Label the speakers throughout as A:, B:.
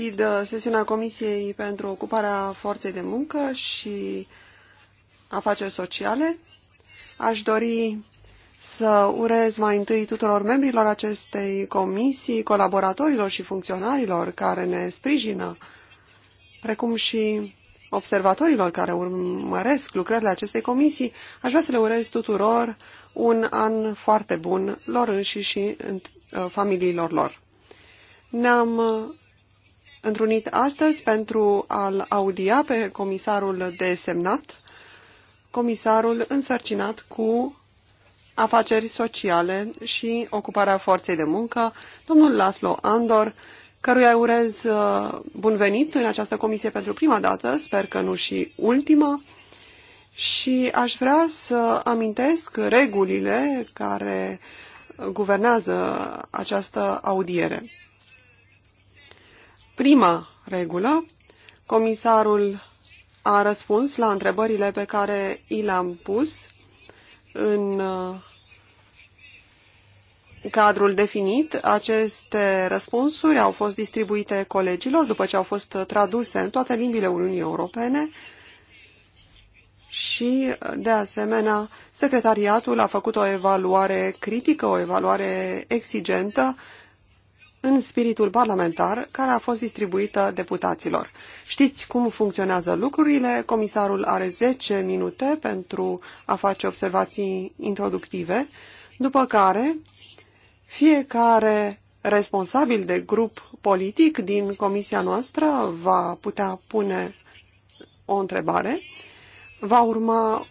A: deschid uh, sesiunea Comisiei pentru ocuparea forței de muncă și afaceri sociale. Aș dori să urez mai întâi tuturor membrilor acestei comisii, colaboratorilor și funcționarilor care ne sprijină, precum și observatorilor care urmăresc lucrările acestei comisii, aș vrea să le urez tuturor un an foarte bun lor înși și uh, familiilor lor. Ne-am întrunit astăzi pentru a-l audia pe comisarul desemnat, comisarul însărcinat cu afaceri sociale și ocuparea forței de muncă, domnul Laslo Andor, căruia urez uh, bun venit în această comisie pentru prima dată, sper că nu și ultima, și aș vrea să amintesc regulile care guvernează această audiere. Prima regulă, comisarul a răspuns la întrebările pe care i le-am pus în uh, cadrul definit. Aceste răspunsuri au fost distribuite colegilor după ce au fost traduse în toate limbile Uniunii Europene și, de asemenea, secretariatul a făcut o evaluare critică, o evaluare exigentă în spiritul parlamentar care a fost distribuită deputaților. Știți cum funcționează lucrurile, comisarul are 10 minute pentru a face observații introductive, după care fiecare responsabil de grup politic din comisia noastră va putea pune o întrebare, va urma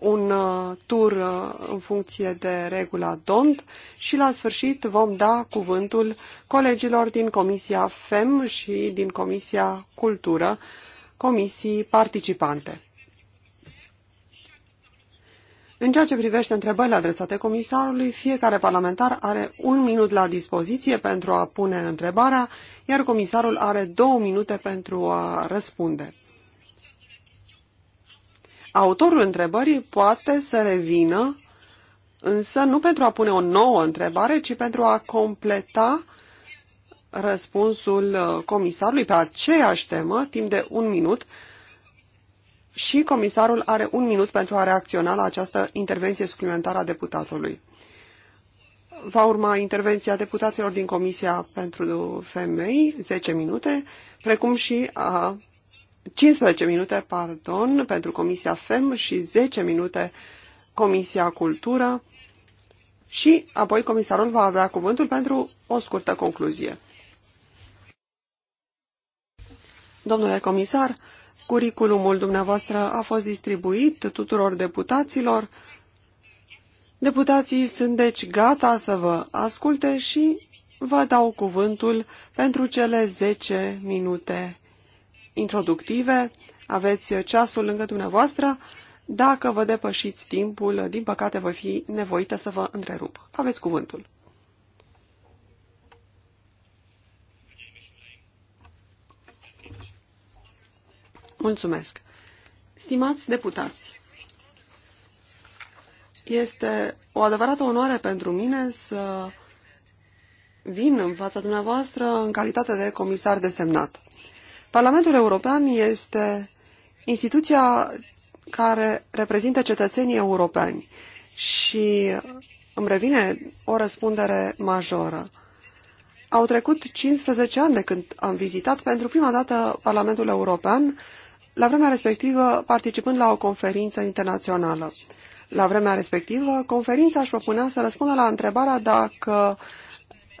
A: un uh, tur uh, în funcție de regula DONT și la sfârșit vom da cuvântul colegilor din Comisia FEM și din Comisia Cultură, comisii participante. În ceea ce privește întrebările adresate comisarului, fiecare parlamentar are un minut la dispoziție pentru a pune întrebarea, iar comisarul are două minute pentru a răspunde. Autorul întrebării poate să revină, însă nu pentru a pune o nouă întrebare, ci pentru a completa răspunsul uh, comisarului pe aceeași temă, timp de un minut, și comisarul are un minut pentru a reacționa la această intervenție suplimentară a deputatului. Va urma intervenția deputaților din Comisia pentru Femei, 10 minute, precum și a 15 minute, pardon, pentru Comisia FEM și 10 minute Comisia Cultură și apoi comisarul va avea cuvântul pentru o scurtă concluzie. Domnule comisar, curriculumul dumneavoastră a fost distribuit tuturor deputaților. Deputații sunt deci gata să vă asculte și vă dau cuvântul pentru cele 10 minute introductive, aveți ceasul lângă dumneavoastră. Dacă vă depășiți timpul, din păcate voi fi nevoită să vă întrerup. Aveți cuvântul. Mulțumesc. Stimați deputați, este o adevărată onoare pentru mine să vin în fața dumneavoastră în calitate de comisar desemnat. Parlamentul European este instituția care reprezintă cetățenii europeni și îmi revine o răspundere majoră. Au trecut 15 ani de când am vizitat pentru prima dată Parlamentul European, la vremea respectivă participând la o conferință internațională. La vremea respectivă, conferința își propunea să răspundă la întrebarea dacă uh,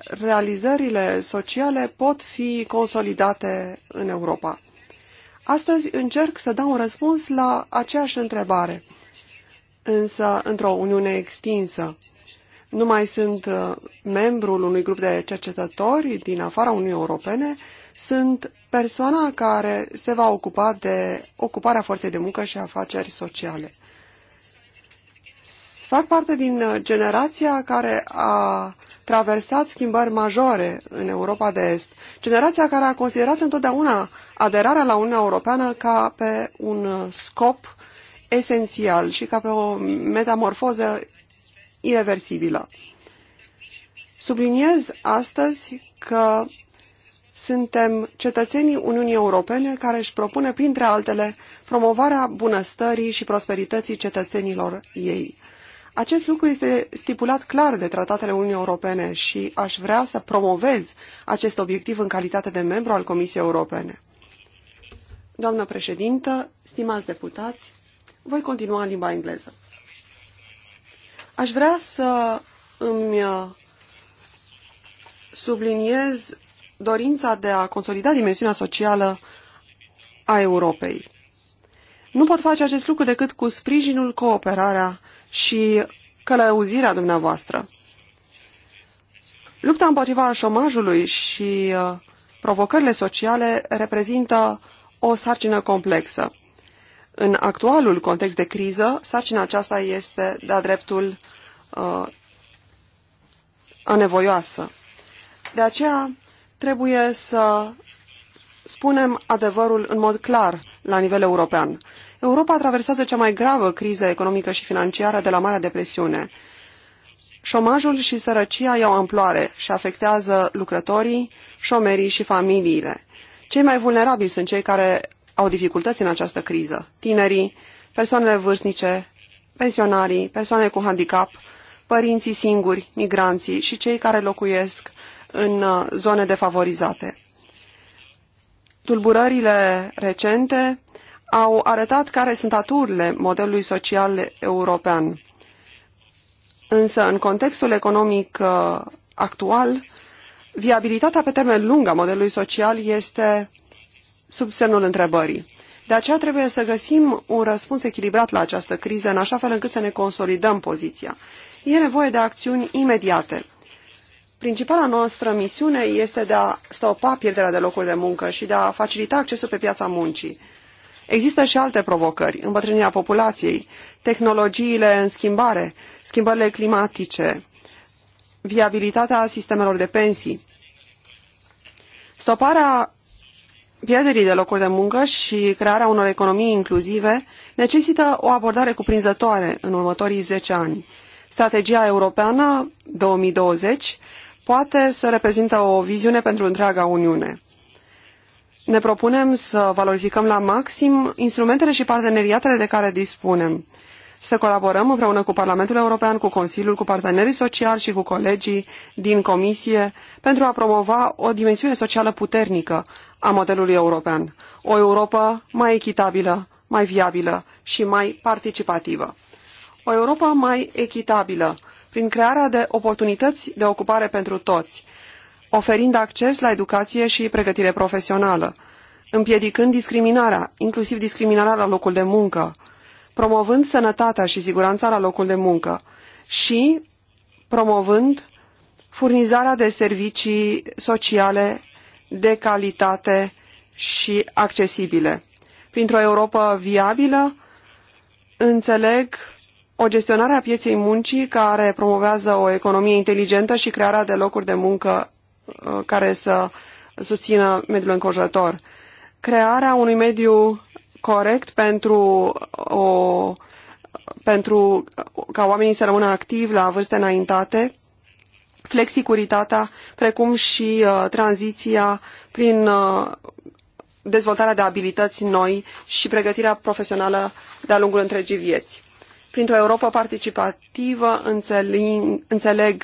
A: realizările sociale pot fi consolidate în Europa. Astăzi încerc să dau un răspuns la aceeași întrebare, însă într-o Uniune extinsă. Nu mai sunt uh, membrul unui grup de cercetători din afara Uniunii Europene, sunt persoana care se va ocupa de ocuparea forței de muncă și afaceri sociale. Fac parte din uh, generația care a traversat schimbări majore în Europa de Est. Generația care a considerat întotdeauna aderarea la Uniunea Europeană ca pe un uh, scop esențial și ca pe o metamorfoză irreversibilă. Subliniez astăzi că suntem cetățenii Uniunii Europene care își propune, printre altele, promovarea bunăstării și prosperității cetățenilor ei. Acest lucru este stipulat clar de tratatele Uniunii Europene și aș vrea să promovez acest obiectiv în calitate de membru al Comisiei Europene. Doamnă președintă, stimați deputați, voi continua în limba engleză. Aș vrea să îmi uh, subliniez dorința de a consolida dimensiunea socială a Europei. Nu pot face acest lucru decât cu sprijinul, cooperarea și călăuzirea dumneavoastră. Lupta împotriva șomajului și uh, provocările sociale reprezintă o sarcină complexă. În actualul context de criză, sarcina aceasta este de-a dreptul uh, anevoioasă. De aceea, trebuie să spunem adevărul în mod clar la nivel european. Europa traversează cea mai gravă criză economică și financiară de la Marea Depresiune. Șomajul și sărăcia iau amploare și afectează lucrătorii, șomerii și familiile. Cei mai vulnerabili sunt cei care au dificultăți în această criză. Tinerii, persoanele vârstnice, pensionarii, persoane cu handicap, părinții singuri, migranții și cei care locuiesc în uh, zone defavorizate. Tulburările recente au arătat care sunt aturile modelului social european. Însă, în contextul economic uh, actual, viabilitatea pe termen lung a modelului social este sub semnul întrebării. De aceea trebuie să găsim un răspuns echilibrat la această criză, în așa fel încât să ne consolidăm poziția. E nevoie de acțiuni imediate. Principala noastră misiune este de a stopa pierderea de locuri de muncă și de a facilita accesul pe piața muncii. Există și alte provocări, îmbătrânirea populației, tehnologiile în schimbare, schimbările climatice, viabilitatea sistemelor de pensii. Stoparea pierderii de locuri de muncă și crearea unor economii inclusive necesită o abordare cuprinzătoare în următorii 10 ani. Strategia europeană 2020 poate să reprezintă o viziune pentru întreaga Uniune ne propunem să valorificăm la maxim instrumentele și parteneriatele de care dispunem, să colaborăm împreună cu Parlamentul European, cu Consiliul, cu partenerii sociali și cu colegii din Comisie pentru a promova o dimensiune socială puternică a modelului european, o Europa mai echitabilă, mai viabilă și mai participativă. O Europa mai echitabilă, prin crearea de oportunități de ocupare pentru toți, oferind acces la educație și pregătire profesională, împiedicând discriminarea, inclusiv discriminarea la locul de muncă, promovând sănătatea și siguranța la locul de muncă și promovând furnizarea de servicii sociale de calitate și accesibile. Printr-o Europa viabilă, înțeleg o gestionare a pieței muncii care promovează o economie inteligentă și crearea de locuri de muncă Uh, care să susțină mediul înconjurător. Crearea unui mediu corect pentru, o, pentru ca oamenii să rămână activi la vârste înaintate, flexicuritatea, precum și uh, tranziția prin uh, dezvoltarea de abilități noi și pregătirea profesională de-a lungul întregii vieți. Printr-o Europa participativă înțeleg, înțeleg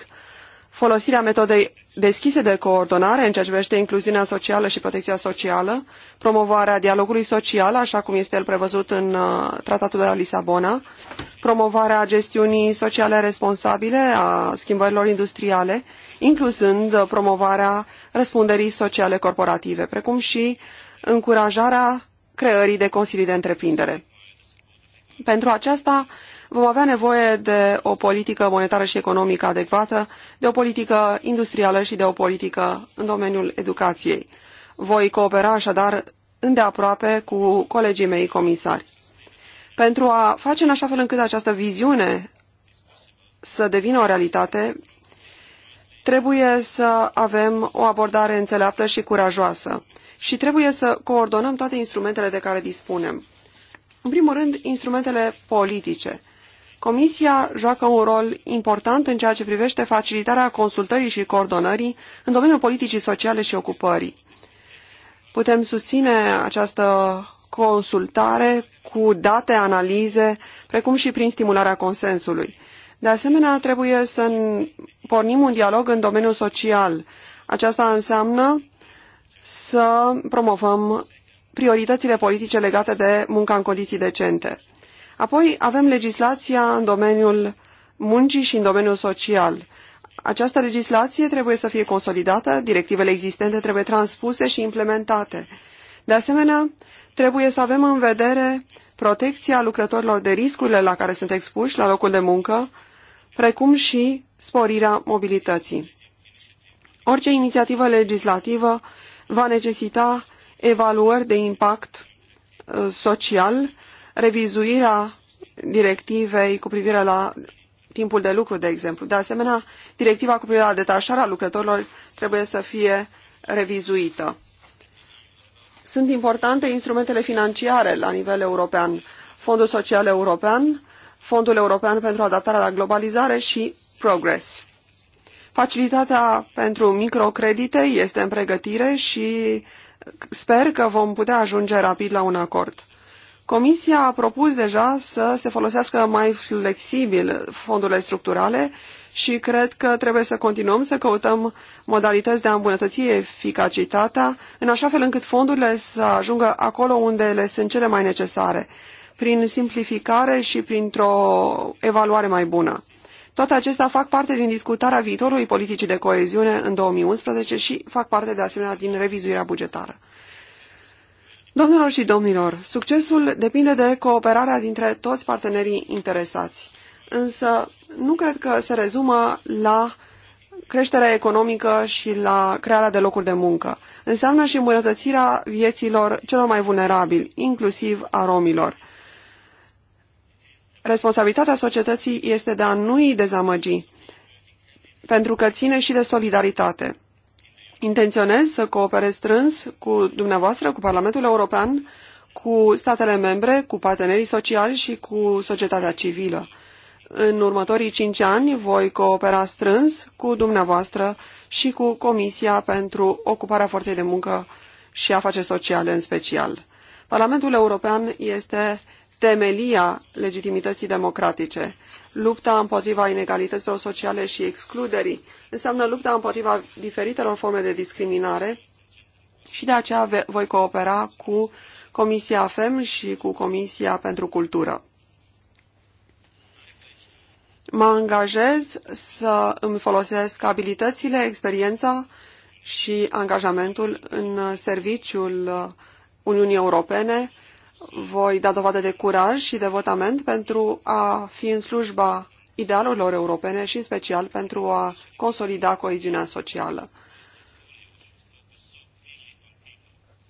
A: folosirea metodei deschise de coordonare în ceea ce privește incluziunea socială și protecția socială, promovarea dialogului social, așa cum este el prevăzut în uh, Tratatul de la Lisabona, promovarea gestiunii sociale responsabile a schimbărilor industriale, incluzând uh, promovarea răspunderii sociale corporative, precum și încurajarea creării de consilii de întreprindere. Pentru aceasta Vom avea nevoie de o politică monetară și economică adecvată, de o politică industrială și de o politică în domeniul educației. Voi coopera așadar îndeaproape cu colegii mei comisari. Pentru a face în așa fel încât această viziune să devină o realitate, trebuie să avem o abordare înțeleaptă și curajoasă și trebuie să coordonăm toate instrumentele de care dispunem. În primul rând, instrumentele politice. Comisia joacă un rol important în ceea ce privește facilitarea consultării și coordonării în domeniul politicii sociale și ocupării. Putem susține această consultare cu date, analize, precum și prin stimularea consensului. De asemenea, trebuie să pornim un dialog în domeniul social. Aceasta înseamnă să promovăm prioritățile politice legate de munca în condiții decente. Apoi avem legislația în domeniul muncii și în domeniul social. Această legislație trebuie să fie consolidată, directivele existente trebuie transpuse și implementate. De asemenea, trebuie să avem în vedere protecția lucrătorilor de riscurile la care sunt expuși la locul de muncă, precum și sporirea mobilității. Orice inițiativă legislativă va necesita evaluări de impact uh, social revizuirea directivei cu privire la timpul de lucru, de exemplu. De asemenea, directiva cu privire la detașarea lucrătorilor trebuie să fie revizuită. Sunt importante instrumentele financiare la nivel european, Fondul Social European, Fondul European pentru Adaptarea la Globalizare și Progress. Facilitatea pentru microcredite este în pregătire și sper că vom putea ajunge rapid la un acord. Comisia a propus deja să se folosească mai flexibil fondurile structurale și cred că trebuie să continuăm să căutăm modalități de a îmbunătăți eficacitatea, în așa fel încât fondurile să ajungă acolo unde le sunt cele mai necesare, prin simplificare și printr-o evaluare mai bună. Toate acestea fac parte din discutarea viitorului politicii de coeziune în 2011 și fac parte de asemenea din revizuirea bugetară. Domnilor și domnilor, succesul depinde de cooperarea dintre toți partenerii interesați, însă nu cred că se rezumă la creșterea economică și la crearea de locuri de muncă. Înseamnă și îmbunătățirea vieților celor mai vulnerabili, inclusiv a romilor. Responsabilitatea societății este de a nu-i dezamăgi, pentru că ține și de solidaritate. Intenționez să cooperez strâns cu dumneavoastră, cu Parlamentul European, cu statele membre, cu partenerii sociali și cu societatea civilă. În următorii cinci ani voi coopera strâns cu dumneavoastră și cu Comisia pentru Ocuparea Forței de Muncă și Afaceri Sociale în special. Parlamentul European este temelia legitimității democratice. Lupta împotriva inegalităților sociale și excluderii înseamnă lupta împotriva diferitelor forme de discriminare și de aceea voi coopera cu Comisia FEM și cu Comisia pentru Cultură. Mă angajez să îmi folosesc abilitățile, experiența și angajamentul în serviciul Uniunii Europene voi da dovadă de curaj și devotament pentru a fi în slujba idealurilor europene și în special pentru a consolida coeziunea socială.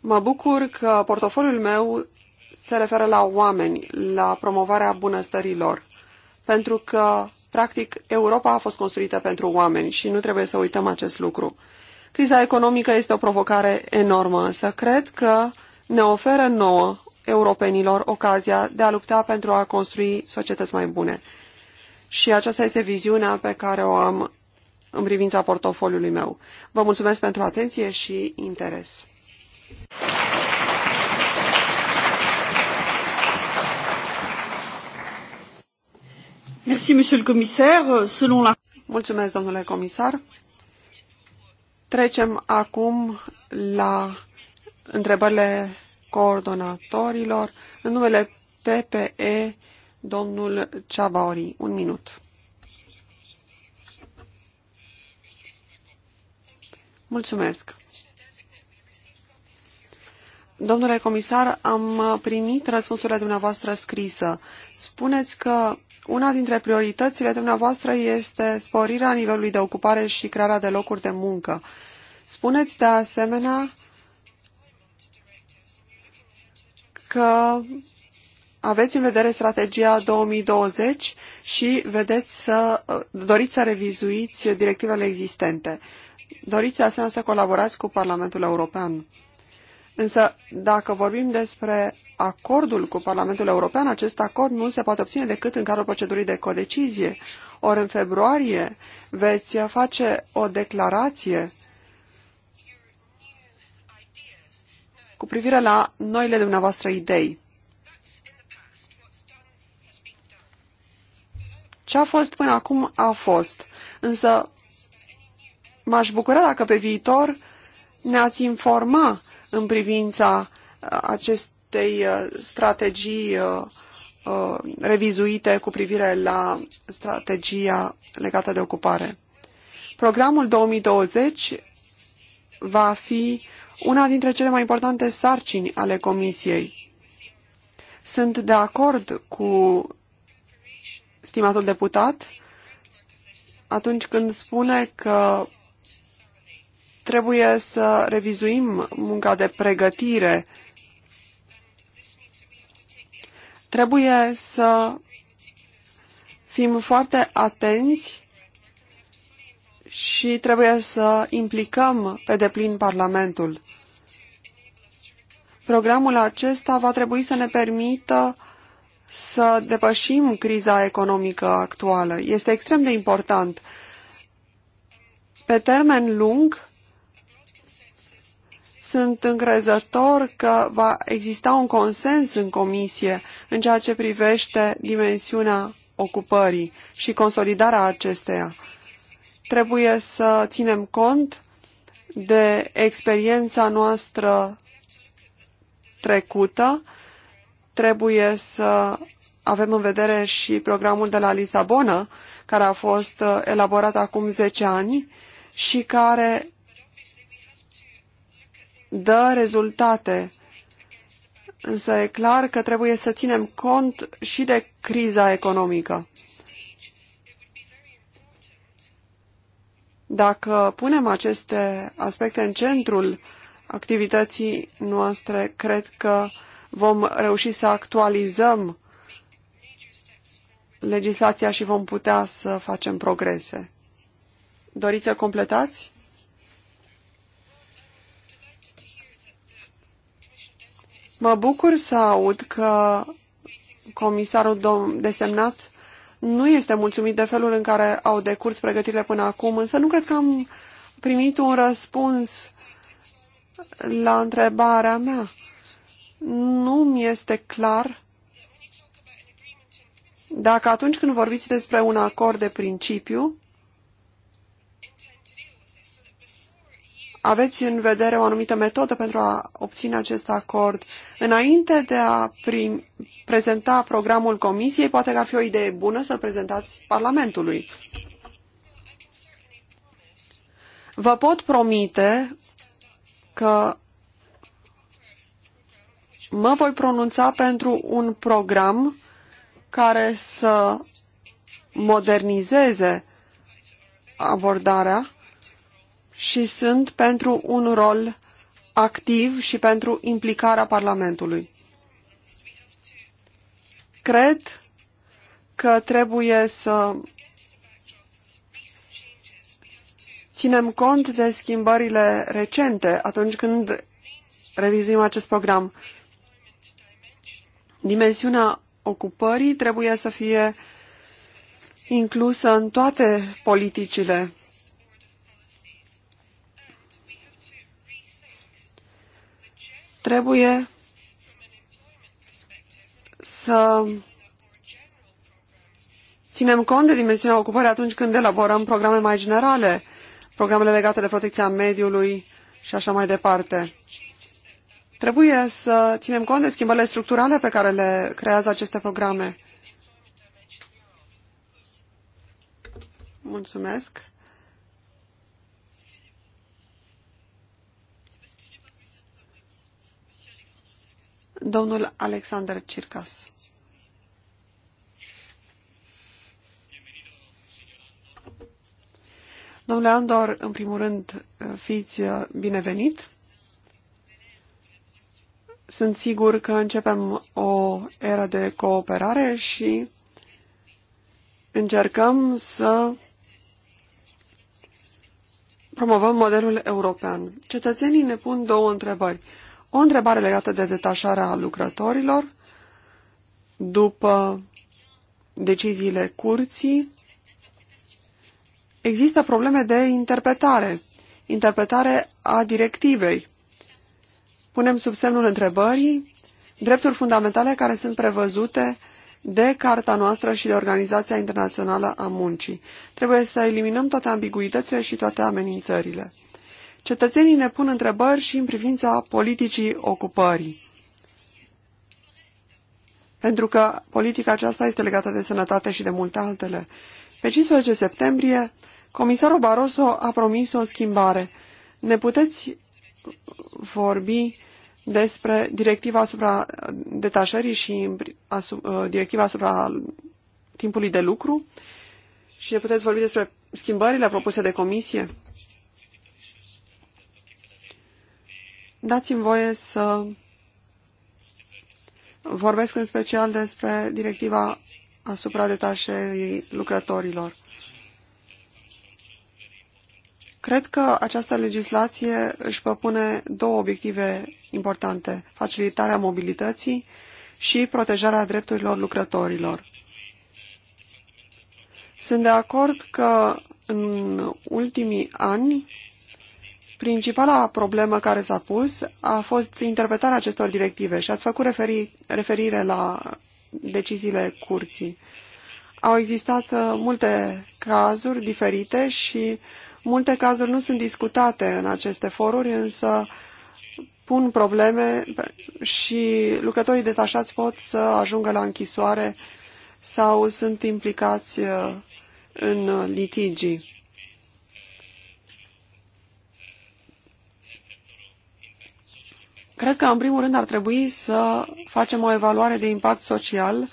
A: Mă bucur că portofoliul meu se referă la oameni, la promovarea bunăstării lor, pentru că, practic, Europa a fost construită pentru oameni și nu trebuie să uităm acest lucru. Criza economică este o provocare enormă, însă cred că ne oferă nouă europenilor ocazia de a lupta pentru a construi societăți mai bune. Și aceasta este viziunea pe care o am în privința portofoliului meu. Vă mulțumesc pentru atenție și interes. Merci, monsieur le Selon la... Mulțumesc, domnule comisar. Trecem acum la întrebările coordonatorilor. În numele PPE, domnul Ceavaori. Un minut. Mulțumesc. Domnule comisar, am primit răspunsurile dumneavoastră scrisă. Spuneți că una dintre prioritățile dumneavoastră este sporirea nivelului de ocupare și crearea de locuri de muncă. Spuneți de asemenea că aveți în vedere strategia 2020 și vedeți să, doriți să revizuiți directivele existente. Doriți de asemenea să colaborați cu Parlamentul European. Însă, dacă vorbim despre acordul cu Parlamentul European, acest acord nu se poate obține decât în cadrul procedurii de codecizie. Ori în februarie veți face o declarație cu privire la noile dumneavoastră idei. Ce a fost până acum a fost, însă m-aș bucura dacă pe viitor ne-ați informa în privința uh, acestei uh, strategii uh, revizuite cu privire la strategia legată de ocupare. Programul 2020 va fi una dintre cele mai importante sarcini ale Comisiei. Sunt de acord cu stimatul deputat atunci când spune că trebuie să revizuim munca de pregătire. Trebuie să fim foarte atenți și trebuie să implicăm pe deplin Parlamentul. Programul acesta va trebui să ne permită să depășim criza economică actuală. Este extrem de important. Pe termen lung, sunt încrezător că va exista un consens în comisie în ceea ce privește dimensiunea ocupării și consolidarea acesteia. Trebuie să ținem cont de experiența noastră trecută, trebuie să avem în vedere și programul de la Lisabona, care a fost uh, elaborat acum 10 ani și care dă rezultate. Însă e clar că trebuie să ținem cont și de criza economică. Dacă punem aceste aspecte în centrul activității noastre, cred că vom reuși să actualizăm legislația și vom putea să facem progrese. Doriți să completați? Mă bucur să aud că comisarul desemnat nu este mulțumit de felul în care au decurs pregătirile până acum, însă nu cred că am primit un răspuns la întrebarea mea. Nu mi este clar dacă atunci când vorbiți despre un acord de principiu, aveți în vedere o anumită metodă pentru a obține acest acord. Înainte de a prim, prezenta programul Comisiei, poate că ar fi o idee bună să-l prezentați Parlamentului. Vă pot promite că mă voi pronunța pentru un program care să modernizeze abordarea și sunt pentru un rol activ și pentru implicarea Parlamentului. Cred că trebuie să ținem cont de schimbările recente atunci când revizuim acest program. Dimensiunea ocupării trebuie să fie inclusă în toate politicile. Trebuie să ținem cont de dimensiunea ocupării atunci când elaborăm programe mai generale programele legate de protecția mediului și așa mai departe. Trebuie să ținem cont de schimbările structurale pe care le creează aceste programe. Mulțumesc. Domnul Alexander Circas. Domnule Andor, în primul rând, uh, fiți uh, binevenit. Sunt sigur că începem o era de cooperare și încercăm să promovăm modelul european. Cetățenii ne pun două întrebări. O întrebare legată de detașarea lucrătorilor după deciziile curții Există probleme de interpretare, interpretare a directivei. Punem sub semnul întrebării drepturi fundamentale care sunt prevăzute de Carta noastră și de Organizația Internațională a Muncii. Trebuie să eliminăm toate ambiguitățile și toate amenințările. Cetățenii ne pun întrebări și în privința politicii ocupării. Pentru că politica aceasta este legată de sănătate și de multe altele. Pe 15 septembrie Comisarul Barroso a promis o schimbare. Ne puteți vorbi despre directiva asupra detașării și uh, directiva asupra timpului de lucru și ne puteți vorbi despre schimbările propuse de comisie? Dați-mi voie să vorbesc în special despre directiva asupra detașării lucrătorilor. Cred că această legislație își propune două obiective importante, facilitarea mobilității și protejarea drepturilor lucrătorilor. Sunt de acord că în ultimii ani principala problemă care s-a pus a fost interpretarea acestor directive și ați făcut referi, referire la deciziile curții. Au existat uh, multe cazuri diferite și Multe cazuri nu sunt discutate în aceste foruri, însă pun probleme și lucrătorii detașați pot să ajungă la închisoare sau sunt implicați uh, în litigii. Cred că, în primul rând, ar trebui să facem o evaluare de impact social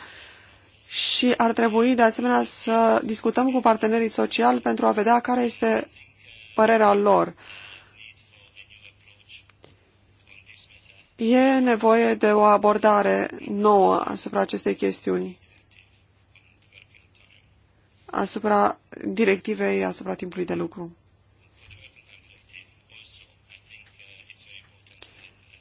A: și ar trebui, de asemenea, să discutăm cu partenerii sociali pentru a vedea care este părerea lor. E nevoie de o abordare nouă asupra acestei chestiuni, asupra directivei, asupra timpului de lucru.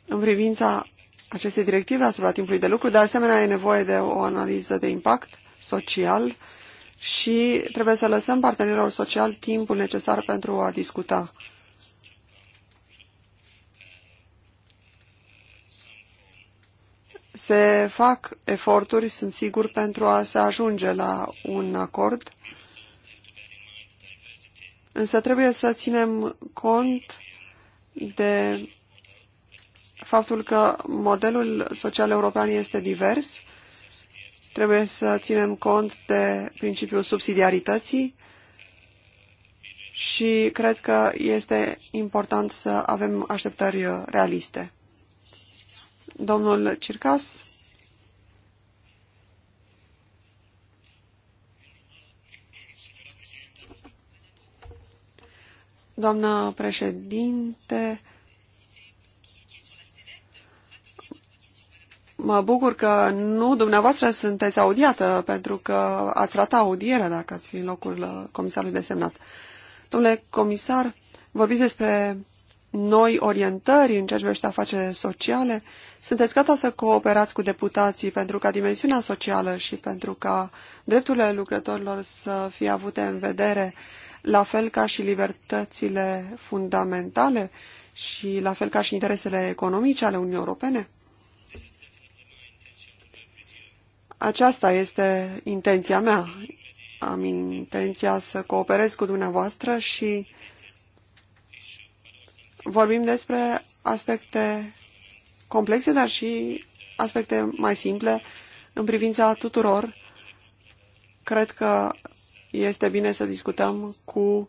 A: În privința acestei directive asupra timpului de lucru, de asemenea e nevoie de o analiză de impact social și trebuie să lăsăm partenerilor social timpul necesar pentru a discuta. Se fac eforturi, sunt sigur, pentru a se ajunge la un acord, însă trebuie să ținem cont de faptul că modelul social european este divers Trebuie să ținem cont de principiul subsidiarității și cred că este important să avem așteptări realiste. Domnul Circas? Doamnă președinte, Mă bucur că nu dumneavoastră sunteți audiată, pentru că ați rata audierea dacă ați fi în locul uh, comisarului desemnat. Domnule comisar, vorbiți despre noi orientări în ceea ce privește afacerile sociale. Sunteți gata să cooperați cu deputații pentru ca dimensiunea socială și pentru ca drepturile lucrătorilor să fie avute în vedere, la fel ca și libertățile fundamentale și la fel ca și interesele economice ale Uniunii Europene? Aceasta este intenția mea. Am intenția să cooperez cu dumneavoastră și vorbim despre aspecte complexe, dar și aspecte mai simple în privința tuturor. Cred că este bine să discutăm cu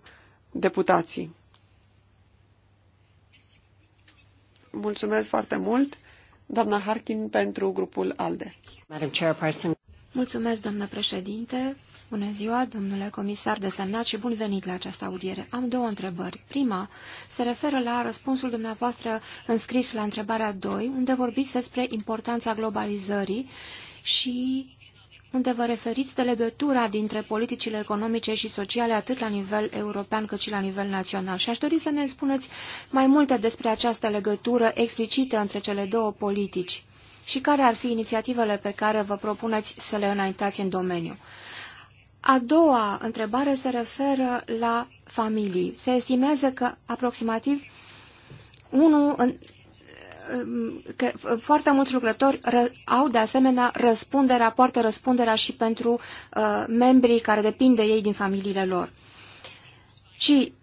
A: deputații. Mulțumesc foarte mult! Doamna Harkin pentru grupul ALDE.
B: Mulțumesc, doamnă președinte. Bună ziua, domnule comisar desemnat și bun venit la această audiere. Am două întrebări. Prima se referă la răspunsul dumneavoastră înscris la întrebarea 2, unde vorbiți despre importanța globalizării și unde vă referiți de legătura dintre politicile economice și sociale atât la nivel european cât și la nivel național. Și aș dori să ne spuneți mai multe despre această legătură explicită între cele două politici și care ar fi inițiativele pe care vă propuneți să le înaintați în domeniu. A doua întrebare se referă la familii. Se estimează că aproximativ 1 în că foarte mulți lucrători au de asemenea răspunderea, poartă răspunderea și pentru uh, membrii care depind de ei din familiile lor. Și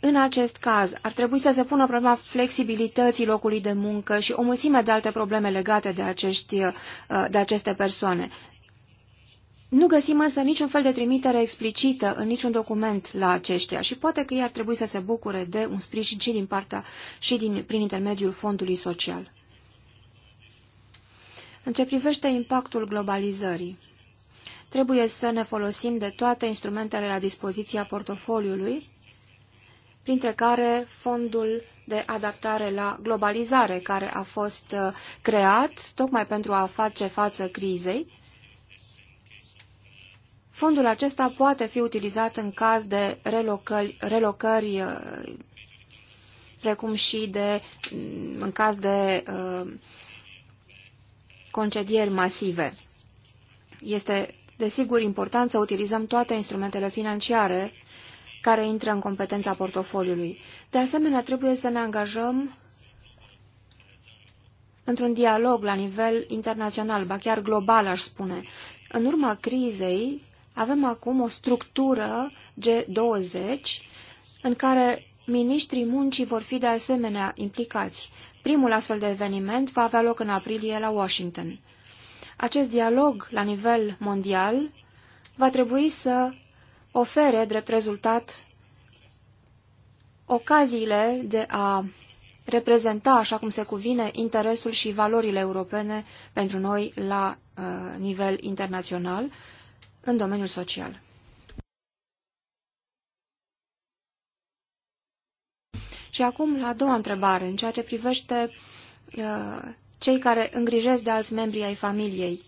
B: în acest caz ar trebui să se pună problema flexibilității locului de muncă și o mulțime de alte probleme legate de, acești, uh, de aceste persoane. Nu găsim însă niciun fel de trimitere explicită în niciun document la aceștia și poate că ei ar trebui să se bucure de un sprijin și din partea și din, prin intermediul fondului social. În ce privește impactul globalizării, trebuie să ne folosim de toate instrumentele la dispoziția portofoliului, printre care fondul de adaptare la globalizare, care a fost uh, creat tocmai pentru a face față crizei, Fondul acesta poate fi utilizat în caz de relocări, relocări uh, precum și de, mm, în caz de uh, concedieri masive. Este, desigur, important să utilizăm toate instrumentele financiare care intră în competența portofoliului. De asemenea, trebuie să ne angajăm într-un dialog la nivel internațional, ba chiar global, aș spune. În urma crizei, avem acum o structură G20 în care miniștrii muncii vor fi de asemenea implicați. Primul astfel de eveniment va avea loc în aprilie la Washington. Acest dialog la nivel mondial va trebui să ofere drept rezultat ocaziile de a reprezenta, așa cum se cuvine, interesul și valorile europene pentru noi la uh, nivel internațional în domeniul social. Și acum, la a doua întrebare, în ceea ce privește uh, cei care îngrijesc de alți membri ai familiei.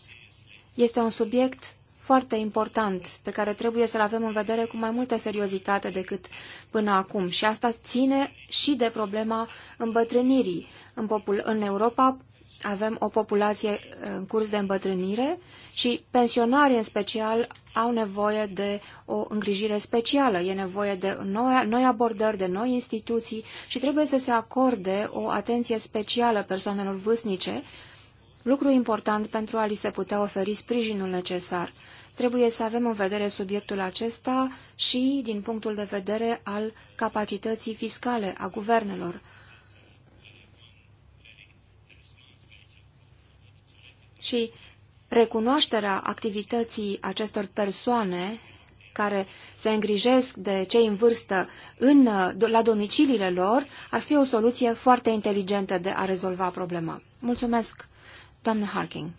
B: Este un subiect foarte important, pe care trebuie să-l avem în vedere cu mai multă seriozitate decât până acum. Și asta ține și de problema îmbătrânirii. În, popul, în Europa, avem o populație uh, în curs de îmbătrânire și pensionarii în special au nevoie de o îngrijire specială. E nevoie de noi, noi abordări, de noi instituții și trebuie să se acorde o atenție specială persoanelor vâsnice, lucru important pentru a li se putea oferi sprijinul necesar. Trebuie să avem în vedere subiectul acesta și din punctul de vedere al capacității fiscale a guvernelor. și recunoașterea activității acestor persoane care se îngrijesc de cei în vârstă în, la domiciliile lor ar fi o soluție foarte inteligentă de a rezolva problema. Mulțumesc, doamnă Harking.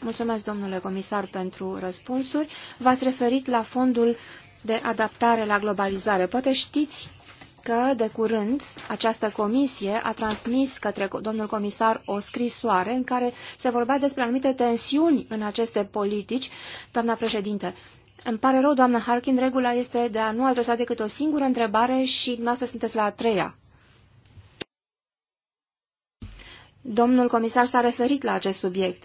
B: Mulțumesc, domnule comisar, pentru răspunsuri. V-ați referit la fondul de adaptare la globalizare. Poate știți că de curând această comisie a transmis către domnul comisar o scrisoare în care se vorbea despre anumite tensiuni în aceste politici. Doamna președinte, îmi pare rău, doamna Harkin, regula este de a nu adresa decât o singură întrebare și dumneavoastră sunteți la a treia. Domnul comisar s-a referit la acest subiect.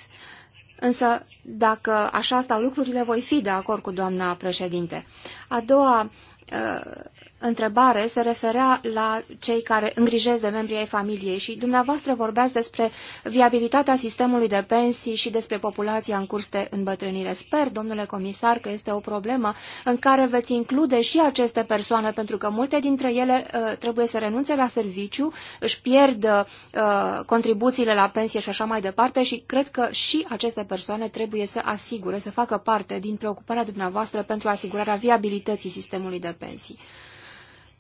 B: Însă, dacă așa stau lucrurile, voi fi de acord cu doamna președinte. A doua uh, întrebare se referea la cei care îngrijesc de membrii ai familiei și dumneavoastră vorbeați despre viabilitatea sistemului de pensii și despre populația în curs de îmbătrânire. Sper, domnule comisar, că este o problemă în care veți include și aceste persoane, pentru că multe dintre ele uh, trebuie să renunțe la serviciu, își pierd uh, contribuțiile la pensie și așa mai departe și cred că și aceste persoane trebuie să asigure, să facă parte din preocuparea dumneavoastră pentru asigurarea viabilității sistemului de pensii.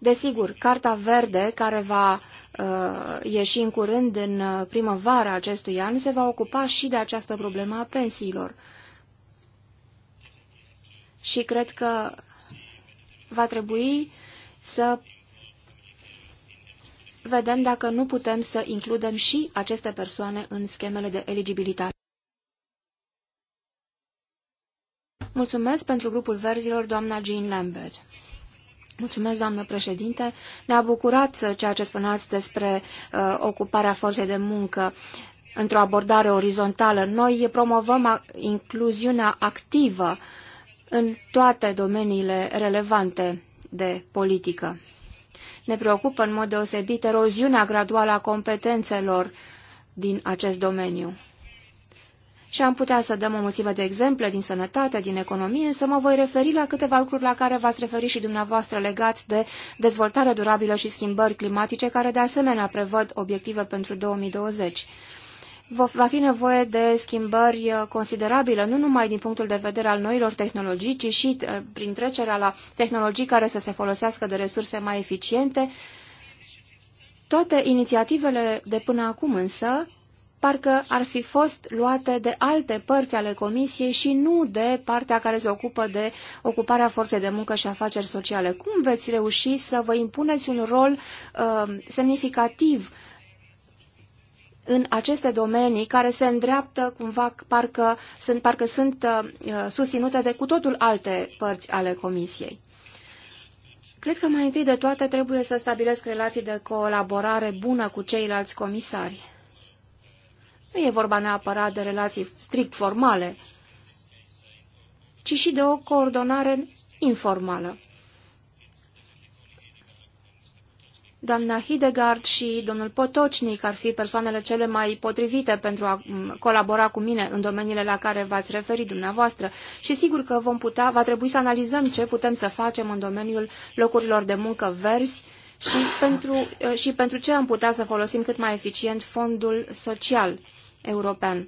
B: Desigur, Carta Verde, care va uh, ieși în curând în uh, primăvara acestui an, se va ocupa și de această problemă a pensiilor. Și cred că va trebui să vedem dacă nu putem să includem și aceste persoane în schemele de eligibilitate. Mulțumesc pentru grupul verzilor, doamna Jean Lambert. Mulțumesc, doamnă președinte. Ne-a bucurat uh, ceea ce spuneați despre uh, ocuparea forței de muncă într-o abordare orizontală. Noi promovăm uh, incluziunea activă în toate domeniile relevante de politică. Ne preocupă în mod deosebit eroziunea graduală a competențelor din acest domeniu și am putea să dăm o mulțime de exemple din sănătate, din economie, însă mă voi referi la câteva lucruri la care v-ați referit și dumneavoastră legat de dezvoltare durabilă și schimbări climatice, care de asemenea prevăd obiective pentru 2020 va fi nevoie de schimbări uh, considerabile, nu numai din punctul de vedere al noilor tehnologii, ci și uh, prin trecerea la tehnologii care să se folosească de resurse mai eficiente. Toate inițiativele de până acum însă parcă ar fi fost luate de alte părți ale comisiei și nu de partea care se ocupă de ocuparea forței de muncă și afaceri sociale. Cum veți reuși să vă impuneți un rol uh, semnificativ în aceste domenii care se îndreaptă cumva parcă sunt, parcă sunt uh, susținute de cu totul alte părți ale comisiei? Cred că mai întâi de toate trebuie să stabilesc relații de colaborare bună cu ceilalți comisari. Nu e vorba neapărat de relații strict formale, ci și de o coordonare informală. Doamna Hidegard și domnul Potocnic ar fi persoanele cele mai potrivite pentru a colabora cu mine în domeniile la care v-ați referit dumneavoastră și sigur că vom putea, va trebui să analizăm ce putem să facem în domeniul locurilor de muncă verzi și pentru, și pentru ce am putea să folosim cât mai eficient fondul social european.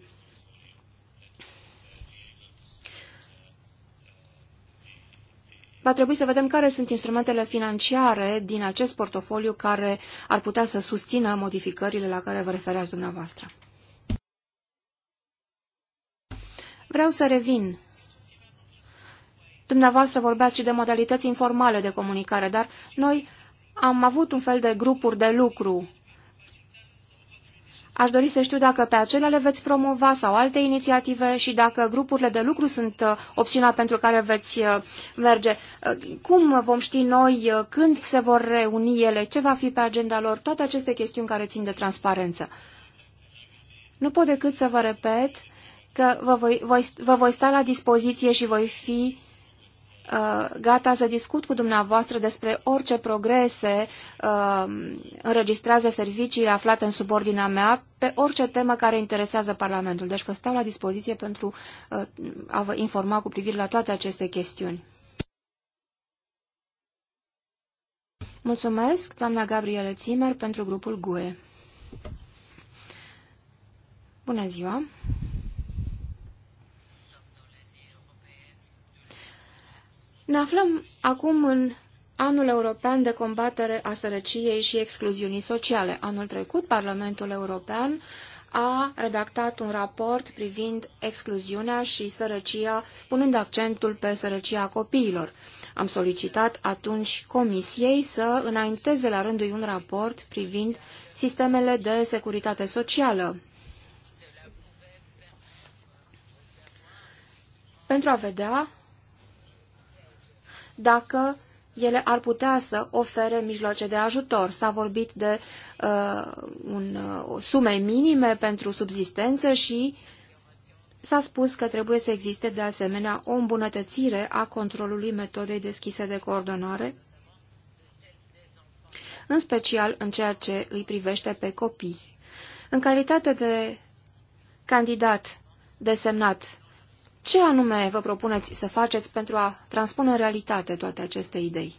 B: Va trebui să vedem care sunt instrumentele financiare din acest portofoliu care ar putea să susțină modificările la care vă refereați dumneavoastră. Vreau să revin. Dumneavoastră vorbeați și de modalități informale de comunicare, dar noi am avut un fel de grupuri de lucru Aș dori să știu dacă pe acelea le veți promova sau alte inițiative și dacă grupurile de lucru sunt uh, opțiunea pentru care veți uh, merge. Uh, cum vom ști noi când se vor reuni ele, ce va fi pe agenda lor, toate aceste chestiuni care țin de transparență. Nu pot decât să vă repet că vă voi, voi, vă voi sta la dispoziție și voi fi Uh, gata să discut cu dumneavoastră despre orice progrese uh, înregistrează serviciile aflate în subordinea mea pe orice temă care interesează Parlamentul. Deci vă stau la dispoziție pentru uh, a vă informa cu privire la toate aceste chestiuni. Mulțumesc, doamna Gabriele Țimer, pentru grupul GUE. Bună ziua! Ne aflăm acum în Anul European de combatere a sărăciei și excluziunii sociale. Anul trecut, Parlamentul European a redactat un raport privind excluziunea și sărăcia, punând accentul pe sărăcia copiilor. Am solicitat atunci Comisiei să înainteze la rândul un raport privind sistemele de securitate socială. Pentru a vedea dacă ele ar putea să ofere mijloace de ajutor. S-a vorbit de uh, un, uh, sume minime pentru subzistență și s-a spus că trebuie să existe de asemenea o îmbunătățire a controlului metodei deschise de coordonare, în special în ceea ce îi privește pe copii. În calitate de candidat desemnat ce anume vă propuneți să faceți pentru a transpune în realitate toate aceste idei?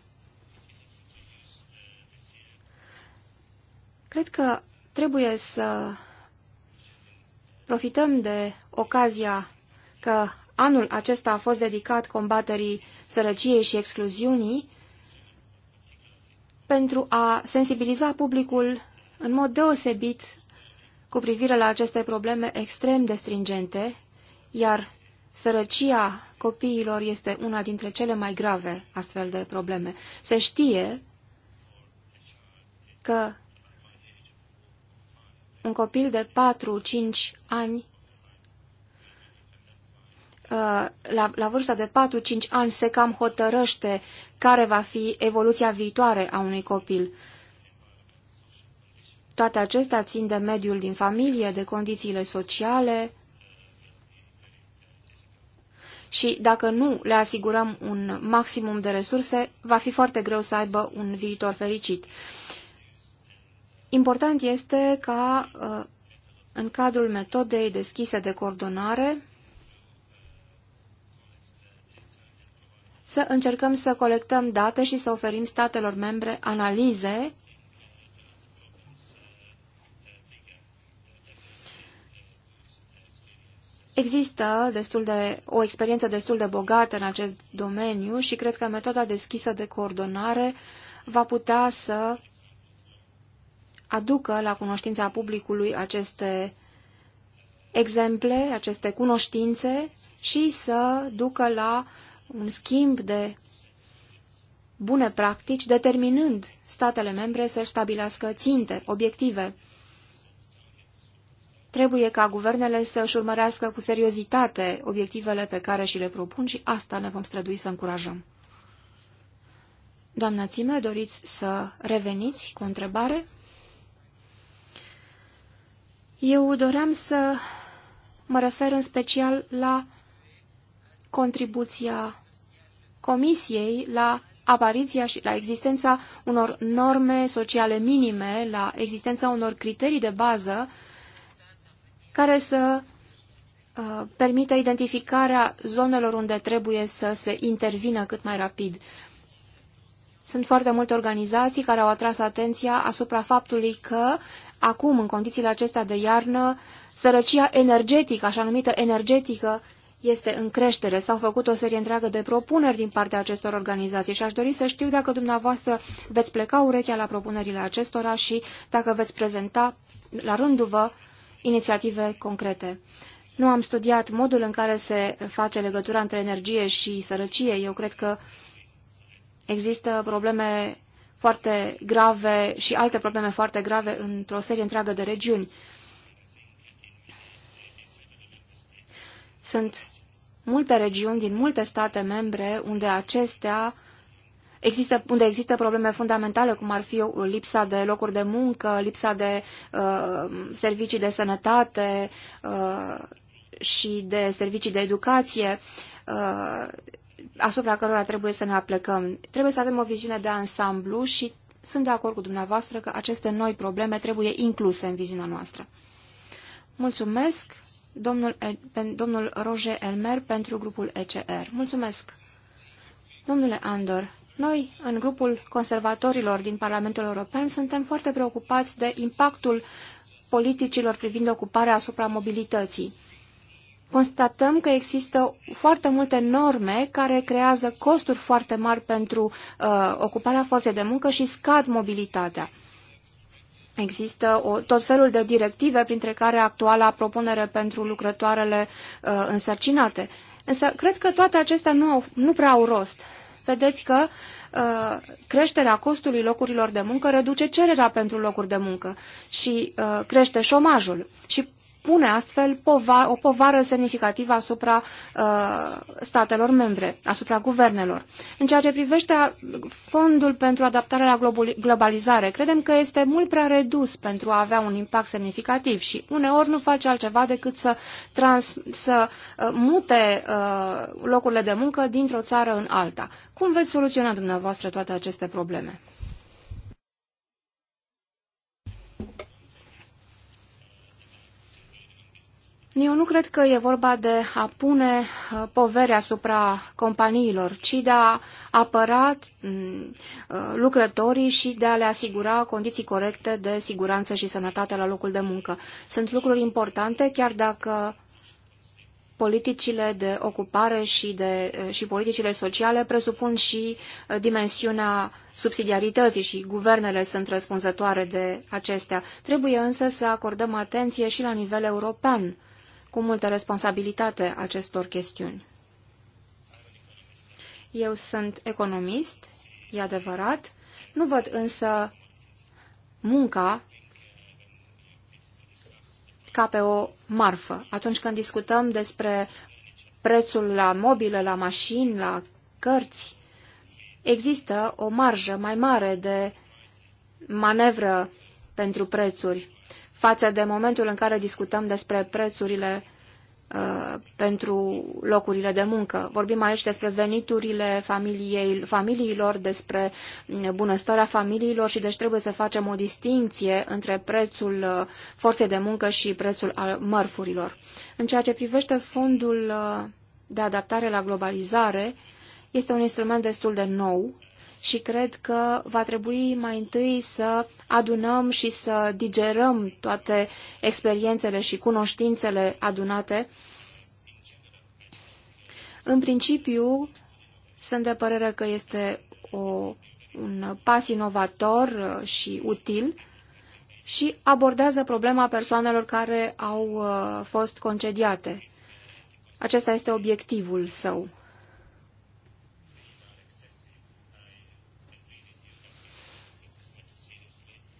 B: Cred că trebuie să profităm de ocazia că anul acesta a fost dedicat combaterii sărăciei și excluziunii pentru a sensibiliza publicul în mod deosebit cu privire la aceste probleme extrem de stringente, iar Sărăcia copiilor este una dintre cele mai grave astfel de probleme. Se știe că un copil de 4-5 ani uh, la, la vârsta de 4-5 ani se cam hotărăște care va fi evoluția viitoare a unui copil. Toate acestea țin de mediul din familie, de condițiile sociale, și dacă nu le asigurăm un maximum de resurse, va fi foarte greu să aibă un viitor fericit. Important este ca uh, în cadrul metodei deschise de coordonare să încercăm să colectăm date și să oferim statelor membre analize Există destul de, o experiență destul de bogată în acest domeniu și cred că metoda deschisă de coordonare va putea să aducă la cunoștința publicului aceste exemple, aceste cunoștințe și să ducă la un schimb de bune practici, determinând statele membre să stabilească ținte, obiective. Trebuie ca guvernele să își urmărească cu seriozitate obiectivele pe care și le propun și asta ne vom strădui să încurajăm. Doamna Țime, doriți să reveniți cu o întrebare? Eu doream să mă refer în special la contribuția Comisiei la apariția și la existența unor norme sociale minime, la existența unor criterii de bază care să uh, permită identificarea zonelor unde trebuie să se intervină cât mai rapid. Sunt foarte multe organizații care au atras atenția asupra faptului că acum, în condițiile acestea de iarnă, sărăcia energetică, așa numită energetică, este în creștere. S-au făcut o serie întreagă de propuneri din partea acestor organizații și aș dori să știu dacă dumneavoastră veți pleca urechea la propunerile acestora și dacă veți prezenta la rândul vă inițiative concrete. Nu am studiat modul în care se face legătura între energie și sărăcie. Eu cred că există probleme foarte grave și alte probleme foarte grave într-o serie întreagă de regiuni. Sunt multe regiuni din multe state membre unde acestea există, unde există probleme fundamentale, cum ar fi lipsa de locuri de muncă, lipsa de uh, servicii de sănătate uh, și de servicii de educație, uh, asupra cărora trebuie să ne aplecăm. Trebuie să avem o viziune de ansamblu și sunt de acord cu dumneavoastră că aceste noi probleme trebuie incluse în viziunea noastră. Mulțumesc, domnul, domnul Roger Elmer, pentru grupul ECR. Er. Mulțumesc! Domnule Andor, noi, în grupul conservatorilor din Parlamentul European, suntem foarte preocupați de impactul politicilor privind ocuparea asupra mobilității. Constatăm că există foarte multe norme care creează costuri foarte mari pentru uh, ocuparea forței de muncă și scad mobilitatea. Există o, tot felul de directive, printre care actuala propunere pentru lucrătoarele uh, însărcinate. Însă, cred că toate acestea nu, au, nu prea au rost vedeți că uh, creșterea costului locurilor de muncă reduce cererea pentru locuri de muncă și uh, crește șomajul. Și pune astfel pova o povară semnificativă asupra uh, statelor membre, asupra guvernelor. În ceea ce privește fondul pentru adaptarea la globalizare, credem că este mult prea redus pentru a avea un impact semnificativ și uneori nu face altceva decât să, trans să uh, mute uh, locurile de muncă dintr-o țară în alta. Cum veți soluționa dumneavoastră toate aceste probleme? Eu nu cred că e vorba de a pune uh, povere asupra companiilor, ci de a apăra mm, uh, lucrătorii și de a le asigura condiții corecte de siguranță și sănătate la locul de muncă. Sunt lucruri importante, chiar dacă politicile de ocupare și, de, uh, și politicile sociale presupun și dimensiunea subsidiarității și guvernele sunt răspunzătoare de acestea. Trebuie însă să acordăm atenție și la nivel european cu multă responsabilitate acestor chestiuni. Eu sunt economist, e adevărat, nu văd însă munca ca pe o marfă. Atunci când discutăm despre prețul la mobilă, la mașini, la cărți, există o marjă mai mare de manevră pentru prețuri față de momentul în care discutăm despre prețurile uh, pentru locurile de muncă. Vorbim aici despre veniturile familiei, familiilor, despre mm, bunăstarea familiilor și deci trebuie să facem o distinție între prețul uh, forței de muncă și prețul al mărfurilor. În ceea ce privește fondul uh, de adaptare la globalizare, este un instrument destul de nou și cred că va trebui mai întâi să adunăm și să digerăm toate experiențele și cunoștințele adunate. În principiu, sunt de părere că este o, un pas inovator uh, și util și abordează problema persoanelor care au uh, fost concediate. Acesta este obiectivul său.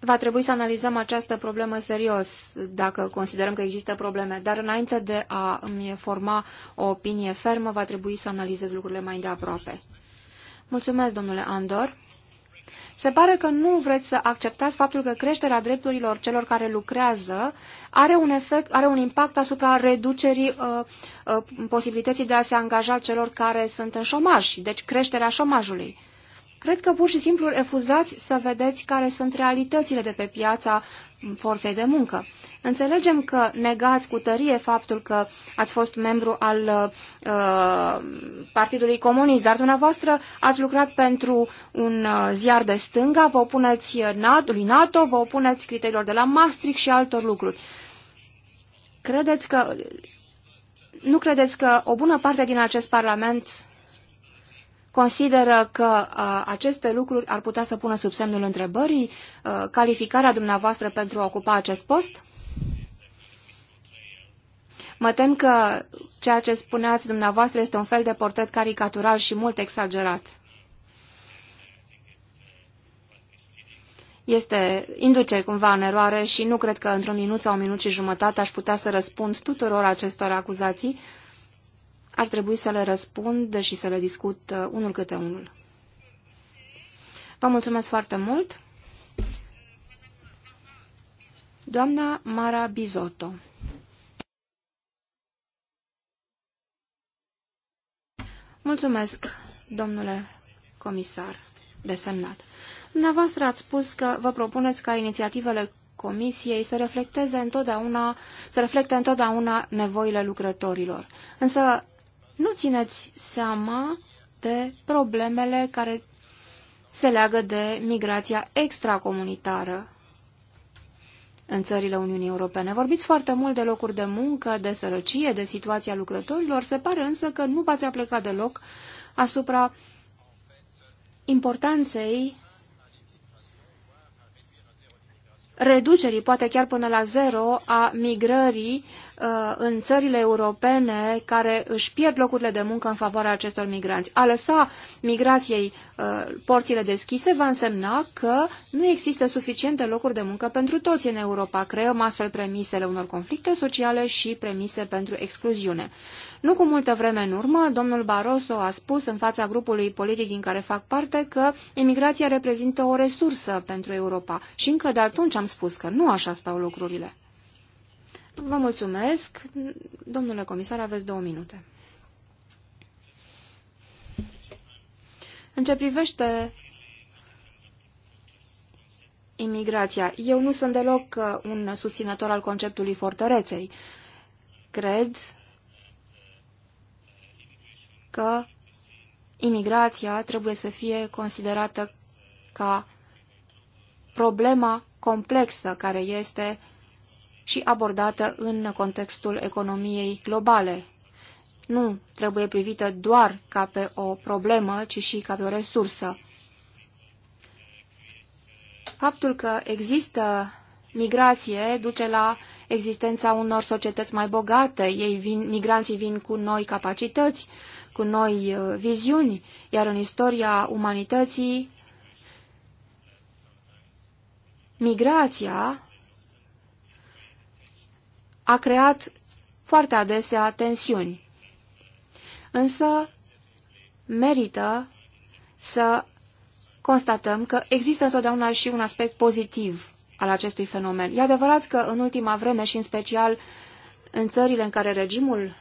B: va trebui să analizăm această problemă serios, dacă considerăm că există probleme. Dar înainte de a îmi forma o opinie fermă, va trebui să analizez lucrurile mai de aproape. Mulțumesc, domnule Andor. Se pare că nu vreți să acceptați faptul că creșterea drepturilor celor care lucrează are un, efect, are un impact asupra reducerii uh, uh, posibilității de a se angaja celor care sunt în șomaj, deci creșterea șomajului. Cred că pur și simplu refuzați să vedeți care sunt realitățile de pe piața forței de muncă. Înțelegem că negați cu tărie faptul că ați fost membru al uh, Partidului Comunist, dar dumneavoastră ați lucrat pentru un uh, ziar de stânga, vă opuneți uh, NATO, lui NATO, vă opuneți criteriilor de la Maastricht și altor lucruri. Credeți că, nu credeți că o bună parte din acest parlament consideră că uh, aceste lucruri ar putea să pună sub semnul întrebării uh, calificarea dumneavoastră pentru a ocupa acest post? Mă tem că ceea ce spuneați dumneavoastră este un fel de portret caricatural și mult exagerat. Este, induce cumva în eroare și nu cred că într-un minut sau un minut și jumătate aș putea să răspund tuturor acestor acuzații, uh, ar trebui să le răspund și să le discut uh, unul câte unul. Vă mulțumesc foarte mult! Doamna Mara Bizotto Mulțumesc, domnule comisar desemnat. Dumneavoastră ați spus că vă propuneți ca inițiativele Comisiei să, reflecteze întotdeauna, să reflecte întotdeauna nevoile lucrătorilor. Însă nu țineți seama de problemele care se leagă de migrația extracomunitară în țările Uniunii Europene. Vorbiți foarte mult de locuri de muncă, de sărăcie, de situația lucrătorilor, se pare însă că nu v-ați aplecat deloc asupra importanței reducerii, poate chiar până la zero, a migrării Uh, în țările europene care își pierd locurile de muncă în favoarea acestor migranți. A lăsa migrației uh, porțile deschise va însemna că nu există suficiente locuri de muncă pentru toți în Europa. Creăm astfel premisele unor conflicte sociale și premise pentru excluziune. Nu cu multă vreme în urmă, domnul Barroso a spus în fața grupului politic din care fac parte că imigrația reprezintă o resursă pentru Europa și încă de atunci am spus că nu așa stau lucrurile. Vă mulțumesc. Domnule comisar, aveți două minute. În ce privește imigrația, eu nu sunt deloc uh, un susținător al conceptului fortăreței. Cred că imigrația trebuie să fie considerată ca problema complexă care este uh, și abordată în contextul economiei globale. Nu trebuie privită doar ca pe o problemă, ci și ca pe o resursă. Faptul că există migrație duce la existența unor societăți mai bogate. Ei vin, migranții vin cu noi capacități, cu noi uh, viziuni, iar în istoria umanității migrația a creat foarte adesea tensiuni. Însă merită să constatăm că există întotdeauna și un aspect pozitiv al acestui fenomen. E adevărat că în ultima vreme și în special în țările în care regimul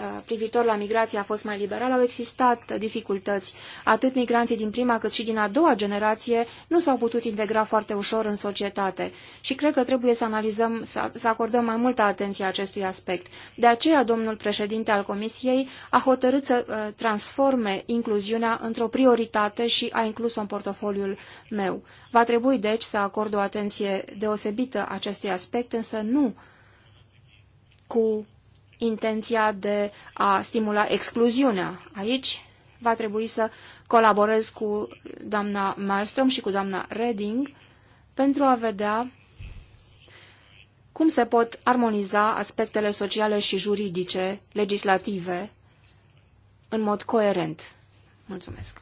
B: Uh, privitor la migrație a fost mai liberal, au existat dificultăți. Atât migranții din prima cât și din a doua generație nu s-au putut integra foarte ușor în societate și cred că trebuie să analizăm, să acordăm mai multă atenție acestui aspect. De aceea, domnul președinte al Comisiei a hotărât să uh, transforme incluziunea într-o prioritate și a inclus-o în portofoliul meu. Va trebui, deci, să acord o atenție deosebită acestui aspect, însă nu cu intenția de a stimula excluziunea. Aici va trebui să colaborez cu doamna Malmström și cu doamna Reding pentru a vedea cum se pot armoniza aspectele sociale și juridice, legislative, în mod coerent. Mulțumesc!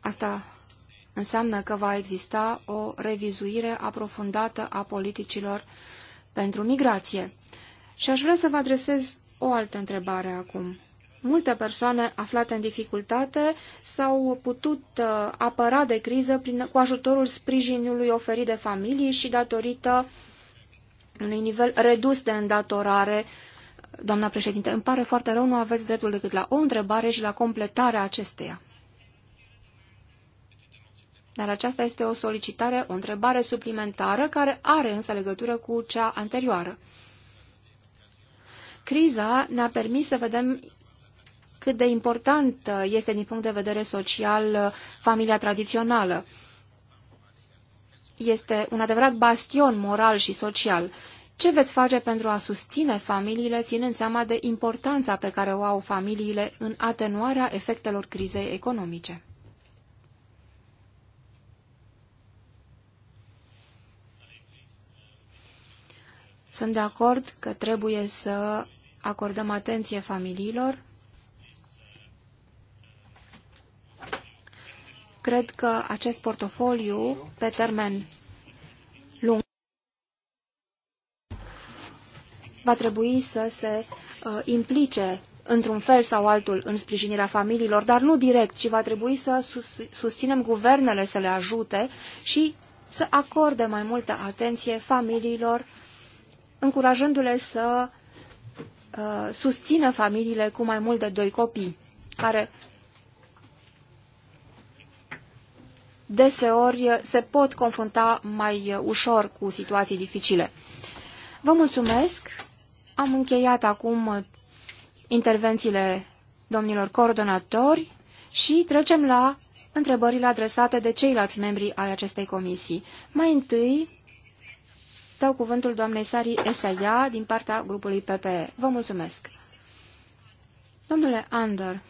B: Asta înseamnă că va exista o revizuire aprofundată a politicilor pentru migrație. Și aș vrea să vă adresez o altă întrebare acum. Multe persoane aflate în dificultate s-au putut uh, apăra de criză prin, cu ajutorul sprijinului oferit de familii și datorită unui nivel redus de îndatorare. Doamna președinte, îmi pare foarte rău, nu aveți dreptul decât la o întrebare și la completarea acesteia. Dar aceasta este o solicitare, o întrebare suplimentară, care are însă legătură cu cea anterioară. Criza ne-a permis să vedem cât de important este din punct de vedere social familia tradițională. Este un adevărat bastion moral și social. Ce veți face pentru a susține familiile, ținând seama de importanța pe care o au familiile în atenuarea efectelor crizei economice? Sunt de acord că trebuie să acordăm atenție familiilor. Cred că acest portofoliu, pe termen lung, va trebui să se uh, implice într-un fel sau altul în sprijinirea familiilor, dar nu direct, ci va trebui să sus susținem guvernele să le ajute și să acorde mai multă atenție familiilor încurajându-le să uh, susțină familiile cu mai mult de doi copii, care deseori se pot confrunta mai ușor cu situații dificile. Vă mulțumesc! Am încheiat acum intervențiile domnilor coordonatori și trecem la întrebările adresate de ceilalți membri ai acestei comisii. Mai întâi, dau cuvântul doamnei Sari Esaia din partea grupului PPE. Vă mulțumesc! Domnule Ander,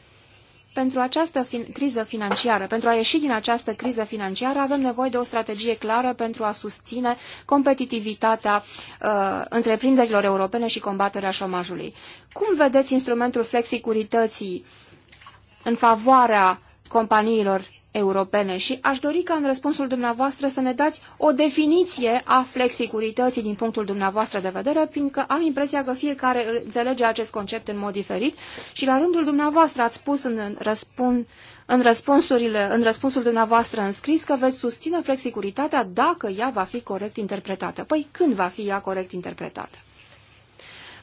B: pentru această fin criză financiară, pentru a ieși din această criză financiară, avem nevoie de o strategie clară pentru a susține competitivitatea uh, întreprinderilor europene și combaterea șomajului. Cum vedeți instrumentul flexicurității în favoarea companiilor europene și aș dori ca în răspunsul dumneavoastră să ne dați o definiție a flexicurității din punctul dumneavoastră de vedere, fiindcă am impresia că fiecare înțelege acest concept în mod diferit și la rândul dumneavoastră ați spus în, răspun, în, răspunsurile, în răspunsul dumneavoastră în scris că veți susține flexicuritatea dacă ea va fi corect interpretată. Păi când va fi ea corect interpretată?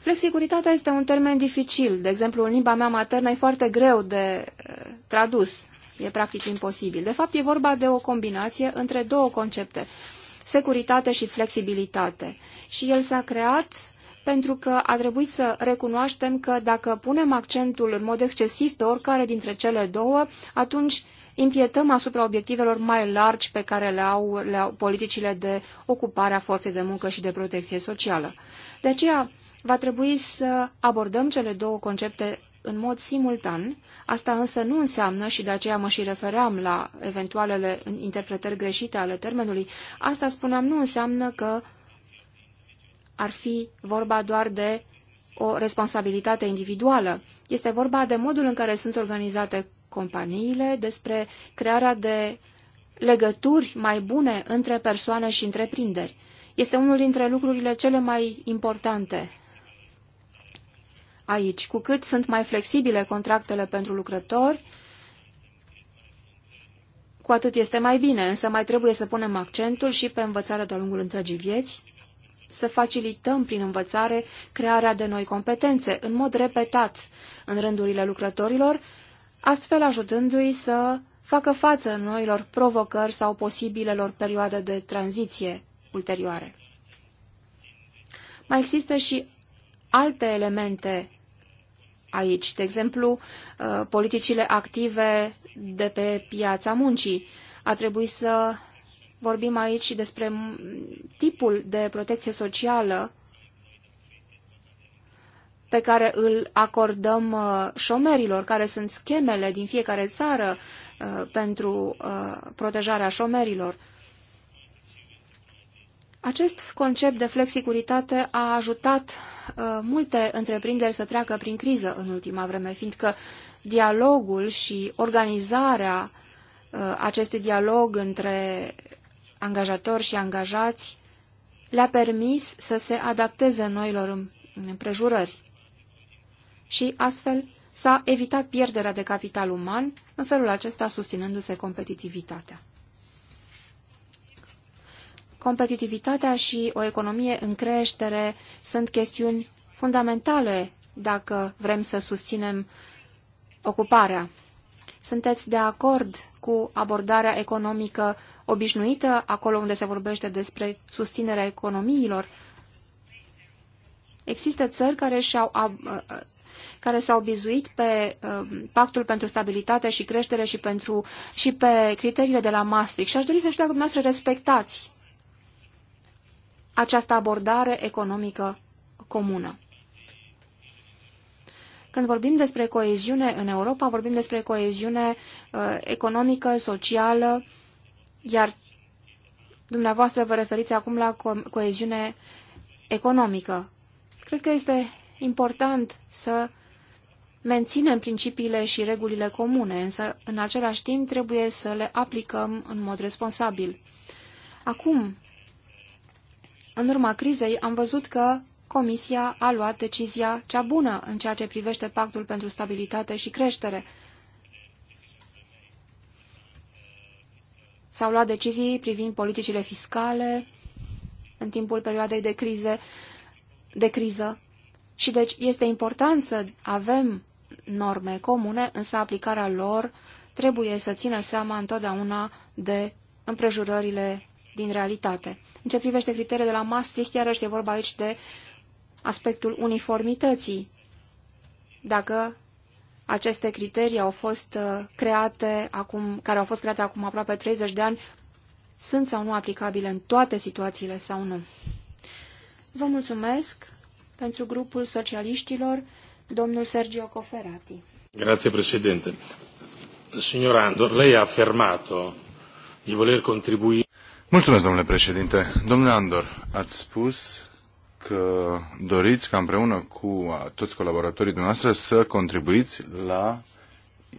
B: Flexicuritatea este un termen dificil. De exemplu, în limba mea maternă e foarte greu de eh, tradus E practic imposibil. De fapt, e vorba de o combinație între două concepte, securitate și flexibilitate. Și el s-a creat pentru că a trebuit să recunoaștem că dacă punem accentul în mod excesiv pe oricare dintre cele două, atunci impietăm asupra obiectivelor mai largi pe care le au, le au politicile de ocupare a forței de muncă și de protecție socială. De aceea va trebui să abordăm cele două concepte în mod simultan, asta însă nu înseamnă, și de aceea mă și refeream la eventualele interpretări greșite ale termenului, asta spuneam nu înseamnă că ar fi vorba doar de o responsabilitate individuală. Este vorba de modul în care sunt organizate companiile, despre crearea de legături mai bune între persoane și întreprinderi. Este unul dintre lucrurile cele mai importante aici. Cu cât sunt mai flexibile contractele pentru lucrători, cu atât este mai bine, însă mai trebuie să punem accentul și pe învățarea de-a lungul întregii vieți, să facilităm prin învățare crearea de noi competențe, în mod repetat, în rândurile lucrătorilor, astfel ajutându-i să facă față noilor provocări sau posibilelor perioade de tranziție ulterioare. Mai există și alte elemente aici. De exemplu, uh, politicile active de pe piața muncii. A trebuit să vorbim aici și despre tipul de protecție socială pe care îl acordăm uh, șomerilor, care sunt schemele din fiecare țară uh, pentru protejarea șomerilor. Acest concept de flexicuritate a ajutat uh, multe întreprinderi să treacă prin criză în ultima vreme, fiindcă dialogul și organizarea uh, acestui dialog între angajatori și angajați le-a permis să se adapteze noilor împrejurări. Și astfel s-a evitat pierderea de capital uman, în felul acesta susținându-se competitivitatea. Competitivitatea și o economie în creștere sunt chestiuni fundamentale dacă vrem să susținem ocuparea. Sunteți de acord cu abordarea economică obișnuită, acolo unde se vorbește despre susținerea economiilor? Există țări care și-au care s-au bizuit pe uh, pactul pentru stabilitate și creștere și, pentru, și pe criteriile de la Maastricht. Și aș dori să știu dacă dumneavoastră respectați această abordare economică comună. Când vorbim despre coeziune în Europa, vorbim despre coeziune uh, economică, socială, iar dumneavoastră vă referiți acum la co coeziune economică. Cred că este important să menținem principiile și regulile comune, însă în același timp trebuie să le aplicăm în mod responsabil. Acum, în urma crizei am văzut că Comisia a luat decizia cea bună în ceea ce privește Pactul pentru Stabilitate și Creștere. S-au luat decizii privind politicile fiscale în timpul perioadei de, crize, de criză. Și deci este important să avem norme comune, însă aplicarea lor trebuie să țină seama întotdeauna de împrejurările din realitate. În ce privește criteriile de la Maastricht, chiar e vorba aici de aspectul uniformității. Dacă aceste criterii au fost uh, create acum, care au fost create acum aproape 30 de ani, sunt sau nu aplicabile în toate situațiile sau nu. Vă mulțumesc pentru grupul socialiștilor, domnul Sergio Coferati.
C: Grazie,
A: președinte. Signor Andor, lei ha affermato di voler contribuire...
C: Mulțumesc, domnule președinte. Domnule Andor, ați spus că doriți ca împreună cu toți colaboratorii dumneavoastră să contribuiți la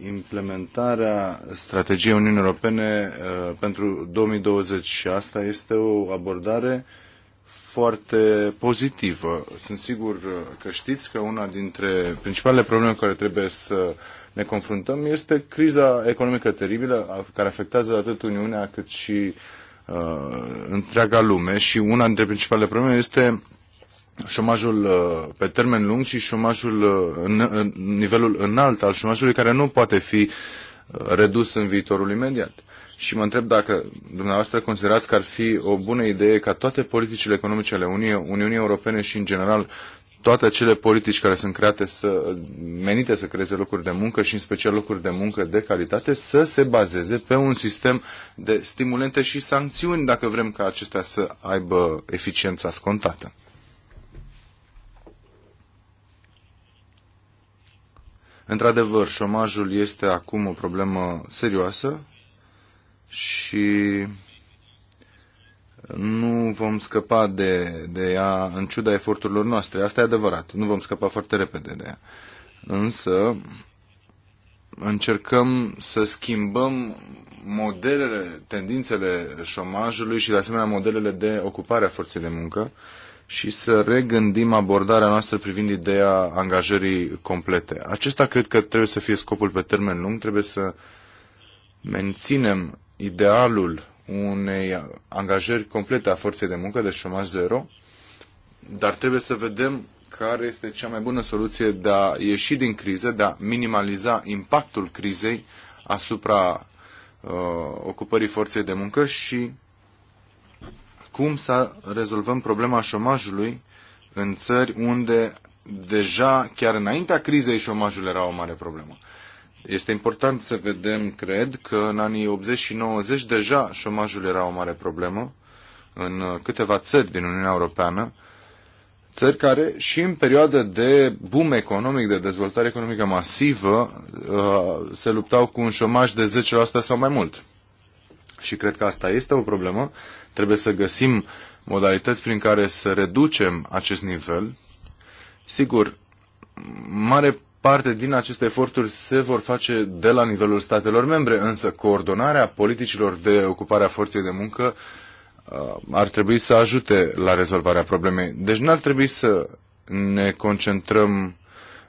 C: implementarea strategiei Uniunii Europene uh, pentru 2020 și asta este o abordare foarte pozitivă. Sunt sigur uh, că știți că una dintre principalele probleme cu care trebuie să ne confruntăm este criza economică teribilă care afectează atât Uniunea cât și Uh, întreaga lume și una dintre principalele probleme este șomajul uh, pe termen lung și șomajul, uh, în, nivelul înalt al șomajului care nu poate fi redus în viitorul imediat. Și mă întreb dacă dumneavoastră considerați că ar fi o bună idee ca toate politicile economice ale Uniunii Europene și în general toate acele politici care sunt create să, menite să creeze locuri de muncă și în special locuri de muncă de calitate să se bazeze pe un sistem de stimulente și sancțiuni dacă vrem ca acestea să aibă eficiența scontată. Într-adevăr, șomajul este acum o problemă serioasă și nu vom scăpa de, de ea în ciuda eforturilor noastre. Asta e adevărat. Nu vom scăpa foarte repede de ea. Însă încercăm să schimbăm modelele, tendințele șomajului și de asemenea modelele de ocupare a forței de muncă și să regândim abordarea noastră privind ideea angajării complete. Acesta cred că trebuie să fie scopul pe termen lung, trebuie să menținem idealul unei angajări complete a forței de muncă, de șomaj zero, dar trebuie să vedem care este cea mai bună soluție de a ieși din criză, de a minimaliza impactul crizei asupra uh, ocupării forței de muncă și cum să rezolvăm problema șomajului în țări unde deja, chiar înaintea crizei, șomajul era o mare problemă. Este important să vedem, cred, că în anii 80 și 90 deja șomajul era o mare problemă în câteva țări din Uniunea Europeană, țări care și în perioada de boom economic, de dezvoltare economică masivă, uh, se luptau cu un șomaj de 10% sau mai mult. Și cred că asta este o problemă. Trebuie să găsim modalități prin care să reducem acest nivel. Sigur, mare parte din aceste eforturi se vor face de la nivelul statelor membre, însă coordonarea politicilor de ocupare a forței de muncă uh, ar trebui să ajute la rezolvarea problemei. Deci nu ar trebui să ne concentrăm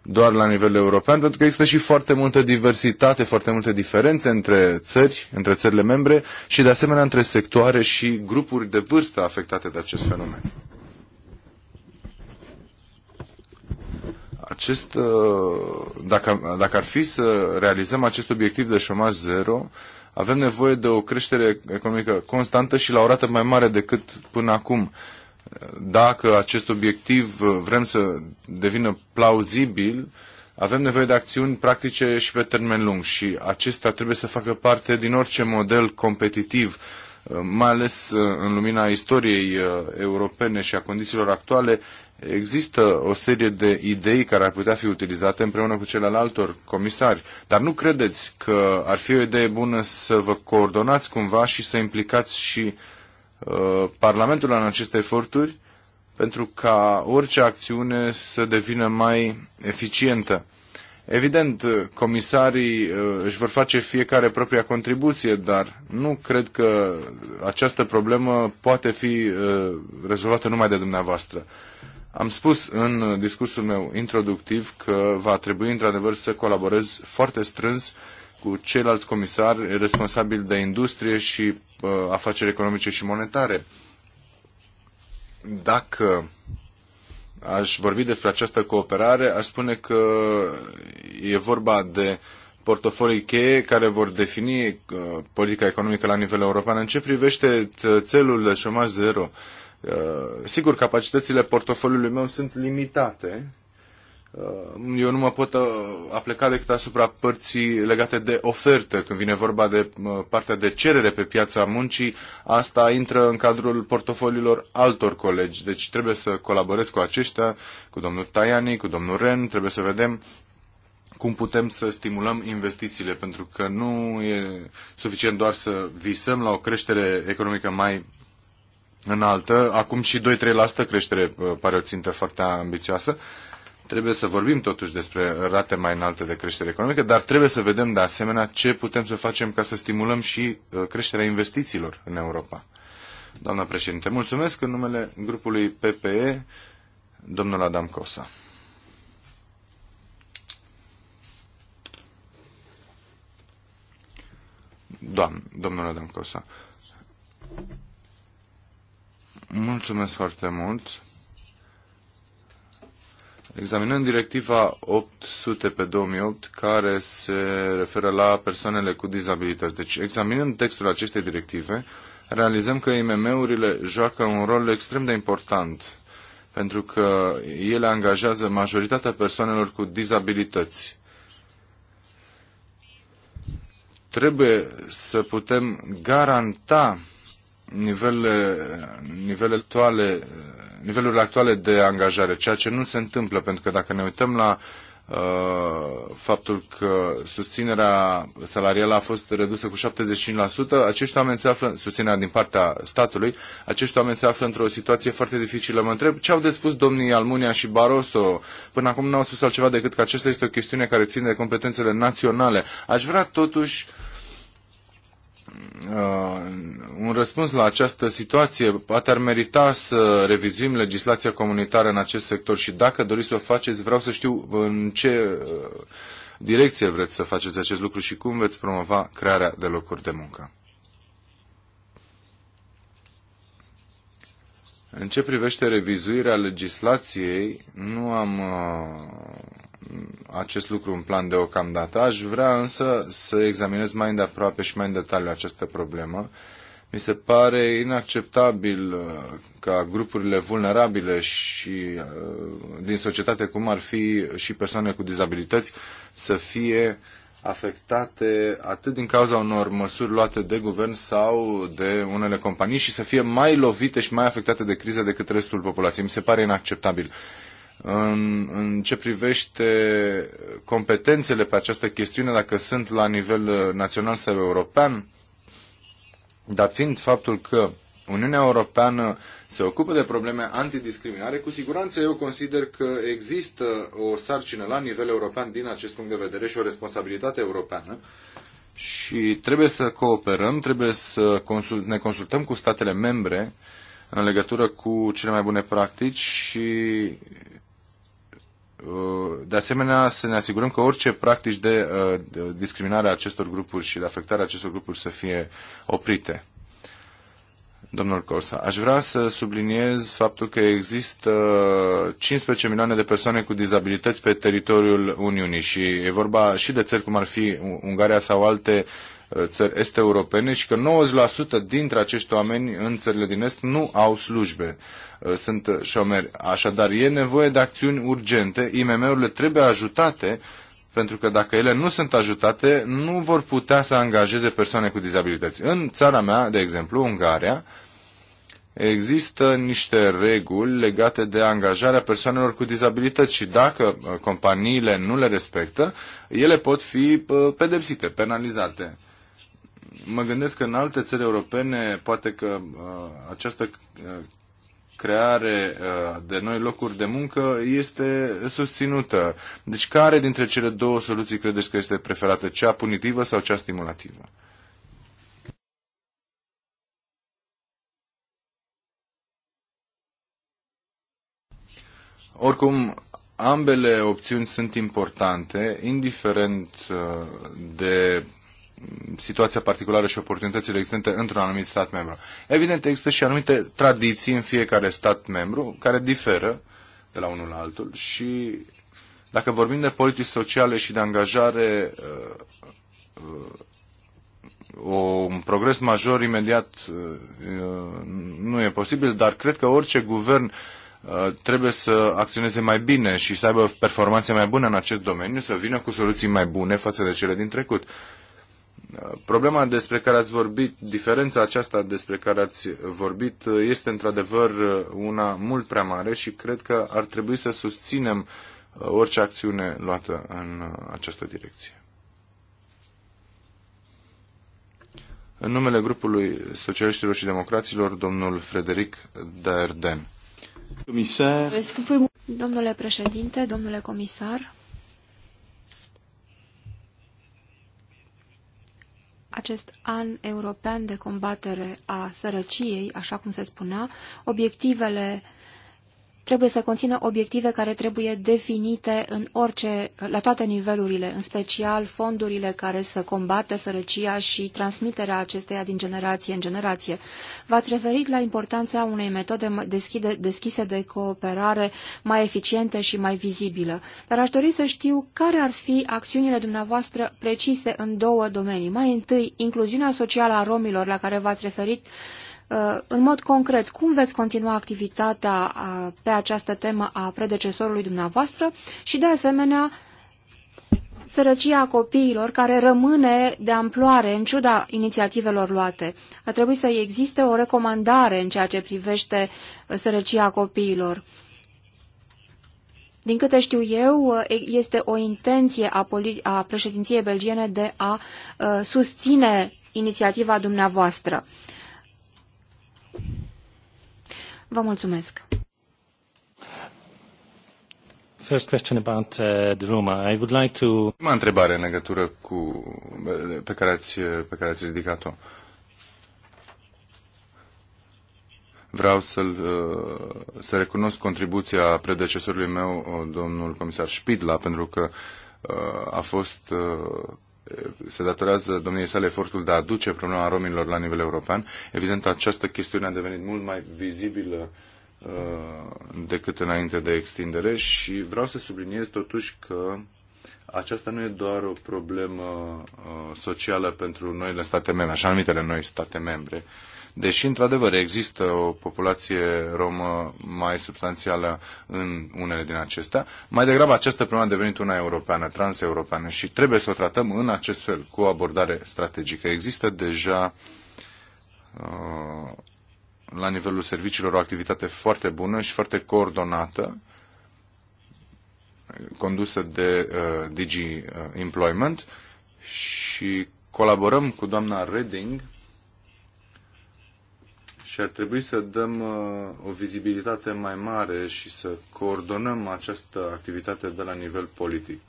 C: doar la nivel european, pentru că există și foarte multă diversitate, foarte multe diferențe între țări, între țările membre și de asemenea între sectoare și grupuri de vârstă afectate de acest fenomen. acest, uh, dacă, dacă ar fi să realizăm acest obiectiv de șomaj zero, avem nevoie de o creștere economică constantă și la o rată mai mare decât până acum. Dacă acest obiectiv uh, vrem să devină plauzibil, avem nevoie de acțiuni practice și pe termen lung și acesta trebuie să facă parte din orice model competitiv, uh, mai ales în lumina istoriei europene și a condițiilor actuale, Există o serie de idei care ar putea fi utilizate împreună cu celălaltor comisari, dar nu credeți că ar fi o idee bună să vă coordonați cumva și să implicați și uh, Parlamentul în aceste eforturi pentru ca orice acțiune să devină mai eficientă? Evident, comisarii uh, își vor face fiecare propria contribuție, dar nu cred că această problemă poate fi uh, rezolvată numai de dumneavoastră. Am spus în discursul meu introductiv că va trebui într-adevăr să colaborez foarte strâns cu ceilalți comisari responsabili de industrie și uh, afaceri economice și monetare. Dacă aș vorbi despre această cooperare, aș spune că e vorba de portofolii cheie care vor defini uh, politica economică la nivel european. În ce privește țelul de șomaj zero, uh, Uh, sigur, capacitățile portofoliului meu sunt limitate. Uh, eu nu mă pot uh, apleca decât asupra părții legate de ofertă. Când vine vorba de partea de cerere pe piața muncii, asta intră în cadrul portofoliilor altor colegi. Deci trebuie să colaborez cu aceștia, cu domnul Tajani, cu domnul Ren, trebuie să vedem cum putem să stimulăm investițiile, pentru că nu e suficient doar să visăm la o creștere economică mai înaltă, acum și 2-3% creștere uh, pare o țintă foarte ambițioasă. Trebuie să vorbim totuși despre rate mai înalte de creștere economică, dar trebuie să vedem de asemenea ce putem să facem ca să stimulăm și uh, creșterea investițiilor în Europa. Doamna președinte, mulțumesc în numele grupului PPE, domnul Adam Cosa. Doamne, domnul Adam Cosa. Mulțumesc foarte mult. Examinând directiva 800 pe 2008, care se referă la persoanele cu dizabilități. Deci, examinând textul acestei directive, realizăm că IMM-urile joacă un rol extrem de important, pentru că ele angajează majoritatea persoanelor cu dizabilități. Trebuie să putem garanta nivelele, nivelele actuale, nivelurile actuale de angajare, ceea ce nu se întâmplă, pentru că dacă ne uităm la uh, faptul că susținerea salarială a fost redusă cu 75%, acești oameni se află, susținerea din partea statului, acești oameni se află într-o situație foarte dificilă. Mă întreb ce au de spus domnii Almunia și Barroso. Până acum nu au spus altceva decât că aceasta este o chestiune care ține de competențele naționale. Aș vrea totuși uh, Uh, un răspuns la această situație, poate ar merita să revizuim legislația comunitară în acest sector și dacă doriți să o faceți, vreau să știu în ce uh, direcție vreți să faceți acest lucru și cum veți promova crearea de locuri de muncă. În ce privește revizuirea legislației, nu am uh, acest lucru în plan deocamdată. Aș vrea însă să examinez mai îndeaproape și mai în detaliu această problemă. Mi se pare inacceptabil uh, ca grupurile vulnerabile și uh, din societate, cum ar fi și persoane cu dizabilități, să fie afectate atât din cauza unor măsuri luate de guvern sau de unele companii și să fie mai lovite și mai afectate de criză decât restul populației. Mi se pare inacceptabil în, în ce privește competențele pe această chestiune, dacă sunt la nivel uh, național sau european, dar fiind faptul că Uniunea Europeană se ocupă de probleme antidiscriminare, cu siguranță eu consider că există o sarcină la nivel european din acest punct de vedere și o responsabilitate europeană și trebuie să cooperăm, trebuie să consult, ne consultăm cu statele membre în legătură cu cele mai bune practici și Uh, de asemenea, să ne asigurăm că orice practici de uh, discriminare a acestor grupuri și de afectare a acestor grupuri să fie oprite. Domnul Corsa, aș vrea să subliniez faptul că există 15 milioane de persoane cu dizabilități pe teritoriul Uniunii și e vorba și de țări cum ar fi Ungaria sau alte Uh, țări este europene și că 90% dintre acești oameni în țările din Est nu au slujbe, uh, sunt uh, șomeri. Așadar, e nevoie de acțiuni urgente, IMM-urile trebuie ajutate pentru că dacă ele nu sunt ajutate, nu vor putea să angajeze persoane cu dizabilități. În țara mea, de exemplu, Ungaria, există niște reguli legate de angajarea persoanelor cu dizabilități și dacă companiile nu le respectă, ele pot fi pedepsite, penalizate mă gândesc că în alte țări europene poate că uh, această uh, creare uh, de noi locuri de muncă este susținută. Deci care dintre cele două soluții credeți că este preferată, cea punitivă sau cea stimulativă? Oricum, ambele opțiuni sunt importante, indiferent uh, de situația particulară și oportunitățile existente într-un anumit stat membru. Evident, există și anumite tradiții în fiecare stat membru care diferă de la unul la altul și dacă vorbim de politici sociale și de angajare, o, uh, uh, un progres major imediat uh, nu e posibil, dar cred că orice guvern trebuie să acționeze mai bine și să aibă performanțe mai bune în acest domeniu, să vină cu soluții mai bune față de cele din trecut. Problema despre care ați vorbit, diferența aceasta despre care ați vorbit, este într-adevăr una mult prea mare și cred că ar trebui să susținem uh, orice acțiune luată în uh, această direcție. În numele grupului Socialiștilor și Democraților, domnul Frederic Daerden. Comisar.
B: Domnule președinte, domnule comisar, acest an european de combatere a sărăciei, așa cum se spunea, obiectivele trebuie să conțină obiective care trebuie definite în orice, la toate nivelurile, în special fondurile care să combată sărăcia și transmiterea acesteia din generație în generație. V-ați referit la importanța unei metode deschide, deschise de cooperare mai eficiente și mai vizibilă, dar aș dori să știu care ar fi acțiunile dumneavoastră precise în două domenii. Mai întâi, incluziunea socială a romilor la care v-ați referit Uh, în mod concret, cum veți continua activitatea uh, pe această temă a predecesorului dumneavoastră și, de asemenea, sărăcia copiilor care rămâne de amploare în ciuda inițiativelor luate. Ar trebui să existe o recomandare în ceea ce privește uh, sărăcia copiilor. Din câte știu eu, este o intenție a, a președinției belgiene de a uh, susține inițiativa dumneavoastră. Uh, Vă mulțumesc.
C: First question about uh, the Roma. I would like to... Prima întrebare în legătură cu... pe care ați, pe care ați ridicat-o. Vreau să-l, uh, să recunosc contribuția predecesorului meu, uh, domnul comisar Spidla, pentru că uh, a fost se datorează domniei sale efortul de a aduce problema romilor la nivel european. Evident, această chestiune a devenit mult mai vizibilă uh, decât înainte de extindere și vreau să subliniez totuși că aceasta nu e doar o problemă uh, socială pentru noile state membre, așa numitele noi state membre, deși într-adevăr există o populație romă mai substanțială în unele din acestea, mai degrabă această problemă a devenit una europeană, transeuropeană și trebuie să o tratăm în acest fel, cu o abordare strategică. Există deja uh, la nivelul serviciilor o activitate foarte bună și foarte coordonată condusă de uh, Digi uh, Employment și colaborăm cu doamna Reding și ar trebui să dăm uh, o vizibilitate mai mare și să coordonăm această activitate de la nivel politic.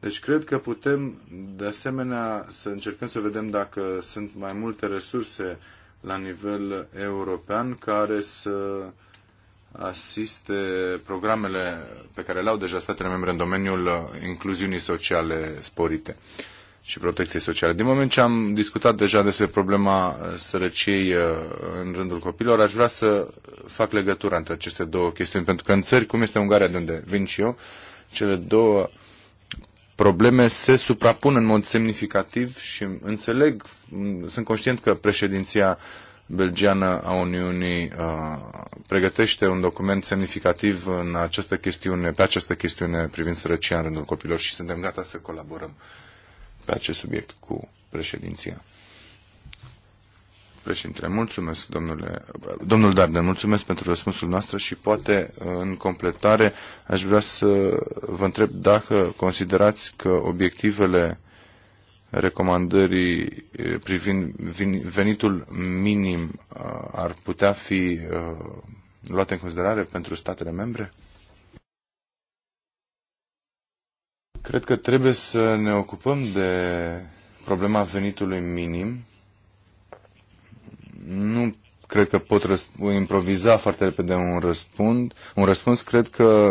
C: Deci cred că putem, de asemenea, să încercăm să vedem dacă sunt mai multe resurse la nivel european care să asiste programele pe care le au deja statele membre în domeniul uh, incluziunii sociale sporite și protecție socială. Din moment ce am discutat deja despre problema uh, sărăciei uh, în rândul copilor, aș vrea să fac legătura între aceste două chestiuni, pentru că în țări cum este Ungaria, de unde vin și eu, cele două probleme se suprapun în mod semnificativ și înțeleg, sunt conștient că președinția belgiană a Uniunii uh, pregătește un document semnificativ în această chestiune, pe această chestiune privind sărăcia în rândul copilor și suntem gata să colaborăm pe acest subiect cu președinția. Președinte, mulțumesc, domnule, domnul Darne, mulțumesc pentru răspunsul noastră și poate în completare aș vrea să vă întreb dacă considerați că obiectivele recomandării privind venitul minim ar putea fi luate în considerare pentru statele membre? Cred că trebuie să ne ocupăm de problema venitului minim. Nu cred că pot improviza foarte repede un, răspund, un răspuns. Cred că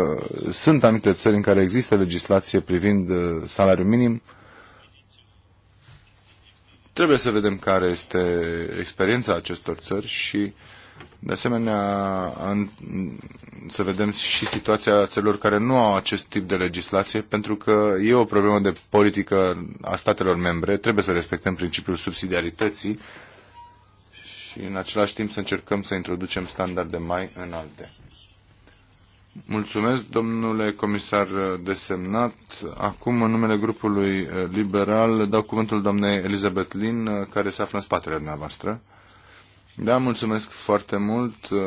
C: sunt anumite țări în care există legislație privind uh, salariul minim. Trebuie să vedem care este experiența acestor țări și uh, de asemenea, în, să vedem și situația celor care nu au acest tip de legislație, pentru că e o problemă de politică a statelor membre. Trebuie să respectăm principiul subsidiarității și în același timp să încercăm să introducem standarde mai înalte. Mulțumesc, domnule comisar desemnat. Acum, în numele grupului liberal, dau cuvântul doamnei Elizabeth Lin, care se află în spatele dumneavoastră. Da, mulțumesc foarte mult. Uh,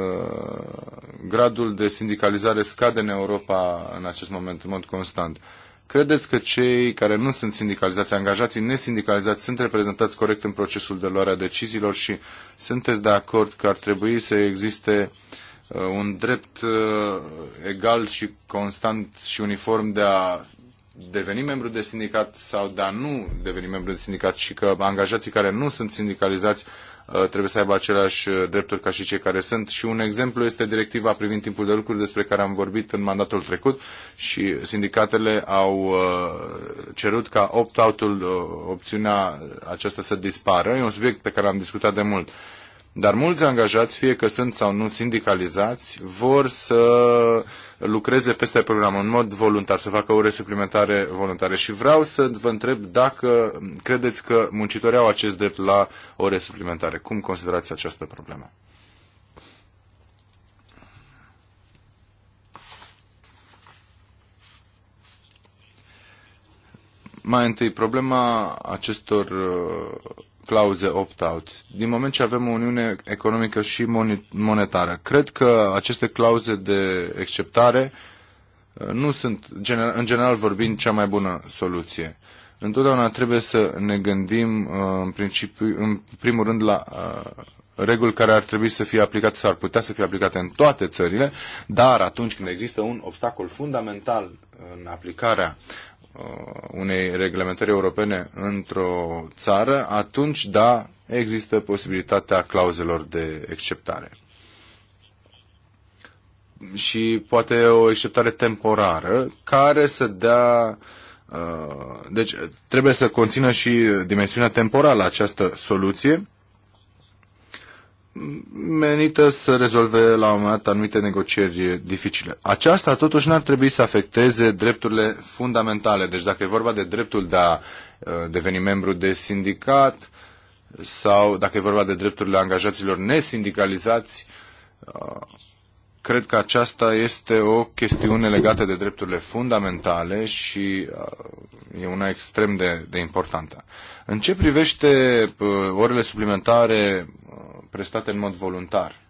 C: gradul de sindicalizare scade în Europa în acest moment în mod constant. Credeți că cei care nu sunt sindicalizați, angajații nesindicalizați, sunt reprezentați corect în procesul de luare a deciziilor și sunteți de acord că ar trebui să existe uh, un drept uh, egal și constant și uniform de a deveni membru de sindicat sau de a nu deveni membru de sindicat și că angajații care nu sunt sindicalizați Uh, trebuie să aibă aceleași uh, drepturi ca și cei care sunt și un exemplu este directiva privind timpul de lucru despre care am vorbit în mandatul trecut și sindicatele au uh, cerut ca opt-out-ul, opțiunea aceasta să dispară. E un subiect pe care am discutat de mult. Dar mulți angajați, fie că sunt sau nu sindicalizați, vor să lucreze peste program în mod voluntar, să facă ore suplimentare voluntare. Și vreau să vă întreb dacă credeți că muncitorii au acest drept la ore suplimentare. Cum considerați această problemă? Mai întâi, problema acestor uh, clauze opt-out. Din moment ce avem o uniune economică și monetară, cred că aceste clauze de acceptare uh, nu sunt, în general vorbind, cea mai bună soluție. Întotdeauna trebuie să ne gândim, uh, în, principiu, în primul rând, la uh, reguli care ar trebui să fie aplicate sau ar putea să fie aplicate în toate țările, dar atunci când există un obstacol fundamental în aplicarea Uh, unei reglementări europene într-o țară, atunci, da, există posibilitatea clauzelor de exceptare. Și poate o exceptare temporară care să dea. Uh, deci trebuie să conțină și dimensiunea temporală această soluție menită să rezolve la un moment dat anumite negocieri dificile. Aceasta totuși n-ar trebui să afecteze drepturile fundamentale. Deci dacă e vorba de dreptul de a uh, deveni membru de sindicat sau dacă e vorba de drepturile angajaților nesindicalizați, uh, cred că aceasta este o chestiune legată de drepturile fundamentale și uh, e una extrem de, de importantă. În ce privește orele suplimentare prestate în mod voluntar.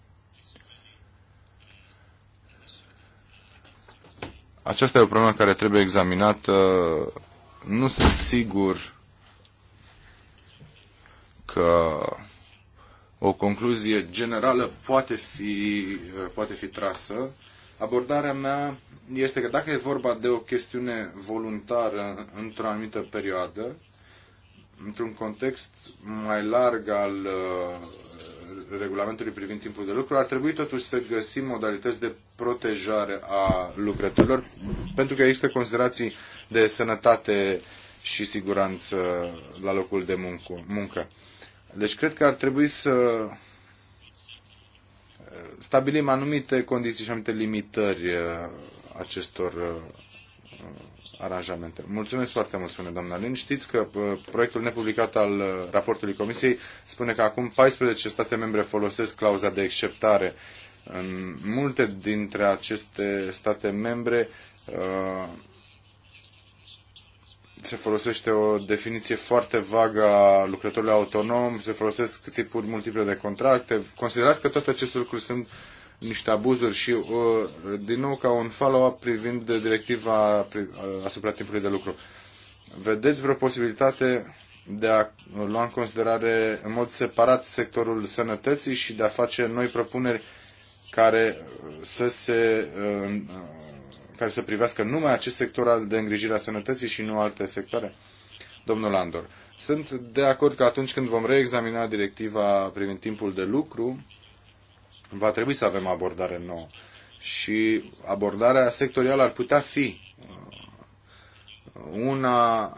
C: Aceasta e o problemă care trebuie examinată. Nu sunt sigur că o concluzie generală poate fi, poate fi trasă. Abordarea mea este că dacă e vorba de o chestiune voluntară într-o anumită perioadă, într-un context mai larg al regulamentului privind timpul de lucru, ar trebui totuși să găsim modalități de protejare a lucrătorilor, pentru că există considerații de sănătate și siguranță la locul de muncă. Deci cred că ar trebui să eh, stabilim anumite condiții și anumite limitări eh, acestor eh, aranjamente. Mulțumesc foarte mult, spune doamna Lin. Știți că uh, proiectul nepublicat al uh, raportului Comisiei spune că acum 14 state membre folosesc clauza de exceptare. În multe dintre aceste state membre uh, se folosește o definiție foarte vagă a lucrătorului autonom, se folosesc tipuri multiple de contracte. Considerați că toate aceste lucruri sunt uh, niște abuzuri și, uh, din nou, ca un follow-up privind directiva uh, asupra timpului de lucru. Vedeți vreo posibilitate de a lua în considerare în mod separat sectorul sănătății și de a face noi propuneri care uh, să se care să privească numai acest sector al de îngrijire a sănătății și nu alte sectoare? Domnul Andor, sunt de acord că atunci când vom reexamina directiva privind timpul de lucru, Va trebui să avem abordare nouă. Și abordarea sectorială ar putea fi uh, una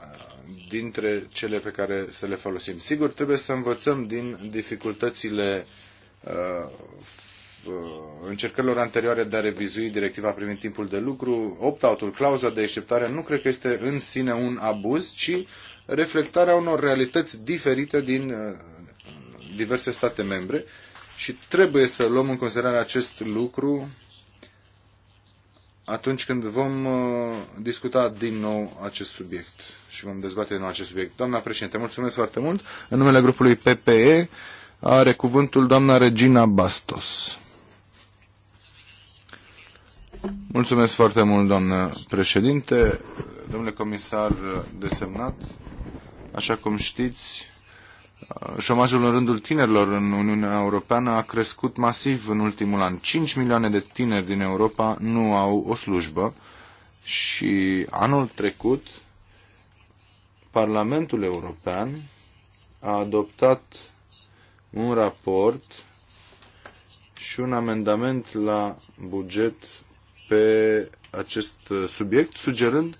C: dintre cele pe care să le folosim. Sigur, trebuie să învățăm din dificultățile uh, uh, încercărilor anterioare de a revizui directiva privind timpul de lucru, opt-out-ul, clauza de exceptare, nu cred că este în sine un abuz, ci reflectarea unor realități diferite din diverse state membre și trebuie să luăm în considerare acest lucru atunci când vom uh, discuta din nou acest subiect și vom dezbate din nou acest subiect. Doamna președinte, mulțumesc foarte mult. În numele grupului PPE are cuvântul doamna Regina Bastos. Mulțumesc foarte mult, doamnă președinte. Domnule comisar desemnat, așa cum știți, șomajul în rândul tinerilor în Uniunea Europeană a crescut masiv în ultimul an. 5 milioane de tineri din Europa nu au o slujbă și anul trecut Parlamentul European a adoptat un raport și un amendament la buget pe acest subiect, sugerând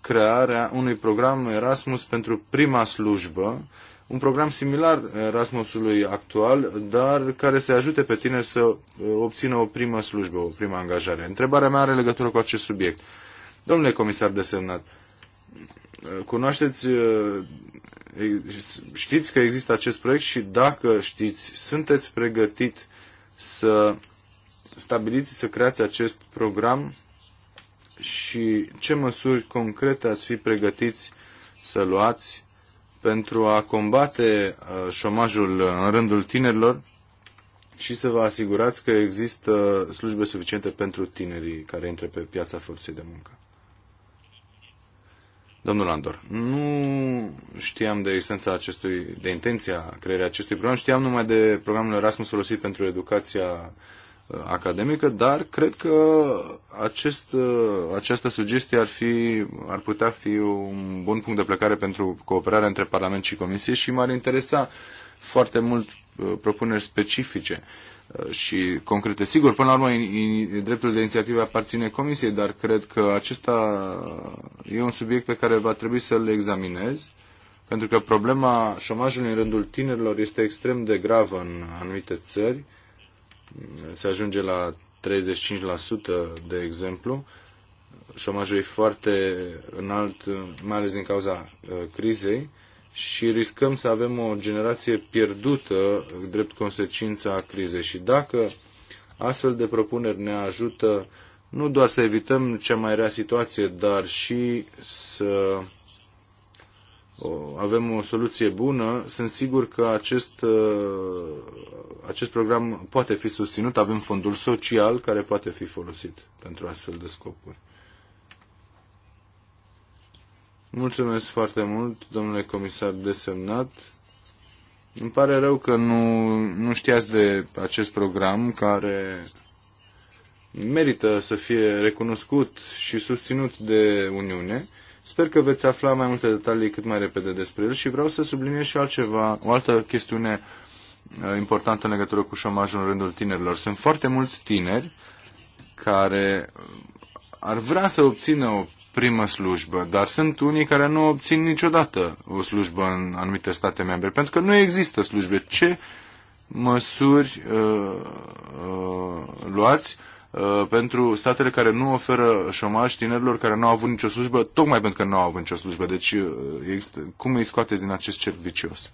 C: crearea unui program Erasmus pentru prima slujbă, un program similar eh, Erasmusului actual, dar care să ajute pe tine să eh, obțină o primă slujbă, o primă angajare. Întrebarea mea are legătură cu acest subiect. Domnule comisar desemnat, eh, cunoașteți, știți că există acest proiect și dacă știți, sunteți pregătit să stabiliți, să creați acest program și ce măsuri concrete ați fi pregătiți să luați pentru a combate uh, șomajul în rândul tinerilor și să vă asigurați că există slujbe suficiente pentru tinerii care intră pe piața forței de muncă. Domnul Andor, nu știam de existența acestui, de intenția crearea acestui program, știam numai de programul Erasmus folosit pentru educația academică, dar cred că acest, această sugestie ar, fi, ar putea fi un bun punct de plecare pentru cooperarea între Parlament și Comisie și m-ar interesa foarte mult uh, propuneri specifice uh, și concrete. Sigur, până la urmă, dreptul de inițiativă aparține Comisiei, dar cred că acesta e un subiect pe care va trebui să-l examinez, pentru că problema șomajului în rândul tinerilor este extrem de gravă în anumite țări se ajunge la 35%, de exemplu. Șomajul e foarte înalt, mai ales din cauza uh, crizei și riscăm să avem o generație pierdută drept consecința crizei. Și dacă astfel de propuneri ne ajută nu doar să evităm cea mai rea situație, dar și să avem o soluție bună, sunt sigur că acest, uh, acest program poate fi susținut. Avem fondul social care poate fi folosit pentru astfel de scopuri. Mulțumesc foarte mult, domnule comisar desemnat. Îmi pare rău că nu, nu știați de acest program care merită să fie recunoscut și susținut de Uniune Sper că veți afla mai multe detalii cât mai repede despre el și vreau să subliniez și altceva, o altă chestiune uh, importantă în legătură cu șomajul în rândul tinerilor. Sunt foarte mulți tineri care ar vrea să obțină o primă slujbă, dar sunt unii care nu obțin niciodată o slujbă în anumite state membre, pentru că nu există slujbe. Ce măsuri uh, uh, luați Uh, pentru statele care nu oferă șomaj tinerilor care nu au avut nicio slujbă, tocmai pentru că nu au avut nicio slujbă. Deci, uh, cum îi scoateți din acest cerc vicios?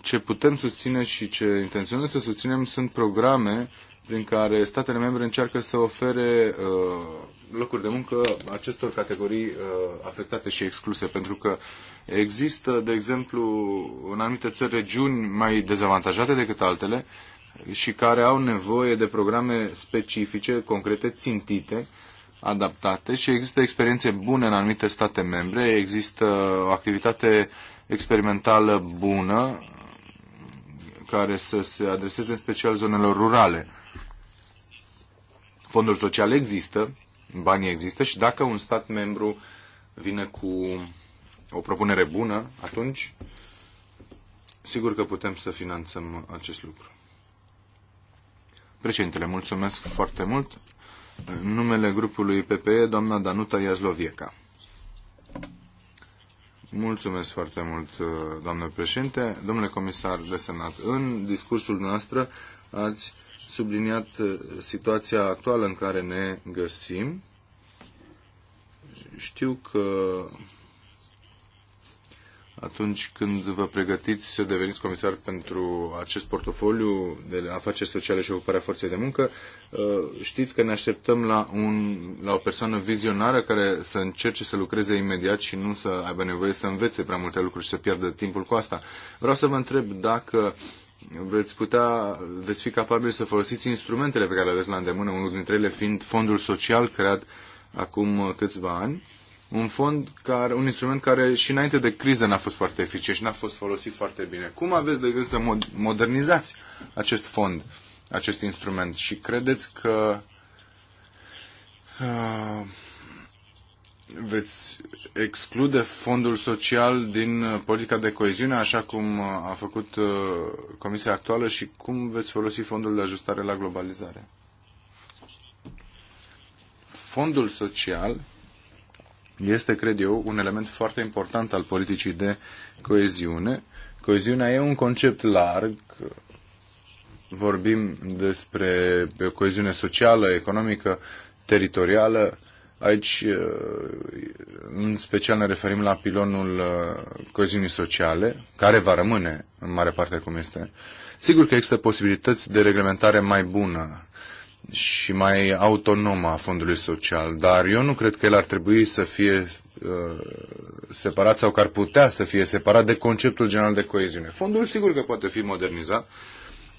C: Ce putem susține și ce intenționăm să susținem sunt programe prin care statele membre încearcă să ofere uh, locuri de muncă acestor categorii uh, afectate și excluse, pentru că uh, Există, de exemplu, în anumite țări regiuni mai dezavantajate decât altele și care au nevoie de programe specifice, concrete, țintite, adaptate și există experiențe bune în anumite state membre, există o activitate experimentală bună care să se adreseze în special zonelor rurale. Fondul social există, banii există și dacă un stat membru vine cu o propunere bună, atunci sigur că putem să finanțăm acest lucru. Președintele, mulțumesc foarte mult. În numele grupului PPE, doamna Danuta Iazlovieca. Mulțumesc foarte mult, doamnă președinte. Domnule comisar de senat, în discursul noastră ați subliniat situația actuală în care ne găsim. Știu că atunci când vă pregătiți să deveniți comisar pentru acest portofoliu de afaceri sociale și ocuparea forței de muncă, uh, știți că ne așteptăm la, un, la o persoană vizionară care să încerce să lucreze imediat și nu să aibă nevoie să învețe prea multe lucruri și să pierdă timpul cu asta. Vreau să vă întreb dacă veți putea, veți fi capabili să folosiți instrumentele pe care le aveți la îndemână, unul dintre ele fiind fondul social creat acum câțiva ani, un fond, care, un instrument care și înainte de criză n-a fost foarte eficient și n-a fost folosit foarte bine. Cum aveți de gând să modernizați acest fond, acest instrument și credeți că uh, veți exclude fondul social din uh, politica de coeziune, așa cum uh, a făcut uh, Comisia actuală și cum veți folosi fondul de ajustare la globalizare? Fondul social este, cred eu, un element foarte important al politicii de coeziune. Coeziunea e un concept larg. Vorbim despre coeziune socială, economică, teritorială. Aici, eh, în special, ne referim la pilonul eh, coeziunii sociale, care va rămâne în mare parte cum este. Sigur că există posibilități de reglementare mai bună și mai autonomă a fondului social, dar eu nu cred că el ar trebui să fie uh, separat sau că ar putea să fie separat de conceptul general de coeziune. Fondul sigur că poate fi modernizat.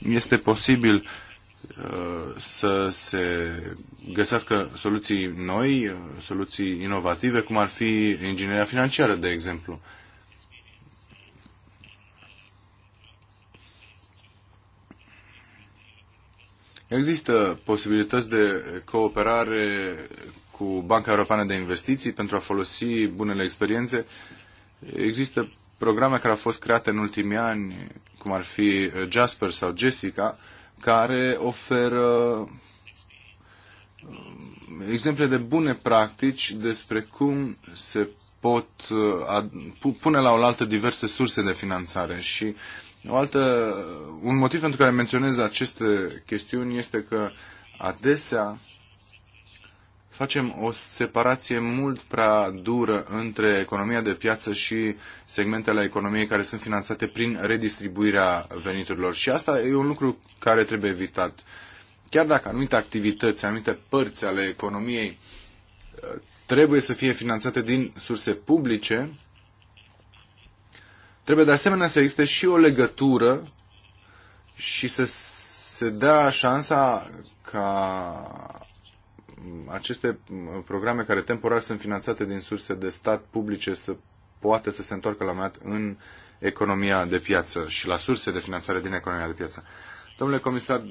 C: Este posibil uh, să se găsească soluții noi, uh, soluții inovative, cum ar fi ingineria financiară, de exemplu. Există posibilități de cooperare cu Banca Europeană de Investiții pentru a folosi bunele experiențe. Există programe care au fost create în ultimii ani, cum ar fi Jasper sau Jessica, care oferă um, exemple de bune practici despre cum se pot uh, pune la oaltă diverse surse de finanțare și uh, o altă, un motiv pentru care menționez aceste chestiuni este că adesea facem o separație mult prea dură între economia de piață și segmentele economiei care sunt finanțate prin redistribuirea veniturilor. Și asta e un lucru care trebuie evitat. Chiar dacă anumite activități, anumite părți ale economiei uh, trebuie să fie finanțate din surse publice, Trebuie de asemenea să existe și o legătură și să se dea șansa ca aceste programe care temporar sunt finanțate din surse de stat publice să poată să se întoarcă la mat în economia de piață și la surse de finanțare din economia de piață. Domnule comisar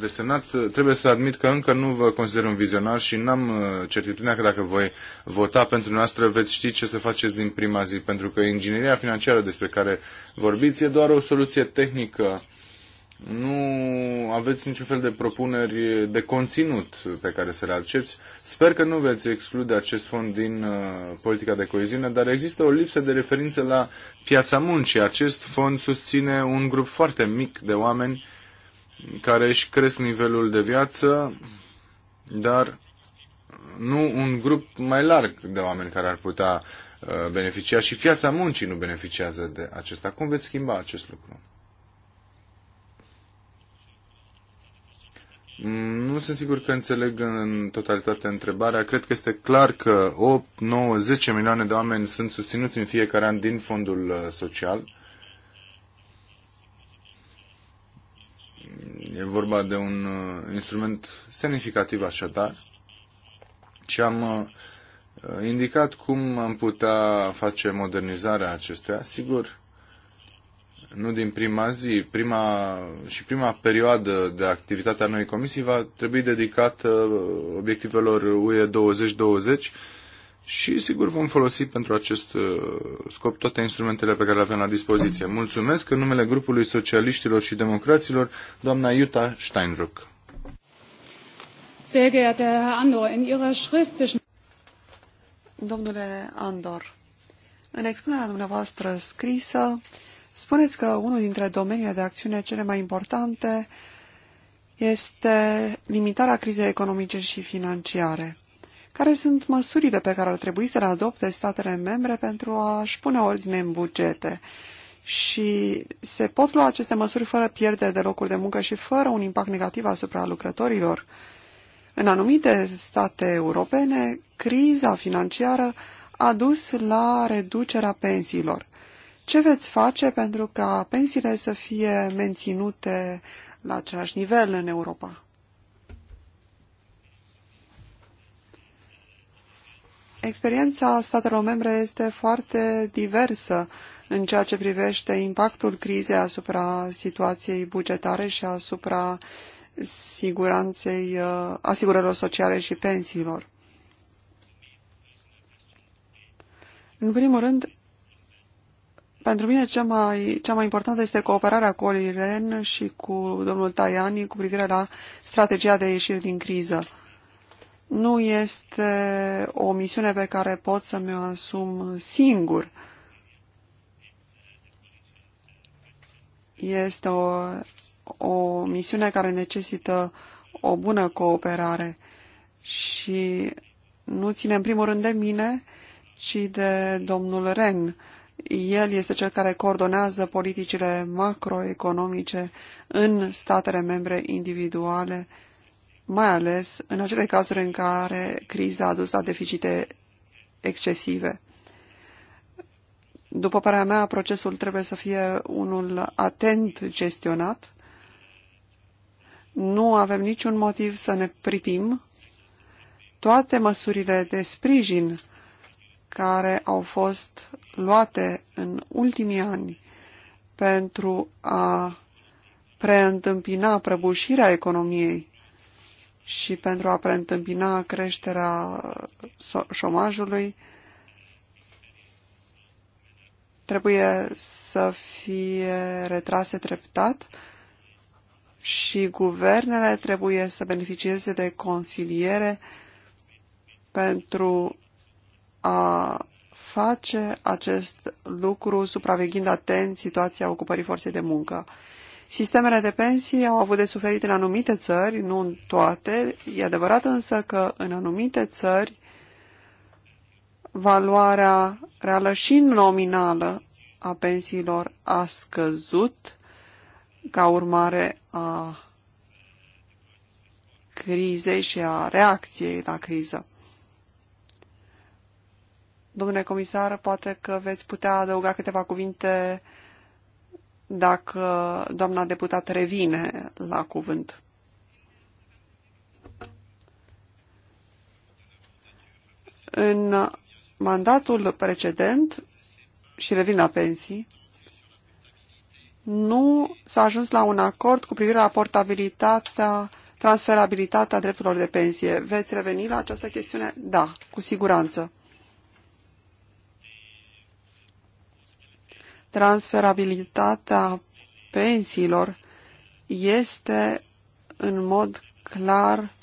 C: desemnat, trebuie să admit că încă nu vă consider un vizionar și n-am uh, certitudinea că dacă voi vota pentru noastră veți ști ce să faceți din prima zi, pentru că ingineria financiară despre care vorbiți e doar o soluție tehnică. Nu aveți niciun fel de propuneri de conținut pe care să le aduceți. Sper că nu veți exclude acest fond din uh, politica de coeziune, dar există o lipsă de referință la piața muncii. Acest fond susține un grup foarte mic de oameni care își cresc nivelul de viață, dar nu un grup mai larg de oameni care ar putea uh, beneficia și piața muncii nu beneficiază de acesta. Cum veți schimba acest lucru? Nu sunt sigur că înțeleg în totalitate întrebarea. Cred că este clar că 8, 9, 10 milioane de oameni sunt susținuți în fiecare an din fondul uh, social E vorba de un uh, instrument semnificativ așadar și am uh, indicat cum am putea face modernizarea acestuia. Sigur, nu din prima zi, prima, și prima perioadă de activitate a noii comisii va trebui dedicată uh, obiectivelor UE 2020 și sigur vom folosi pentru acest uh, scop toate instrumentele pe care le avem la dispoziție. Mulțumesc în numele grupului socialiștilor și democraților, doamna Jutta Steinruck.
A: Domnule Andor, în expunerea dumneavoastră scrisă, spuneți că unul dintre domeniile de acțiune cele mai importante este limitarea crizei economice și financiare. Care sunt măsurile pe care ar trebui să le adopte statele membre pentru a-și pune ordine în bugete? Și se pot lua aceste măsuri fără pierdere de locuri de muncă și fără un impact negativ asupra lucrătorilor? În anumite state europene, criza financiară a dus la reducerea pensiilor. Ce veți face pentru ca pensiile să fie menținute la același nivel în Europa? Experiența statelor membre este foarte diversă în ceea ce privește impactul crizei asupra situației bugetare și asupra siguranței, uh, asigurărilor sociale și pensiilor. În primul rând, pentru mine cea mai, cea mai importantă este cooperarea cu Oliren și cu domnul Tajani cu privire la strategia de ieșire din criză nu este o misiune pe care pot să mi-o asum singur. Este o, o misiune care necesită o bună cooperare și nu ține în primul rând de mine, ci de domnul Ren. El este cel care coordonează politicile macroeconomice în statele membre individuale mai ales în acele cazuri în care criza a dus la deficite excesive. După părerea mea, procesul trebuie să fie unul atent gestionat. Nu avem niciun motiv să ne pripim. Toate măsurile de sprijin care au fost luate în ultimii ani pentru a preîntâmpina prăbușirea economiei și pentru a preîntâmpina creșterea șomajului, trebuie să fie retrase treptat și guvernele trebuie să beneficieze de consiliere pentru a face acest lucru supraveghind atent situația ocupării forței de muncă. Sistemele de pensii au avut de suferit în anumite țări, nu în toate. E adevărat însă că în anumite țări valoarea reală și nominală a pensiilor a scăzut ca urmare a crizei și a reacției la criză. Domnule comisar, poate că veți putea adăuga câteva cuvinte uh, dacă doamna deputat revine la cuvânt. În mandatul precedent, și revin la pensii, nu s-a ajuns la un acord cu privire la portabilitatea, transferabilitatea drepturilor de pensie. Veți reveni la această chestiune? Da, cu siguranță. transferabilitatea pensiilor este în mod clar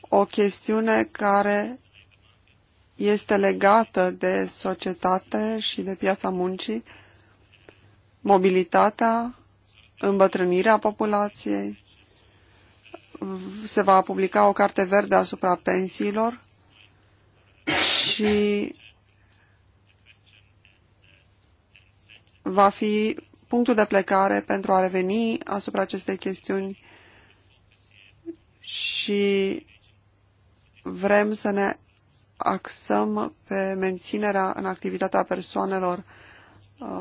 A: o chestiune care este legată de societate și de piața muncii, mobilitatea, îmbătrânirea populației. Se va publica o carte verde asupra pensiilor și va fi punctul de plecare pentru a reveni asupra acestei chestiuni și vrem să ne axăm pe menținerea în activitatea persoanelor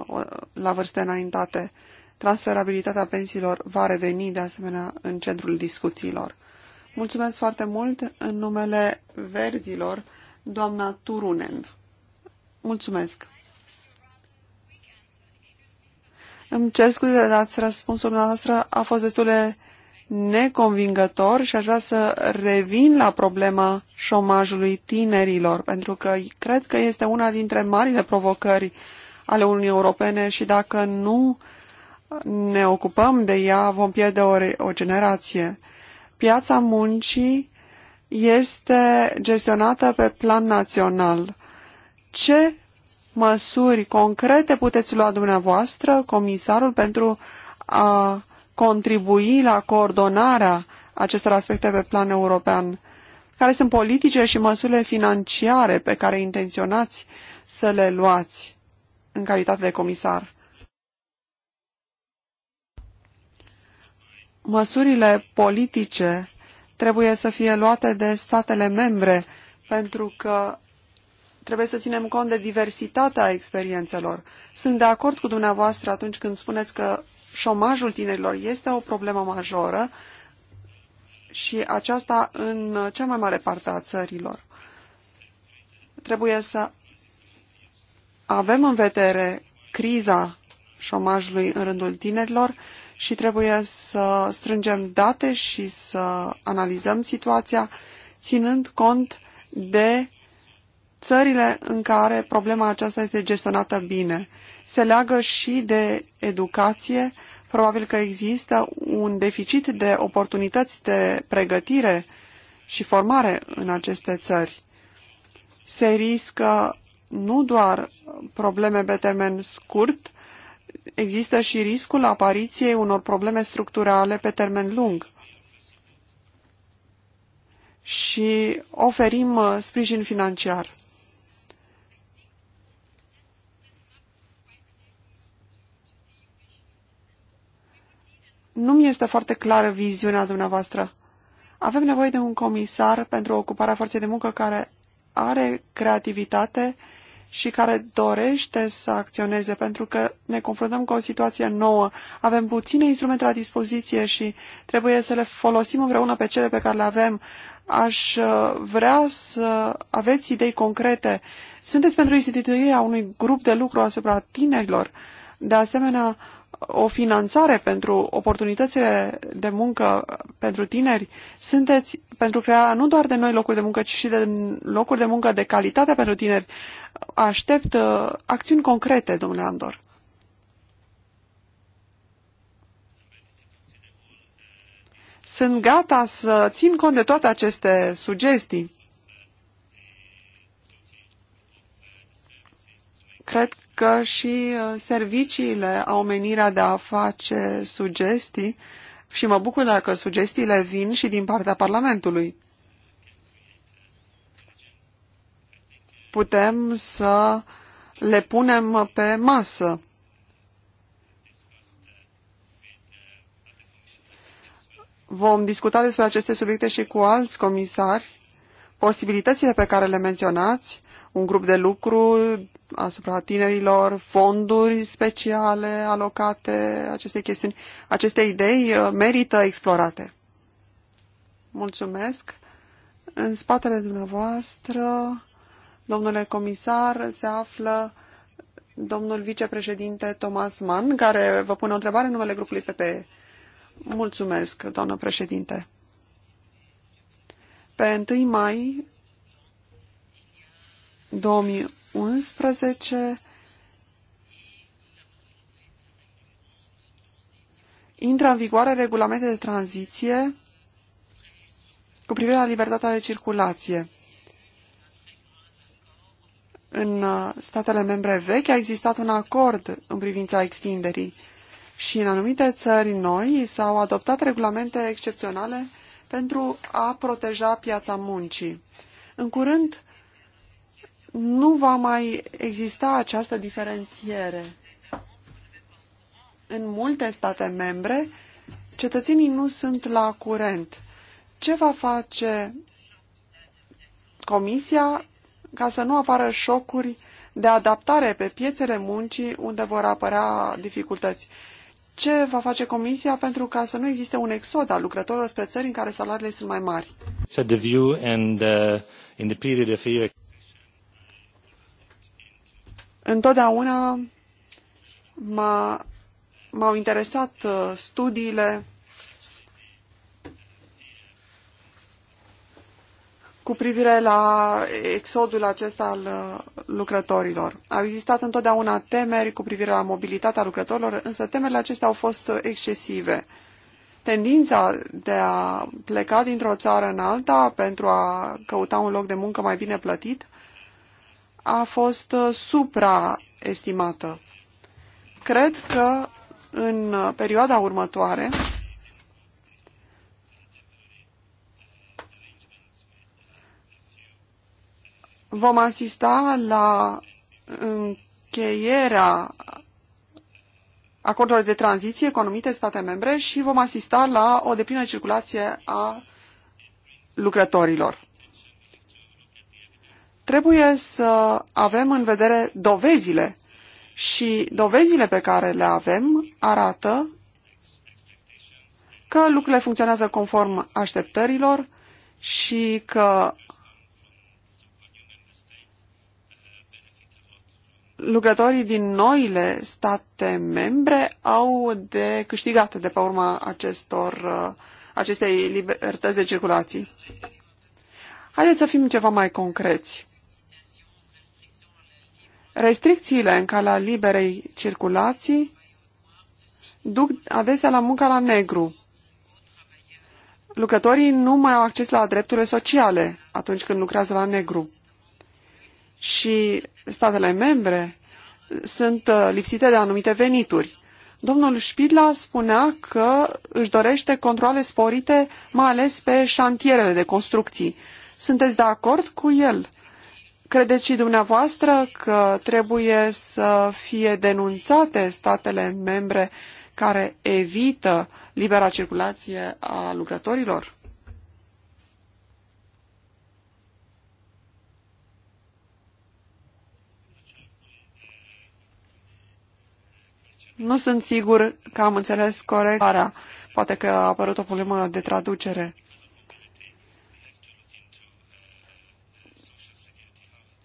A: uh, la vârste înaintate. Transferabilitatea pensiilor va reveni de asemenea în centrul discuțiilor. Mulțumesc foarte mult în numele verzilor, doamna Turunen. Mulțumesc! Îmi cer scuze, dar răspunsul noastră a fost destul de neconvingător și aș vrea să revin la problema șomajului tinerilor, pentru că cred că este una dintre marile provocări ale Uniunii Europene și dacă nu ne ocupăm de ea, vom pierde o, o generație. Piața muncii este gestionată pe plan național. Ce măsuri concrete puteți lua dumneavoastră, comisarul, pentru a contribui la coordonarea acestor aspecte pe plan european? Care sunt politicile și măsurile financiare pe care intenționați să le luați în calitate de comisar? Măsurile politice trebuie să fie luate de statele membre, pentru că trebuie să ținem cont de diversitatea experiențelor. Sunt de acord cu dumneavoastră atunci când spuneți că șomajul tinerilor este o problemă majoră și aceasta în cea mai mare parte a țărilor. Trebuie să avem în vedere criza șomajului în rândul tinerilor și trebuie să strângem date și să analizăm situația, ținând cont de țările în care problema aceasta este gestionată bine. Se leagă și de educație. Probabil că există un deficit de oportunități de pregătire și formare în aceste țări. Se riscă nu doar probleme pe termen scurt, există și riscul apariției unor probleme structurale pe termen lung și oferim uh, sprijin financiar. Nu mi este foarte clară viziunea dumneavoastră. Avem nevoie de un comisar pentru ocuparea forței de muncă care are creativitate și care dorește să acționeze, pentru că ne confruntăm cu o situație nouă. Avem puține instrumente la dispoziție și trebuie să le folosim împreună pe cele pe care le avem. Aș uh, vrea să aveți idei concrete. Sunteți pentru instituirea unui grup de lucru asupra tinerilor. De asemenea, o finanțare pentru oportunitățile de muncă pentru tineri, sunteți pentru crearea nu doar de noi locuri de muncă, ci și de locuri de muncă de calitate pentru tineri. Aștept uh, acțiuni concrete, domnule Andor. Sunt gata să țin cont de toate aceste sugestii. Cred că și uh, serviciile au menirea de a face sugestii și mă bucur dacă sugestiile vin și din partea Parlamentului. Putem să le punem pe masă. Vom discuta despre aceste subiecte și cu alți comisari. Posibilitățile pe care le menționați, un grup de lucru asupra tinerilor, fonduri speciale alocate acestei chestiuni. Aceste idei uh, merită explorate. Mulțumesc. În spatele dumneavoastră, domnule comisar, se află domnul vicepreședinte Thomas Mann, care vă pune o întrebare în numele grupului PPE. Mulțumesc, doamnă președinte. Pe 1 mai 2000 11 intră în vigoare regulamente de tranziție cu privire la libertatea de circulație. În uh, statele membre vechi a existat un acord în privința extinderii și în anumite țări noi s-au adoptat regulamente excepționale pentru a proteja piața muncii. În curând nu va mai exista această diferențiere. În multe state membre, cetățenii nu sunt la curent. Ce va face Comisia ca să nu apară șocuri de adaptare pe piețele muncii unde vor apărea dificultăți? Ce va face Comisia pentru ca să nu existe un exod al lucrătorilor spre țări în care salariile sunt mai mari? întotdeauna m-a, m-au interesat uh, studiile cu privire la exodul acesta al uh, lucrătorilor. Au existat întotdeauna temeri cu privire la mobilitatea lucrătorilor, însă temerile acestea au fost uh, excesive. Tendința de a pleca dintr-o țară în alta pentru a căuta un loc de muncă mai bine plătit a fost uh, supraestimată. Cred că în perioada următoare vom asista la încheierea acordurilor de tranziție cu anumite state membre și vom asista la o deplină circulație a lucrătorilor trebuie să avem în vedere dovezile și dovezile pe care le avem arată că lucrurile funcționează conform așteptărilor și că lucrătorii din noile state membre au de câștigat de pe urma acestor, acestei libertăți de circulații. Haideți să fim ceva mai concreți. Restricțiile în calea liberei circulații duc adesea la munca la negru. Lucrătorii nu mai au acces la drepturile sociale atunci când lucrează la negru. Și statele membre sunt uh, lipsite de anumite venituri. Domnul Spidla spunea că își dorește controle sporite, mai ales pe șantierele de construcții. Sunteți de acord cu el? Credeți și dumneavoastră că trebuie să fie denunțate statele membre care evită libera circulație a lucrătorilor? Nu sunt sigur că am înțeles corect. Poate că a apărut o problemă de traducere.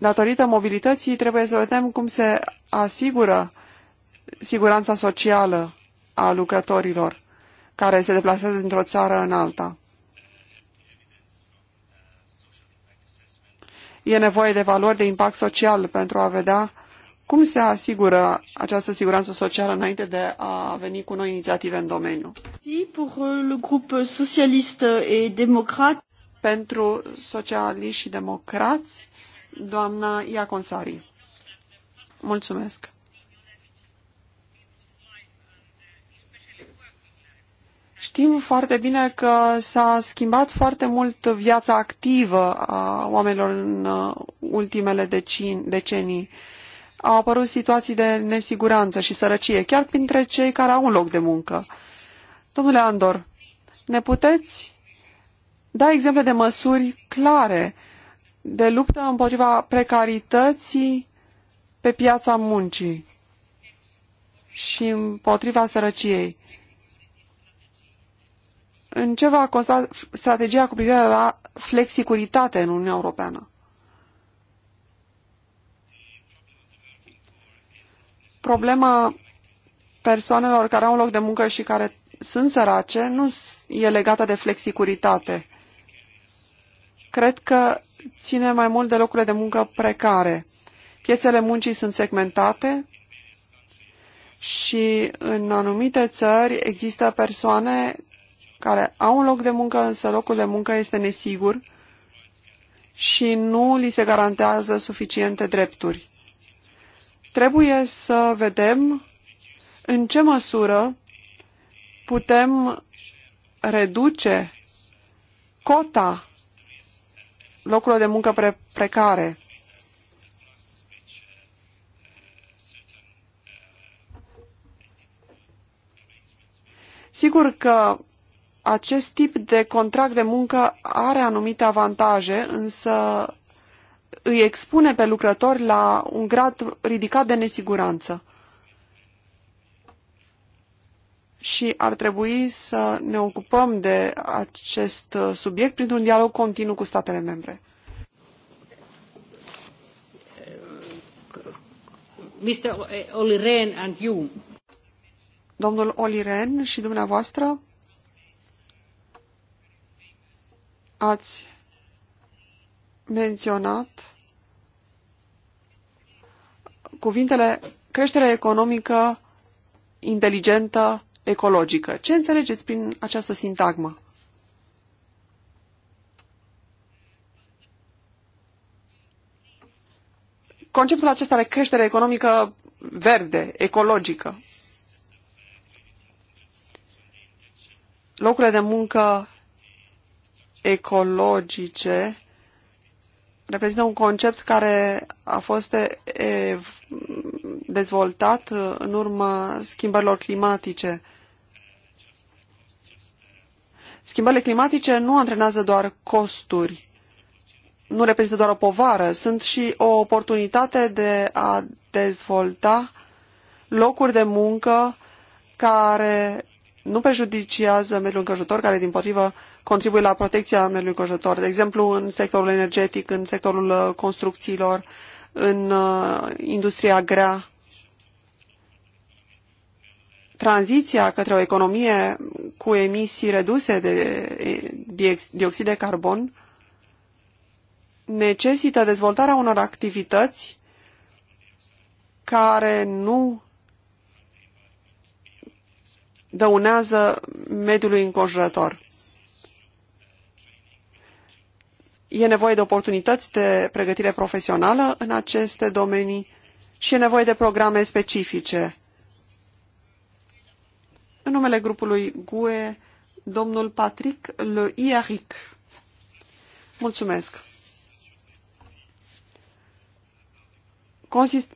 A: Datorită mobilității trebuie să vedem cum se asigură siguranța socială a lucrătorilor care se deplasează dintr-o țară în alta. E nevoie de valori de impact social pentru a vedea cum se asigură această siguranță socială înainte de a veni cu noi inițiative în domeniu? Uh, pentru socialiști și democrați, doamna Iaconsari. Mulțumesc. Știm foarte bine că s-a schimbat foarte mult viața activă a oamenilor în uh, ultimele decenii. Au apărut situații de nesiguranță și sărăcie, chiar printre cei care au un loc de muncă. Domnule Andor, ne puteți da exemple de măsuri clare de luptă împotriva precarității pe piața muncii și împotriva sărăciei. În ce va consta strategia cu privire la flexicuritate în Uniunea Europeană? Problema persoanelor care au un loc de muncă și care sunt sărace nu e legată de flexicuritate cred că ține mai mult de locurile de muncă precare. Piețele muncii sunt segmentate și în anumite țări există persoane care au un loc de muncă, însă locul de muncă este nesigur și nu li se garantează suficiente drepturi. Trebuie să vedem în ce măsură putem reduce cota locurilor de muncă pre precare. Sigur că acest tip de contract de muncă are anumite avantaje, însă îi expune pe lucrători la un grad ridicat de nesiguranță. și ar trebui să ne ocupăm de acest uh, subiect printr-un dialog continuu cu statele membre.
B: Uh, Mr. Olli eh, Rehn and you.
A: Domnul Oliren și dumneavoastră ați menționat cuvintele creștere economică inteligentă ecologică. Ce înțelegeți prin această sintagmă? Conceptul acesta de creștere economică verde, ecologică. Locurile de muncă ecologice reprezintă un concept care a fost dezvoltat în urma schimbărilor climatice. Schimbările climatice nu antrenează doar costuri, nu reprezintă doar o povară, sunt și o oportunitate de a dezvolta locuri de muncă care nu prejudiciază mediul înconjurător, care din potrivă contribuie la protecția mediului înconjurător. De exemplu, în sectorul energetic, în sectorul uh, construcțiilor, în uh, industria grea tranziția către o economie cu emisii reduse de dioxid de carbon necesită dezvoltarea unor activități care nu dăunează mediului înconjurător. E nevoie de oportunități de pregătire profesională în aceste domenii și e nevoie de programe specifice în numele grupului GUE, domnul Patrick Le Iaric. Mulțumesc.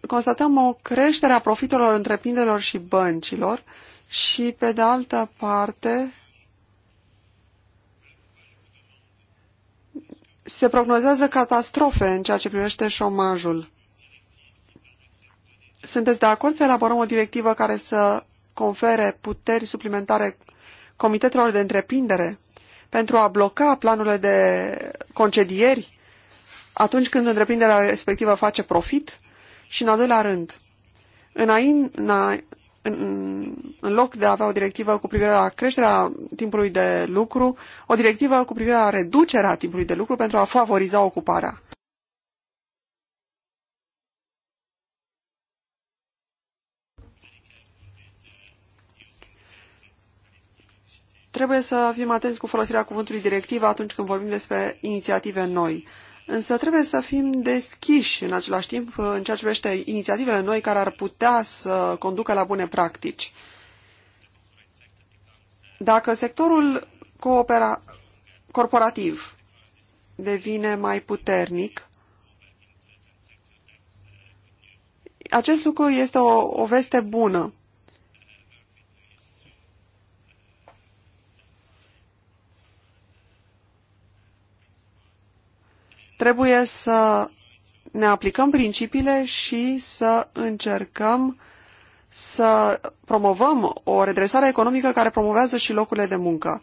A: constatăm o creștere a profitelor întreprinderilor și băncilor și, pe de altă parte, se prognozează catastrofe în ceea ce privește șomajul. Sunteți de acord să elaborăm o directivă care să confere puteri suplimentare comitetelor de întreprindere pentru a bloca planurile de concedieri atunci când întreprinderea respectivă face profit și, în al doilea rând, înainte, în loc de a avea o directivă cu privire la creșterea timpului de lucru, o directivă cu privire la reducerea timpului de lucru pentru a favoriza ocuparea. Trebuie să fim atenți cu folosirea cuvântului directivă atunci când vorbim despre inițiative noi. Însă trebuie să fim deschiși în același timp în ceea ce privește inițiativele noi care ar putea să conducă la bune practici. Dacă sectorul coopera- corporativ devine mai puternic, acest lucru este o, o veste bună. Trebuie să ne aplicăm principiile și să încercăm să promovăm o redresare economică care promovează și locurile de muncă.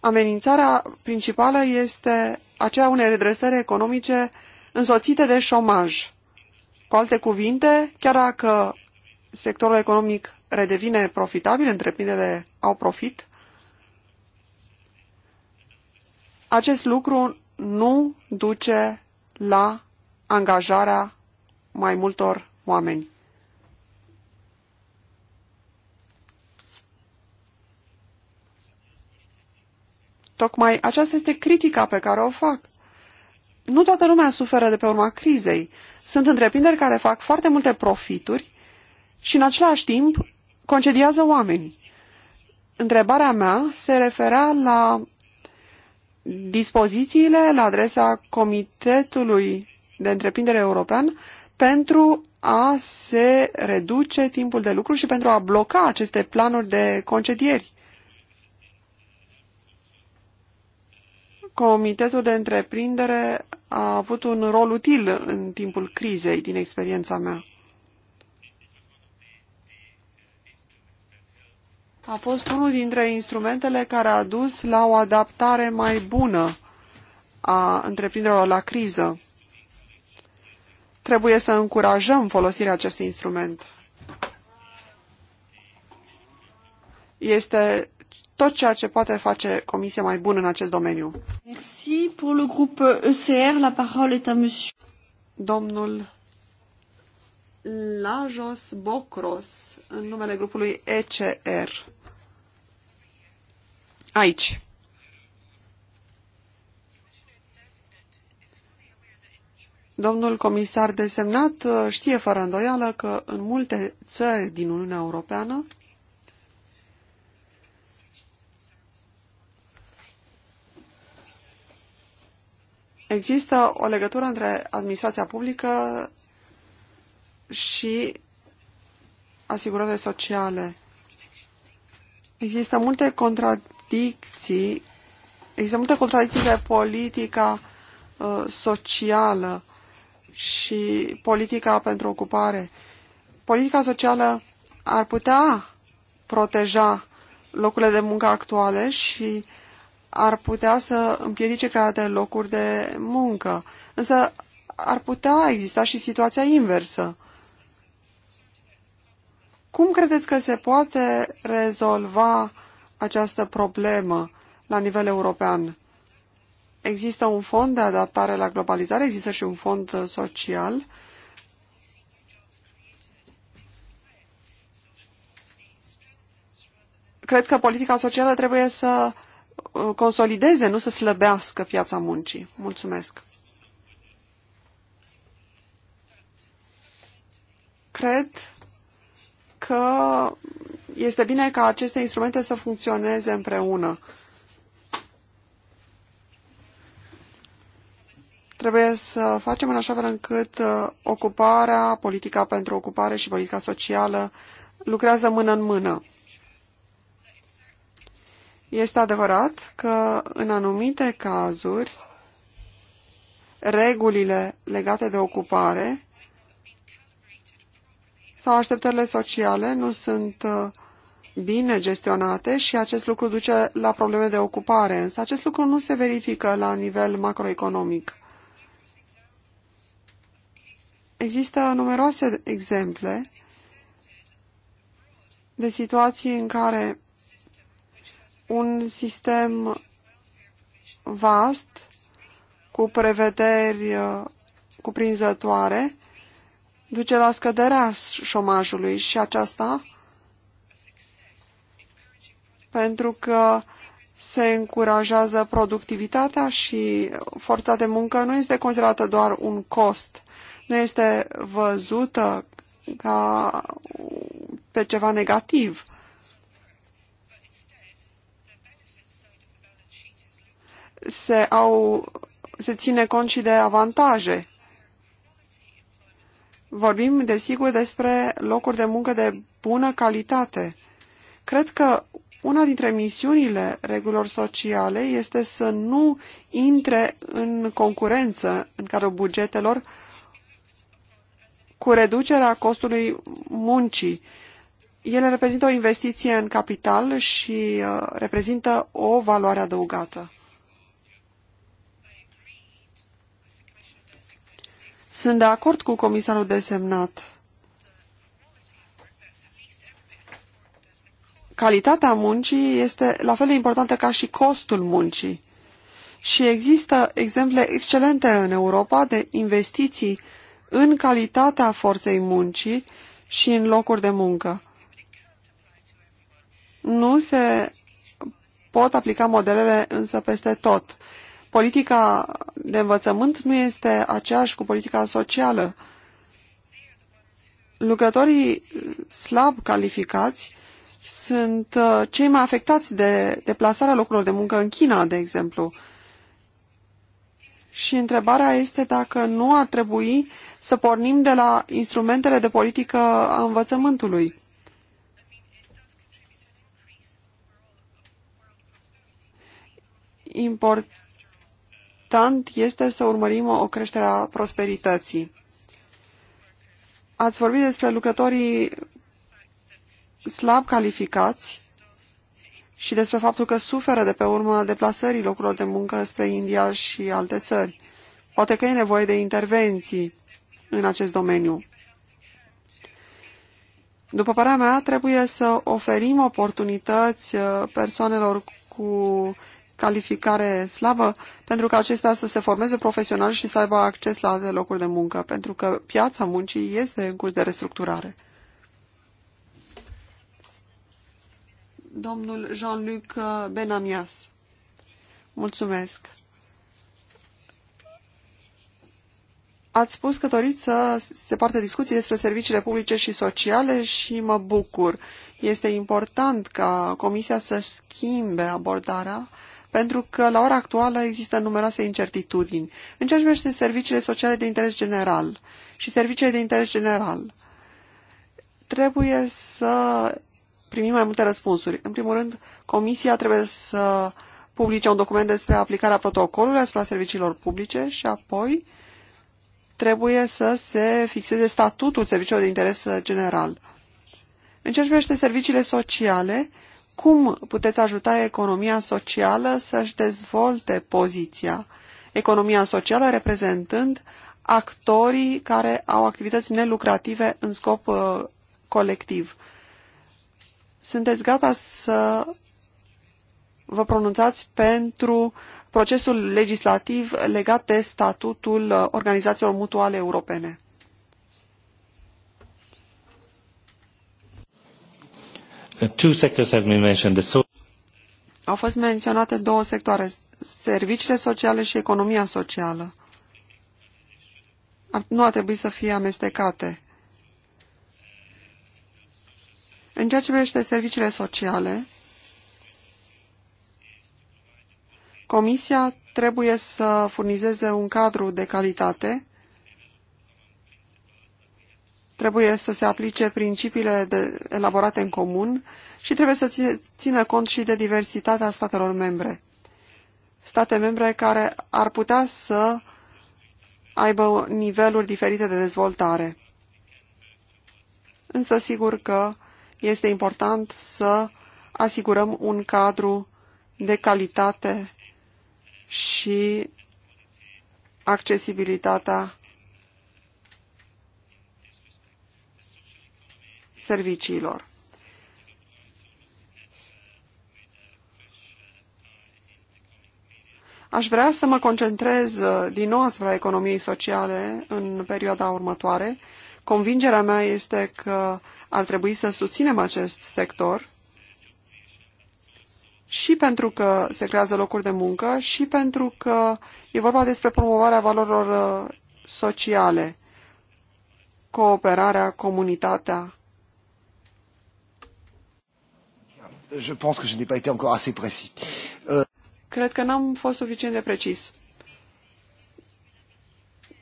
A: Amenințarea principală este aceea unei redresări economice însoțite de șomaj. Cu alte cuvinte, chiar dacă sectorul economic redevine profitabil, întreprinderile au profit, acest lucru nu duce la angajarea mai multor oameni. Tocmai aceasta este critica pe care o fac. Nu toată lumea suferă de pe urma crizei. Sunt întreprinderi care fac foarte multe profituri și în același timp concediază oameni. Întrebarea mea se referea la dispozițiile la adresa Comitetului de Întreprindere European pentru a se reduce timpul de lucru și pentru a bloca aceste planuri de concedieri. Comitetul de întreprindere a avut un rol util în timpul crizei, din experiența mea. a fost unul dintre instrumentele care a dus la o adaptare mai bună a întreprinderilor la criză. Trebuie să încurajăm folosirea acestui instrument. Este tot ceea ce poate face Comisia mai bună în acest domeniu. Merci pour le groupe ECR. La parole est à monsieur. Domnul Lajos Bocros, în numele grupului ECR. Aici. Domnul comisar desemnat uh, știe fără îndoială că în multe țări din Uniunea Europeană există o legătură între administrația publică și asigurările sociale. Există multe contradicții, există multe contradicții de politica uh, socială și politica pentru ocupare. Politica socială ar putea proteja locurile de muncă actuale și ar putea să împiedice crearea de locuri de muncă. Însă ar putea exista și situația inversă. Cum credeți că se poate rezolva această problemă la nivel european? Există un fond de adaptare la globalizare, există și un fond social. Cred că politica socială trebuie să uh, consolideze, nu să slăbească piața muncii. Mulțumesc. Cred că este bine ca aceste instrumente să funcționeze împreună. Trebuie să facem în așa fel încât uh, ocuparea, politica pentru ocupare și politica socială lucrează mână în mână. Este adevărat că în anumite cazuri regulile legate de ocupare sau așteptările sociale nu sunt uh, bine gestionate și acest lucru duce la probleme de ocupare, însă acest lucru nu se verifică la nivel macroeconomic. Există numeroase exemple de situații în care un sistem vast cu prevederi uh, cuprinzătoare duce la scăderea șomajului și aceasta pentru că se încurajează productivitatea și forța de muncă nu este considerată doar un cost, nu este văzută ca pe ceva negativ. Se, au, se ține cont și de avantaje Vorbim, desigur, despre locuri de muncă de bună calitate. Cred că una dintre misiunile regulilor sociale este să nu intre în concurență în cadrul bugetelor cu reducerea costului muncii. Ele reprezintă o investiție în capital și uh, reprezintă o valoare adăugată. Sunt de acord cu comisarul desemnat. Calitatea muncii este la fel de importantă ca și costul muncii. Și există exemple excelente în Europa de investiții în calitatea forței muncii și în locuri de muncă. Nu se pot aplica modelele însă peste tot politica de învățământ nu este aceeași cu politica socială. Lucrătorii slab calificați sunt uh, cei mai afectați de deplasarea locurilor de muncă în China, de exemplu. Și întrebarea este dacă nu ar trebui să pornim de la instrumentele de politică a învățământului. Import important este să urmărim o creștere a prosperității. Ați vorbit despre lucrătorii slab calificați și despre faptul că suferă de pe urma deplasării locurilor de muncă spre India și alte țări. Poate că e nevoie de intervenții în acest domeniu. După părerea mea, trebuie să oferim oportunități uh, persoanelor cu calificare slabă pentru că acestea să se formeze profesional și să aibă acces la alte locuri de muncă, pentru că piața muncii este în curs de restructurare. Domnul Jean-Luc Benamias. Mulțumesc. Ați spus că doriți să se poartă discuții despre serviciile publice și sociale și mă bucur. Este important ca Comisia să schimbe abordarea pentru că la ora actuală există numeroase incertitudini în ceea ce privește serviciile sociale de interes general și serviciile de interes general. Trebuie să primim mai multe răspunsuri. În primul rând, Comisia trebuie să publice un document despre aplicarea protocolului asupra serviciilor publice și apoi trebuie să se fixeze statutul serviciilor de interes general. În ceea ce privește serviciile sociale, cum puteți ajuta economia socială să-și dezvolte poziția? Economia socială reprezentând actorii care au activități nelucrative în scop uh, colectiv. Sunteți gata să vă pronunțați pentru procesul legislativ legat de statutul uh, organizațiilor mutuale europene?
C: Uh,
A: Au fost menționate două sectoare, serviciile sociale și economia socială. nu ar trebui să fie amestecate. În ceea ce privește serviciile sociale, Comisia trebuie să furnizeze un cadru de calitate trebuie să se aplice principiile de, elaborate în comun și trebuie să țină cont și de diversitatea statelor membre. State membre care ar putea să aibă niveluri diferite de dezvoltare. Însă sigur că este important să asigurăm un cadru de calitate și accesibilitatea serviciilor. Aș vrea să mă concentrez uh, din nou asupra economiei sociale în perioada următoare. Convingerea mea este că ar trebui să susținem acest sector și pentru că se creează locuri de muncă și pentru că e vorba despre promovarea valorilor uh, sociale, cooperarea, comunitatea,
C: je pense que je n'ai pas été encore assez précis. Euh,
A: Cred că n-am fost suficient de precis.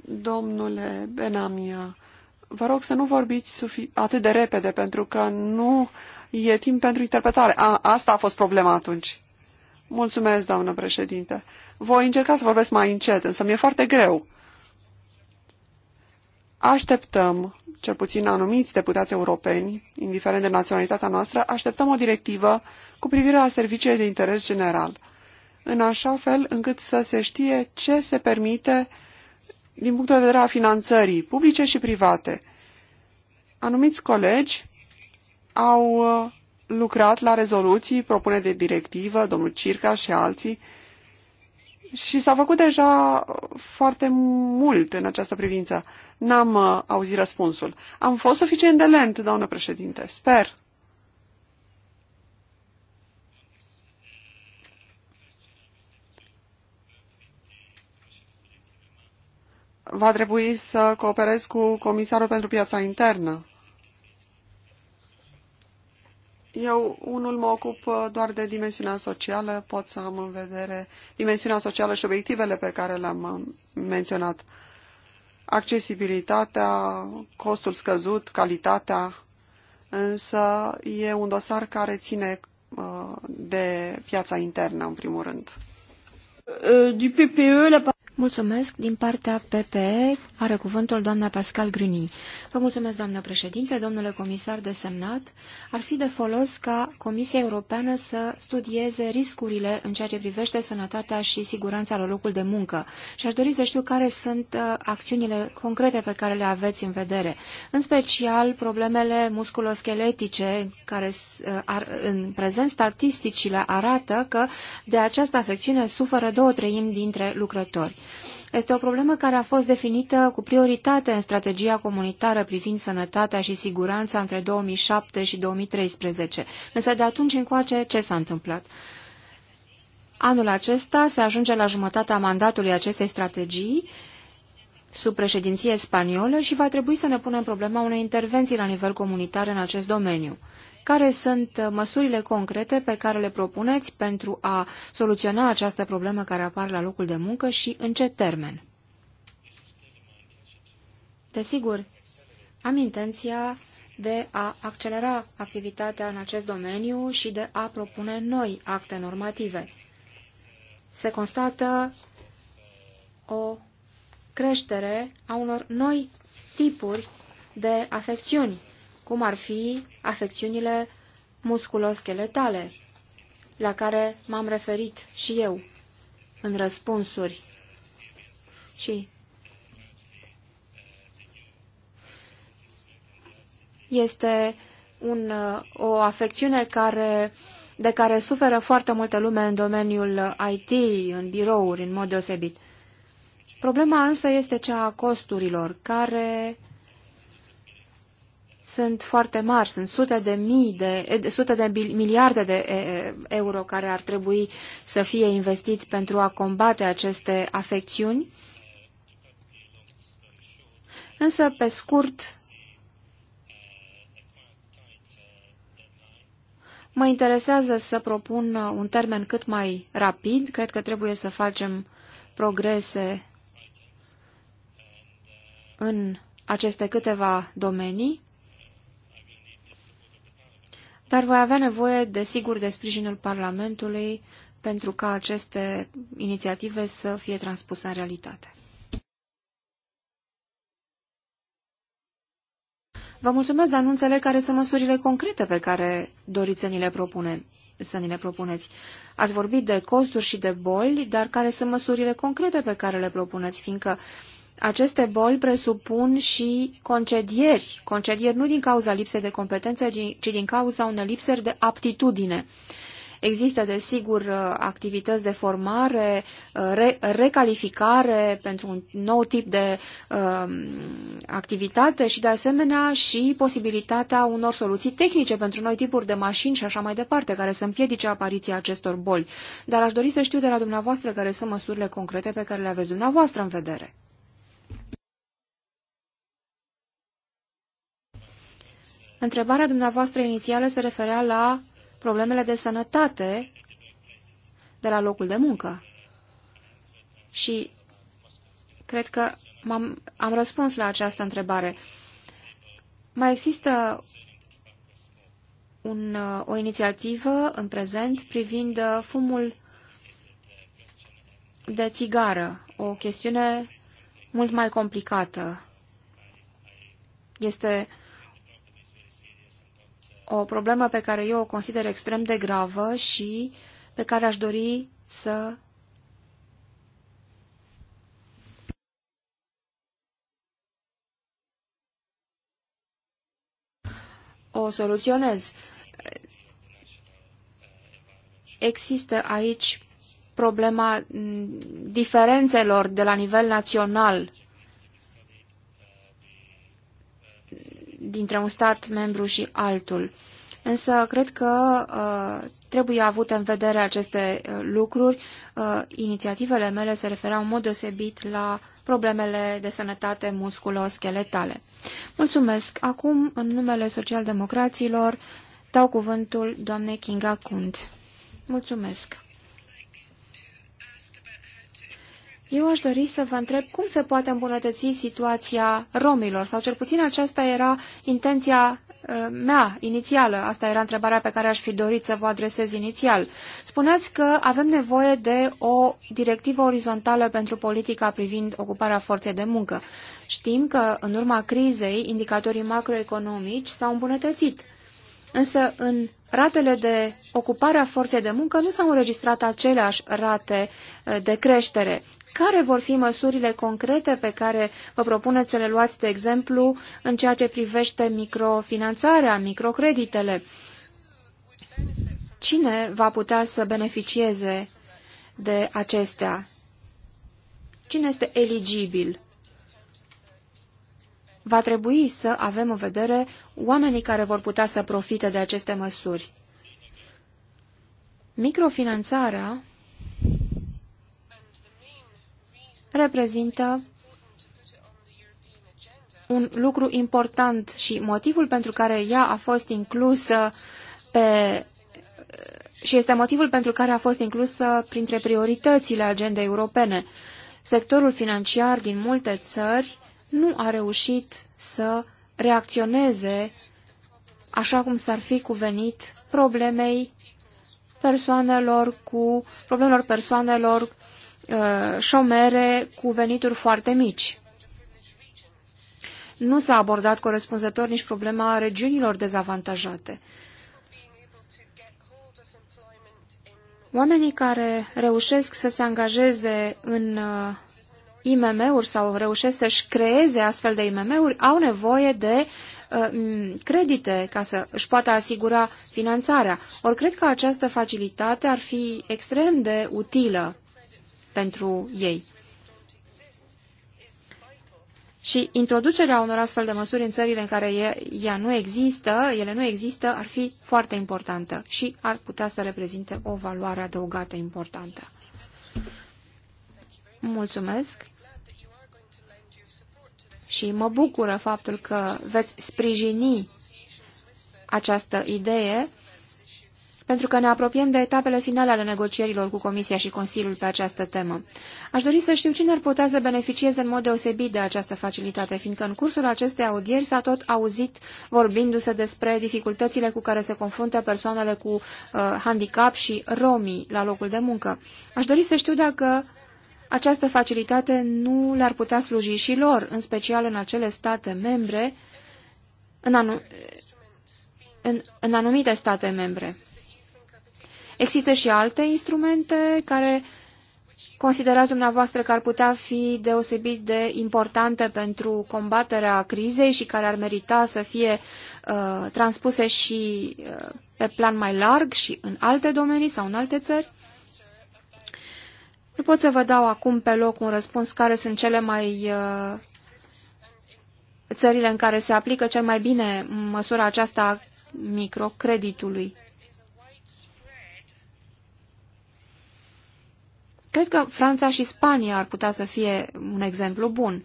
A: Domnule Benamia, vă rog să nu vorbiți atât de repede, pentru că nu e timp pentru interpretare. A, asta a fost problema atunci. Mulțumesc, doamnă președinte. Voi încerca să vorbesc mai încet, însă mi-e foarte greu. Așteptăm cel puțin anumiți deputați europeni, indiferent de naționalitatea noastră, așteptăm o directivă cu privire la serviciile de interes general, în așa fel încât să se știe ce se permite din punctul de vedere a finanțării publice și private. Anumiți colegi au uh, lucrat la rezoluții, propune de directivă, domnul Circa și alții, și s-a făcut deja foarte mult în această privință. N-am uh, auzit răspunsul. Am fost suficient de lent, doamnă președinte. Sper. Va trebui să cooperez cu Comisarul pentru Piața Internă. Eu, unul, mă ocup uh, doar de dimensiunea socială, pot să am în vedere dimensiunea socială și obiectivele pe care le-am uh, menționat accesibilitatea, costul scăzut, calitatea, însă e un dosar care ține uh, de piața internă, în primul rând.
B: Uh, du PPE, la... Mulțumesc din partea PPE. Are cuvântul doamna Pascal Gruni. Vă mulțumesc, doamna președinte, domnule comisar desemnat. Ar fi de folos ca Comisia Europeană să studieze riscurile în ceea ce privește sănătatea și siguranța la locul de muncă. Și aș dori să știu care sunt uh, acțiunile concrete pe care le aveți în vedere. În special, problemele musculoscheletice, care uh, în prezent statisticile arată că de această afecțiune suferă două treimi dintre lucrători. Este o problemă care a fost definită cu prioritate în strategia comunitară privind sănătatea și siguranța între 2007 și 2013. Însă de atunci încoace, ce s-a întâmplat? Anul acesta se ajunge la jumătatea mandatului acestei strategii sub președinție spaniolă și va trebui să ne punem problema unei intervenții la nivel comunitar în acest domeniu care sunt uh, măsurile concrete pe care le propuneți pentru a soluționa această problemă care apare la locul de muncă și în ce termen? Desigur, am intenția de a accelera activitatea în acest domeniu și de a propune noi acte normative. Se constată o creștere a unor noi tipuri de afecțiuni cum ar fi afecțiunile musculoscheletale, la care m-am referit și eu în răspunsuri. Și este un, o afecțiune care, de care suferă foarte multă lume în domeniul IT, în birouri, în mod deosebit. Problema însă este cea a costurilor, care sunt foarte mari, sunt sute de mii de, sute de miliarde de euro care ar trebui să fie investiți pentru a combate aceste afecțiuni. Însă, pe scurt, mă interesează să propun un termen cât mai rapid. Cred că trebuie să facem progrese în aceste câteva domenii dar voi avea nevoie, desigur, de sprijinul Parlamentului pentru ca aceste inițiative să fie transpuse în realitate. Vă mulțumesc, dar nu înțeleg care sunt măsurile concrete pe care doriți să ni le, propune, să ni le propuneți. Ați vorbit de costuri și de boli, dar care sunt măsurile concrete pe care le propuneți, fiindcă uh, aceste boli presupun și concedieri. Concedieri nu din cauza lipsei de competențe, ci din cauza unei lipseri de aptitudine. Există, desigur, uh, activități de formare, uh, re recalificare pentru un nou tip de um, activitate și, de asemenea, și posibilitatea unor soluții tehnice pentru noi tipuri de mașini și așa mai departe, care să împiedice apariția acestor boli. Dar aș dori să știu de la dumneavoastră care sunt măsurile concrete pe care le aveți dumneavoastră în vedere. Întrebarea dumneavoastră inițială se referea la problemele de sănătate de la locul de muncă. Și cred că am am răspuns la această întrebare. Mai există un, o inițiativă în prezent privind uh, fumul de țigară, o chestiune mult mai complicată. Este o problemă pe care eu o consider extrem de gravă și pe care aș dori să o soluționez. Există aici problema diferențelor de la nivel național dintre un stat membru și altul. Însă cred că uh, trebuie avut în vedere aceste uh, lucruri. Uh, inițiativele mele se referau în mod deosebit la problemele de sănătate musculo musculo-scheletale. Mulțumesc! Acum, în numele socialdemocraților, dau cuvântul doamnei Kinga Kund. Mulțumesc! Eu aș dori să vă întreb cum se poate îmbunătăți situația romilor, sau cel puțin aceasta era intenția uh, mea inițială. Asta era întrebarea pe care aș fi dorit să vă adresez inițial. Spuneați că avem nevoie de o directivă orizontală pentru politica privind ocuparea forței de muncă. Știm că, în urma crizei, indicatorii macroeconomici s-au îmbunătățit. Însă, în ratele de ocupare a forței de muncă nu s-au înregistrat aceleași rate uh, de creștere. Care vor fi măsurile concrete pe care vă propuneți să le luați, de exemplu, în ceea ce privește microfinanțarea, microcreditele? Cine va putea să beneficieze de acestea? Cine este eligibil? Va trebui să avem în vedere oamenii care vor putea să profite de aceste măsuri. Microfinanțarea reprezintă un lucru important și motivul pentru care ea a fost inclusă pe și este motivul pentru care a fost inclusă printre prioritățile agendei europene. Sectorul financiar din multe țări nu a reușit să reacționeze așa cum s-ar fi cuvenit problemei persoanelor cu problemelor persoanelor Uh, șomere cu venituri foarte mici. Nu s-a abordat corespunzător nici problema regiunilor dezavantajate. Oamenii care reușesc să se angajeze în uh, IMM-uri sau reușesc să-și creeze astfel de IMM-uri au nevoie de uh, credite ca să își poată asigura finanțarea. Ori cred că această facilitate ar fi extrem de utilă pentru ei. Și introducerea unor astfel de măsuri în țările în care ea nu există, ele nu există, ar fi foarte importantă și ar putea să reprezinte o valoare adăugată importantă. Mulțumesc și mă bucură faptul că veți sprijini această idee pentru că ne apropiem de etapele finale ale negocierilor cu Comisia și Consiliul pe această temă. Aș dori să știu cine ar putea să beneficieze în mod deosebit de această facilitate, fiindcă în cursul acestei audieri s-a tot auzit vorbindu-se despre dificultățile cu care se confruntă persoanele cu uh, handicap și romii la locul de muncă. Aș dori să știu dacă această facilitate nu le-ar putea sluji și lor, în special în acele state membre, în, anu în, în anumite state membre. Există și alte instrumente care considerați dumneavoastră că ar putea fi deosebit de importante pentru combaterea crizei și care ar merita să fie uh, transpuse și uh, pe plan mai larg și în alte domenii sau în alte țări? Nu pot să vă dau acum pe loc un răspuns care sunt cele mai uh, țările în care se aplică cel mai bine măsura aceasta a microcreditului. Cred că Franța și Spania ar putea să fie un exemplu bun.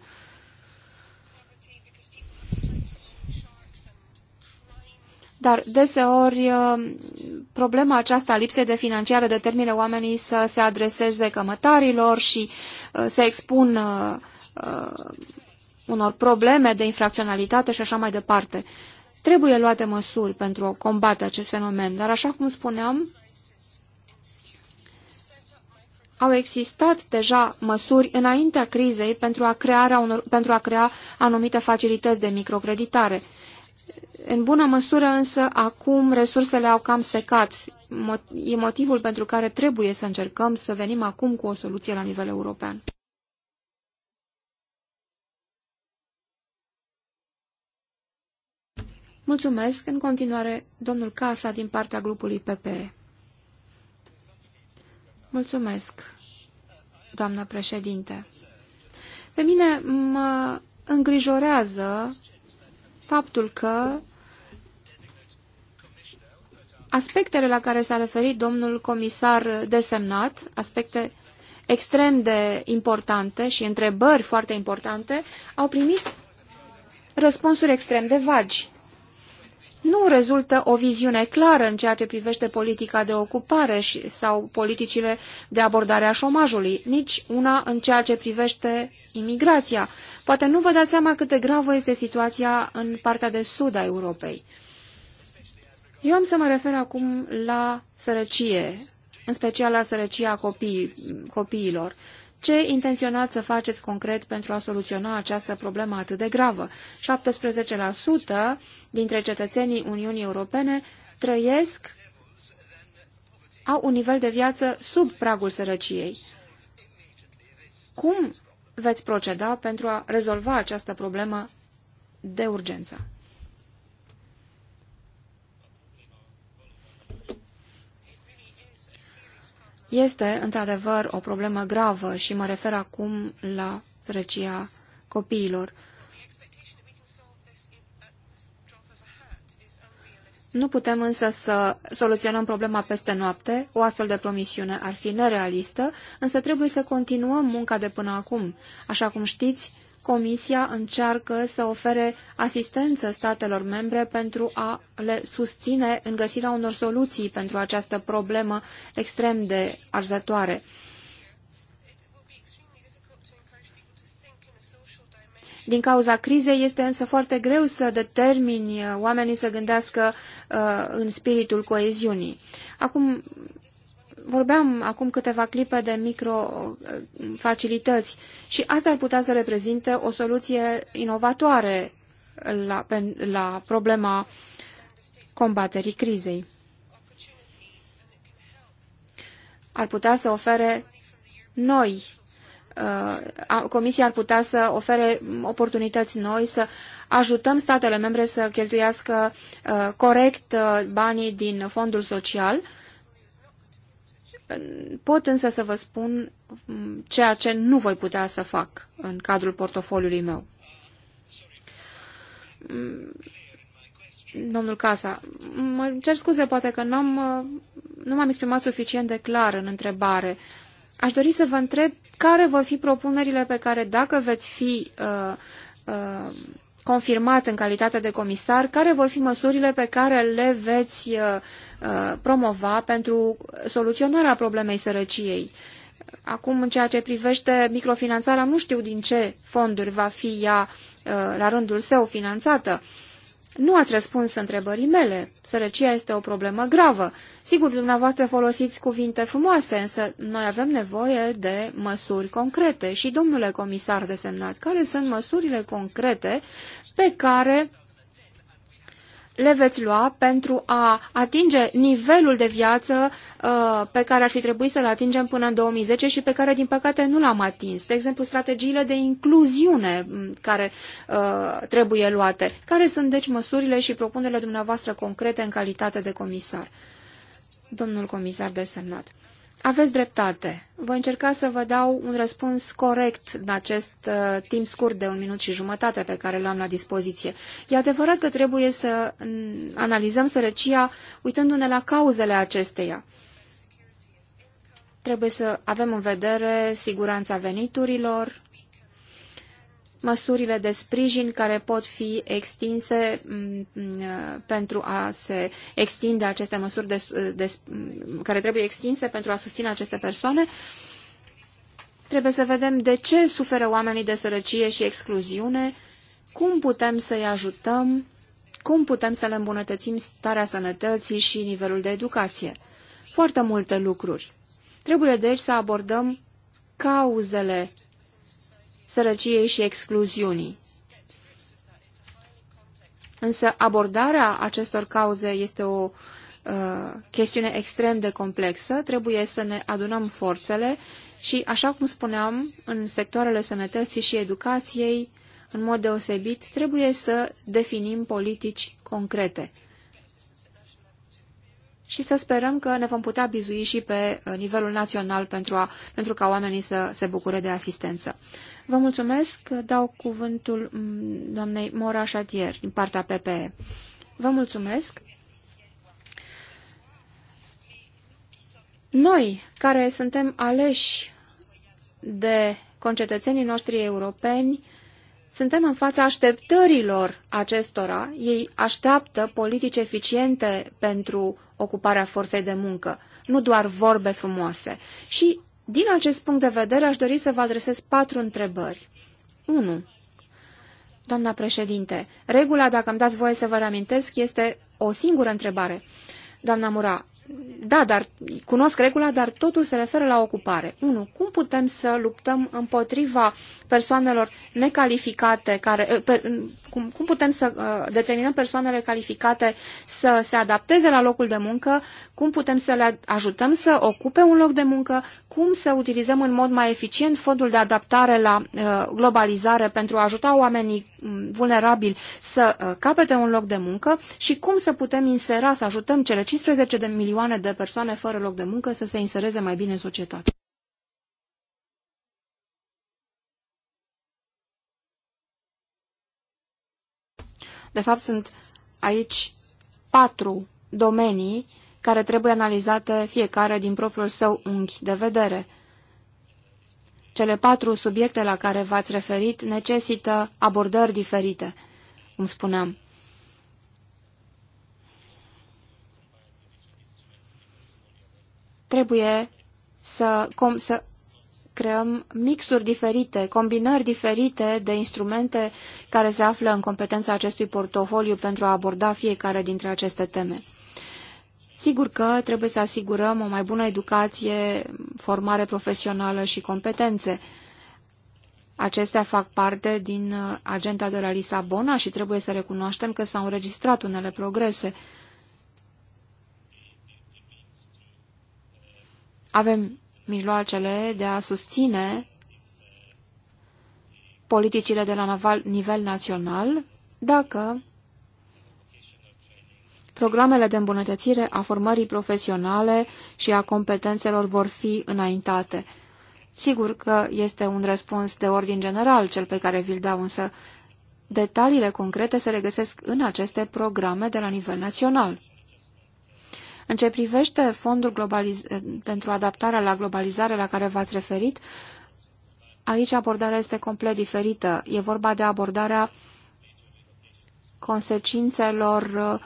B: Dar deseori uh, problema aceasta lipsei de finanțare determină oamenii să se adreseze cămătarilor și uh, să expun uh, unor probleme de infracționalitate și așa mai departe. Trebuie luate măsuri pentru a combate acest fenomen, dar așa cum spuneam, au existat deja măsuri înaintea crizei pentru a, crea unor, pentru a crea anumite facilități de microcreditare. În bună măsură însă, acum resursele au cam secat. E motivul pentru care trebuie să încercăm să venim acum cu o soluție la nivel european. Mulțumesc. În continuare, domnul Casa din partea grupului PPE. Mulțumesc, doamnă președinte. Pe mine mă îngrijorează faptul că aspectele la care s-a referit domnul comisar desemnat, aspecte extrem de importante și întrebări foarte importante, au primit răspunsuri extrem de vagi nu rezultă o viziune clară în ceea ce privește politica de ocupare și, sau politicile de abordare a șomajului, nici una în ceea ce privește imigrația. Poate nu vă dați seama cât de gravă este situația în partea de sud a Europei. Eu am să mă refer acum la sărăcie, în special la sărăcia copii, copiilor. Ce intenționați să faceți concret pentru a soluționa această problemă atât de gravă? 17% dintre cetățenii Uniunii Europene trăiesc, au un nivel de viață sub pragul sărăciei. Cum veți proceda pentru a rezolva această problemă de urgență? Este, într-adevăr, o problemă gravă și mă refer acum la sărăcia copiilor. Nu putem însă să soluționăm problema peste noapte, o astfel de promisiune ar fi nerealistă, însă trebuie să continuăm munca de până acum. Așa cum știți, Comisia încearcă să ofere asistență statelor membre pentru a le susține în găsirea unor soluții pentru această problemă extrem de arzătoare. Din cauza crizei este însă foarte greu să determini oamenii să gândească uh, în spiritul coeziunii. Acum, Vorbeam acum câteva clipe de microfacilități eh, și asta ar putea să reprezinte o soluție inovatoare la, la problema combaterii crizei. Ar putea să ofere noi, eh, Comisia ar putea să ofere oportunități noi, să ajutăm statele membre să cheltuiască eh, corect banii din fondul social, Pot însă să vă spun mm, ceea ce nu voi putea să fac în cadrul portofoliului meu. Mm, domnul Casa, mă cer scuze, poate că am uh, nu m-am exprimat suficient de clar în întrebare. Aș dori să vă întreb care vor fi propunerile pe care, dacă veți fi uh, uh, confirmat în calitate de comisar, care vor fi măsurile pe care le veți uh, uh, promova pentru soluționarea problemei sărăciei. Acum, în ceea ce privește microfinanțarea, nu știu din ce fonduri va fi ea uh, la rândul său finanțată. Uh, nu ați răspuns întrebării mele. Sărăcia este o problemă gravă. Sigur, dumneavoastră folosiți cuvinte frumoase, însă noi avem nevoie de măsuri concrete. Și, domnule comisar desemnat, care sunt măsurile concrete pe care le veți lua pentru a atinge nivelul de viață uh, pe care ar fi trebuit să-l atingem până în 2010 și pe care, din păcate, nu l-am atins. De exemplu, strategiile de incluziune care uh, trebuie luate. Care sunt, deci, măsurile și propunerile dumneavoastră concrete în calitate de comisar? Domnul comisar desemnat. Aveți dreptate. Voi încerca să vă dau un răspuns corect în acest uh, timp scurt de un minut și jumătate pe care l-am la dispoziție. E adevărat că trebuie să mm, analizăm sărăcia uitându-ne la cauzele acesteia. Trebuie să avem în vedere siguranța veniturilor, măsurile de sprijin care pot fi extinse mm, mm, pentru a se extinde aceste măsuri de, de, care trebuie extinse pentru a susține aceste persoane. Trebuie să vedem de ce suferă oamenii de sărăcie și excluziune, cum putem să-i ajutăm, cum putem să le îmbunătățim starea sănătății și nivelul de educație. Foarte multe lucruri. Trebuie deci să abordăm cauzele sărăciei și excluziunii. Însă abordarea acestor cauze este o uh, chestiune extrem de complexă, trebuie să ne adunăm forțele și, așa cum spuneam, în sectoarele sănătății și educației, în mod deosebit, trebuie să definim politici concrete. Și să sperăm că ne vom putea bizui și pe nivelul național pentru, a, pentru ca oamenii să se bucure de asistență. Vă mulțumesc. Dau cuvântul mm, doamnei Mora Șatier din partea PPE. Vă mulțumesc. Noi, care suntem aleși de concetățenii noștri europeni, suntem în fața așteptărilor acestora. Ei așteaptă politici eficiente pentru ocuparea forței de muncă, nu doar vorbe frumoase. Și din acest punct de vedere, aș dori să vă adresez patru întrebări. 1. Doamna președinte, regula, dacă îmi dați voie să vă reamintesc, este o singură întrebare. Doamna Mura, da, dar cunosc regula, dar totul se referă la ocupare. 1. Cum putem să luptăm împotriva persoanelor necalificate, care, cum, cum putem să uh, determinăm persoanele calificate să se adapteze la locul de muncă, cum putem să le ajutăm să ocupe un loc de muncă, cum să utilizăm în mod mai eficient fondul de adaptare la uh, globalizare pentru a ajuta oamenii mm, vulnerabili să uh, capete un loc de muncă și cum să putem insera, să ajutăm cele 15 de milioane de persoane fără loc de muncă să se insereze mai bine în societate. De fapt, sunt aici patru domenii care trebuie analizate fiecare din propriul său unghi de vedere. Cele patru subiecte la care v-ați referit necesită abordări diferite, cum spuneam. Trebuie să, com, să creăm mixuri diferite, combinări diferite de instrumente care se află în competența acestui portofoliu pentru a aborda fiecare dintre aceste teme. Sigur că trebuie să asigurăm o mai bună educație, formare profesională și competențe. Acestea fac parte din uh, agenda de la Lisabona și trebuie să recunoaștem că s-au înregistrat unele progrese. Avem mijloacele de a susține politicile de la nivel național dacă programele de îmbunătățire a formării profesionale și a competențelor vor fi înaintate. Sigur că este un răspuns de ordin general cel pe care vi-l dau, însă detaliile concrete se regăsesc în aceste programe de la nivel național. În ce privește fondul pentru adaptarea la globalizare la care v-ați referit, aici abordarea este complet diferită. E vorba de abordarea consecințelor uh,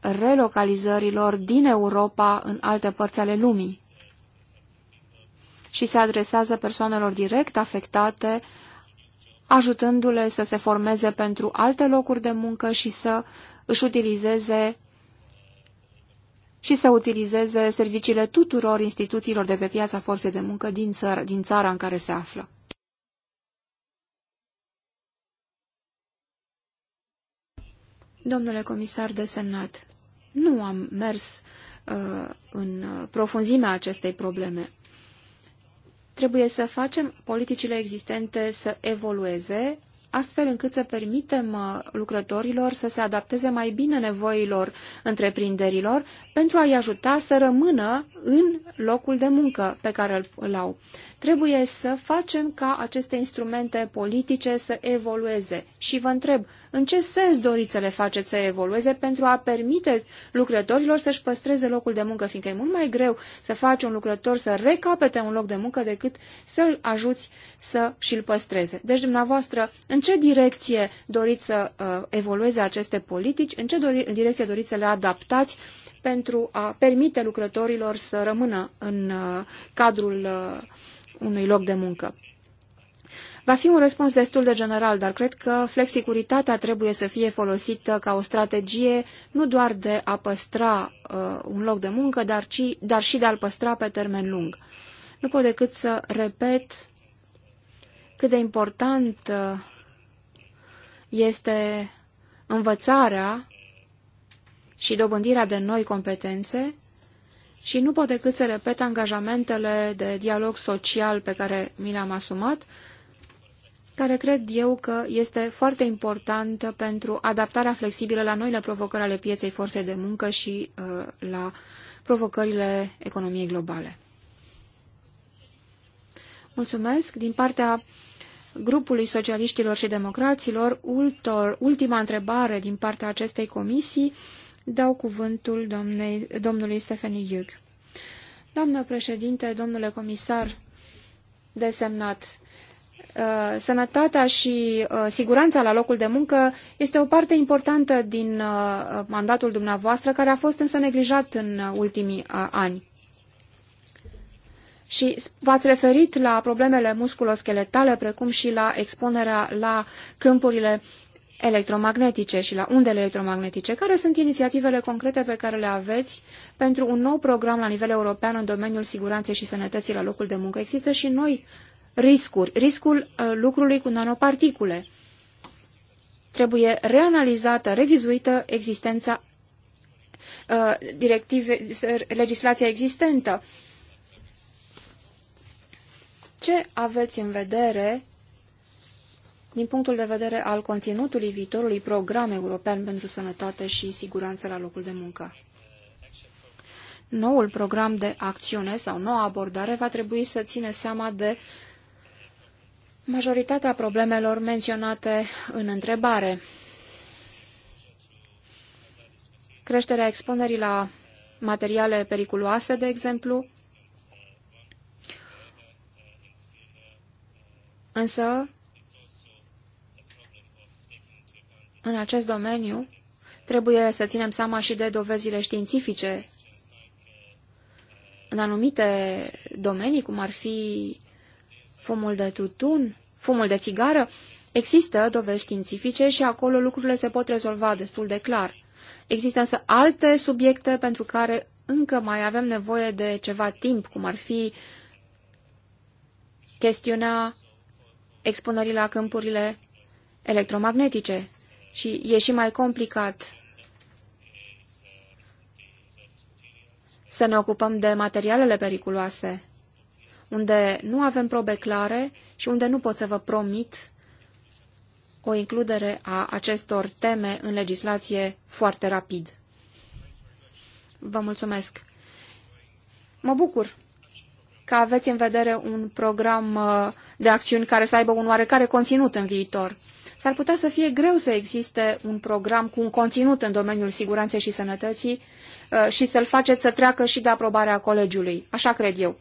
B: relocalizărilor din Europa în alte părți ale lumii și se adresează persoanelor direct afectate, ajutându-le să se formeze pentru alte locuri de muncă și să își utilizeze și să utilizeze serviciile tuturor instituțiilor de pe piața forței de muncă din, țăr din țara în care se află. Domnule comisar desemnat, nu am mers uh, în profunzimea acestei probleme. Trebuie să facem politicile existente să evolueze astfel încât să permitem uh, lucrătorilor să se adapteze mai bine nevoilor întreprinderilor pentru a-i ajuta să rămână în locul de muncă pe care îl au. Trebuie să facem ca aceste instrumente politice să evolueze. Și vă întreb, în ce sens doriți să le faceți să evolueze pentru a permite lucrătorilor să-și păstreze locul de muncă, fiindcă e mult mai greu să faci un lucrător să recapete un loc de muncă decât să-l ajuți să și-l păstreze. Deci, dumneavoastră, în ce direcție doriți să uh, evolueze aceste politici, în ce dori, direcție doriți să le adaptați pentru a permite lucrătorilor să rămână în uh, cadrul uh, unui loc de muncă. Va fi un răspuns destul de general, dar cred că flexicuritatea trebuie să fie folosită ca o strategie nu doar de a păstra uh, un loc de muncă, dar, ci, dar și de a-l păstra pe termen lung. Nu pot decât să repet cât de important uh, este învățarea și dobândirea de noi competențe și nu pot decât să repet angajamentele de dialog social pe care mi le-am asumat, care cred eu că este foarte important pentru adaptarea flexibilă la noile provocări ale pieței forței de muncă și uh, la provocările economiei globale. Mulțumesc. Din partea grupului socialiștilor și democraților, ultor, ultima întrebare din partea acestei comisii dau cuvântul domnei, domnului Stefan Iug. Doamnă președinte, domnule comisar desemnat, uh, sănătatea și uh, siguranța la locul de muncă este o parte importantă din uh, mandatul dumneavoastră, care a fost însă neglijat în ultimii ani. Și v-ați referit la problemele musculoscheletale, precum și la expunerea la câmpurile electromagnetice și la undele electromagnetice. Care sunt inițiativele concrete pe care le aveți pentru un nou program la nivel european în domeniul siguranței și sănătății la locul de muncă? Există și noi riscuri. Riscul uh, lucrului cu nanoparticule. Trebuie reanalizată, revizuită existența uh, directive, legislația existentă. Ce aveți în vedere din punctul de vedere al conținutului viitorului program european pentru sănătate și siguranță la locul de muncă. Noul program de acțiune sau noua abordare va trebui să ține seama de majoritatea problemelor menționate în întrebare. Creșterea expunerii la materiale periculoase, de exemplu, însă În acest domeniu trebuie să ținem seama și de dovezile științifice. În anumite domenii, cum ar fi fumul de tutun, fumul de țigară, există dovezi științifice și acolo lucrurile se pot rezolva destul de clar. Există însă alte subiecte pentru care încă mai avem nevoie de ceva timp, cum ar fi chestiunea expunerii la câmpurile electromagnetice și e și mai complicat să ne ocupăm de materialele periculoase, unde nu avem probe clare și unde nu pot să vă promit o includere a acestor teme în legislație foarte rapid. Vă mulțumesc! Mă bucur că aveți în vedere un program uh, de acțiuni care să aibă un oarecare conținut în viitor s-ar putea să fie greu să existe un program cu un conținut în domeniul siguranței și sănătății uh, și să-l faceți să treacă și de aprobarea colegiului. Așa cred eu.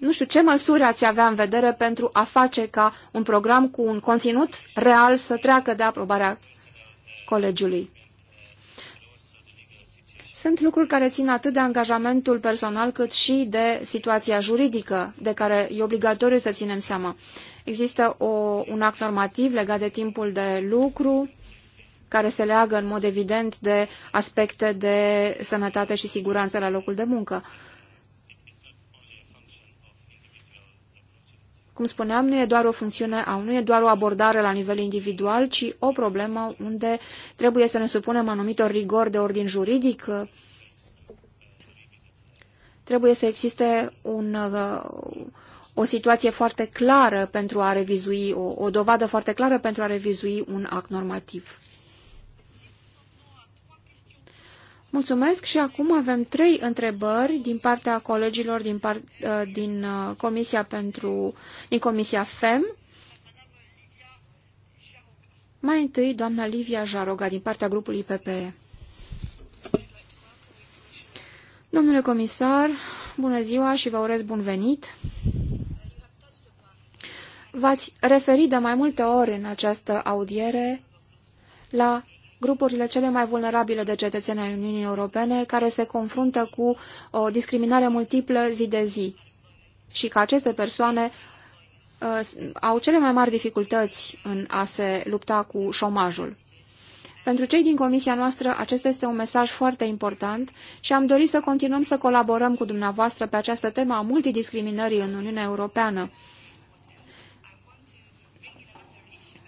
B: Nu știu ce măsuri ați avea în vedere pentru a face ca un program cu un conținut real să treacă de aprobarea colegiului. Sunt lucruri care țin atât de angajamentul personal cât și de situația juridică, de care e obligatoriu să ținem seama. Există o, un act normativ legat de timpul de lucru, care se leagă în mod evident de aspecte de sănătate și siguranță la locul de muncă. Cum spuneam, nu e doar o funcțiune nu e doar o abordare la nivel individual, ci o problemă unde trebuie să ne supunem anumitor rigori de ordin juridic. Trebuie să existe un, o situație foarte clară pentru a revizui, o, o dovadă foarte clară pentru a revizui un act normativ. Mulțumesc și acum avem trei întrebări din partea colegilor din, par, uh, din, uh, comisia, pentru, din comisia FEM. Mai întâi, doamna Livia Jaroga, din partea grupului PPE. Domnule comisar, bună ziua și vă urez bun venit. V-ați referit de mai multe ori în această audiere la grupurile cele mai vulnerabile de cetățeni ai Uniunii Europene care se confruntă cu o discriminare multiplă zi de zi și că aceste persoane uh, au cele mai mari dificultăți în a se lupta cu șomajul. Pentru cei din comisia noastră, acesta este un mesaj foarte important și am dorit să continuăm să colaborăm cu dumneavoastră pe această temă a multidiscriminării în Uniunea Europeană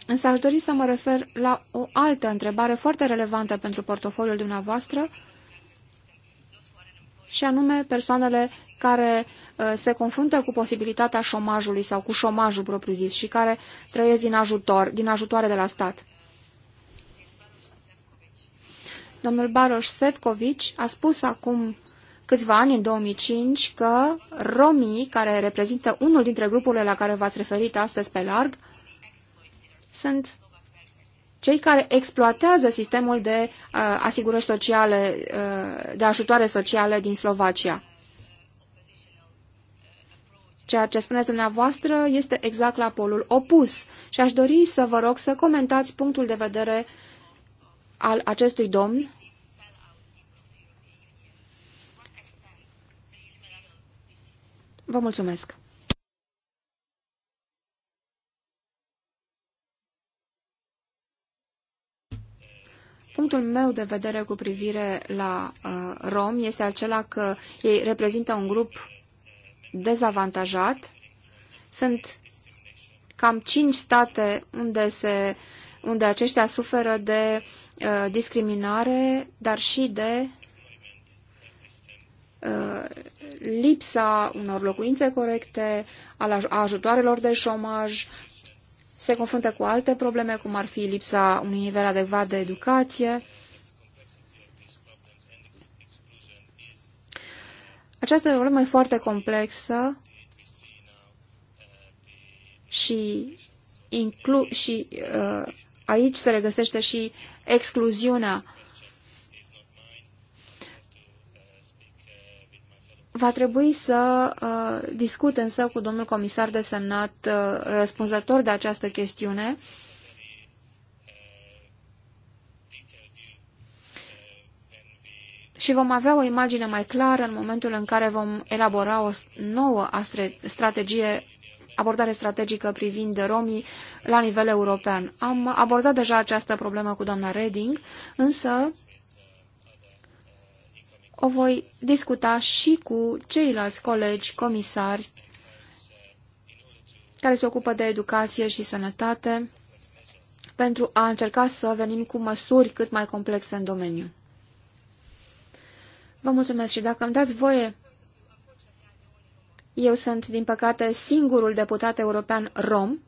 B: Însă aș dori să mă refer la o altă întrebare foarte relevantă pentru portofoliul dumneavoastră, și anume persoanele care uh, se confruntă cu posibilitatea șomajului sau cu șomajul propriu-zis și care trăiesc din, ajutor, din ajutoare de la stat. Domnul Baroș Sefcovici a spus acum câțiva ani, în 2005, că romii, care reprezintă unul dintre grupurile la care v-ați referit astăzi pe larg, sunt cei care exploatează sistemul de uh, asigurări sociale, uh, de ajutoare sociale din Slovacia. Ceea ce spuneți dumneavoastră este exact la polul opus și aș dori să vă rog să comentați punctul de vedere al acestui domn Vă mulțumesc. Punctul meu de vedere cu privire la uh, rom este acela că ei reprezintă un grup dezavantajat. Sunt cam cinci state unde, se, unde aceștia suferă de uh, discriminare, dar și de uh, lipsa unor locuințe corecte, a ajutoarelor de șomaj, se confruntă cu alte probleme, cum ar fi lipsa unui nivel adecvat de educație. Această problemă e foarte complexă și, inclu și uh, aici se regăsește și excluziunea Va trebui să uh, discut însă cu domnul comisar desemnat uh, răspunzător de această chestiune și vom avea o imagine mai clară în momentul în care vom elabora o nouă strategie, abordare strategică privind romii la nivel european. Am abordat deja această problemă cu doamna Reding, însă o voi discuta și cu ceilalți colegi comisari care se ocupă de educație și sănătate pentru a încerca să venim cu măsuri cât mai complexe în domeniu. Vă mulțumesc și dacă îmi dați voie, eu sunt, din păcate, singurul deputat european rom,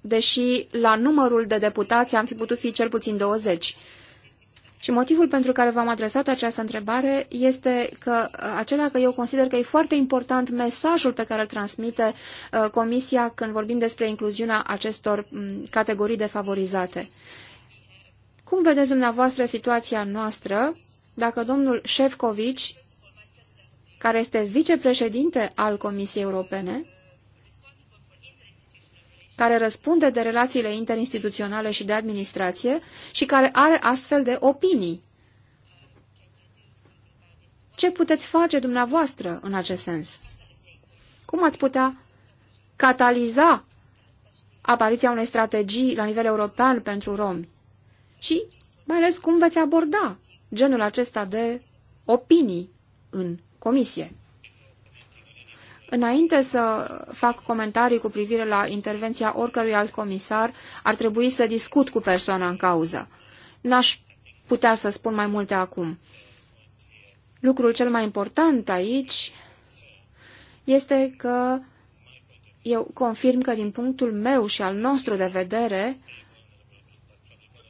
B: deși la numărul de deputați am fi putut fi cel puțin 20. Și motivul pentru care v-am adresat această întrebare este că uh, acela că eu consider că e foarte important mesajul pe care îl transmite uh, Comisia când vorbim despre incluziunea acestor mm, categorii defavorizate. Cum vedeți dumneavoastră situația noastră dacă domnul Șefcovici, care este vicepreședinte al Comisiei Europene, care răspunde de relațiile interinstituționale și de administrație și care are astfel de opinii. Ce puteți face dumneavoastră în acest sens? Cum ați putea cataliza apariția unei strategii la nivel european pentru romi? Și mai ales cum veți aborda genul acesta de opinii în comisie? Înainte să fac comentarii cu privire la intervenția oricărui alt comisar, ar trebui să discut cu persoana în cauză. N-aș putea să spun mai multe acum. Lucrul cel mai important aici este că eu confirm că din punctul meu și al nostru de vedere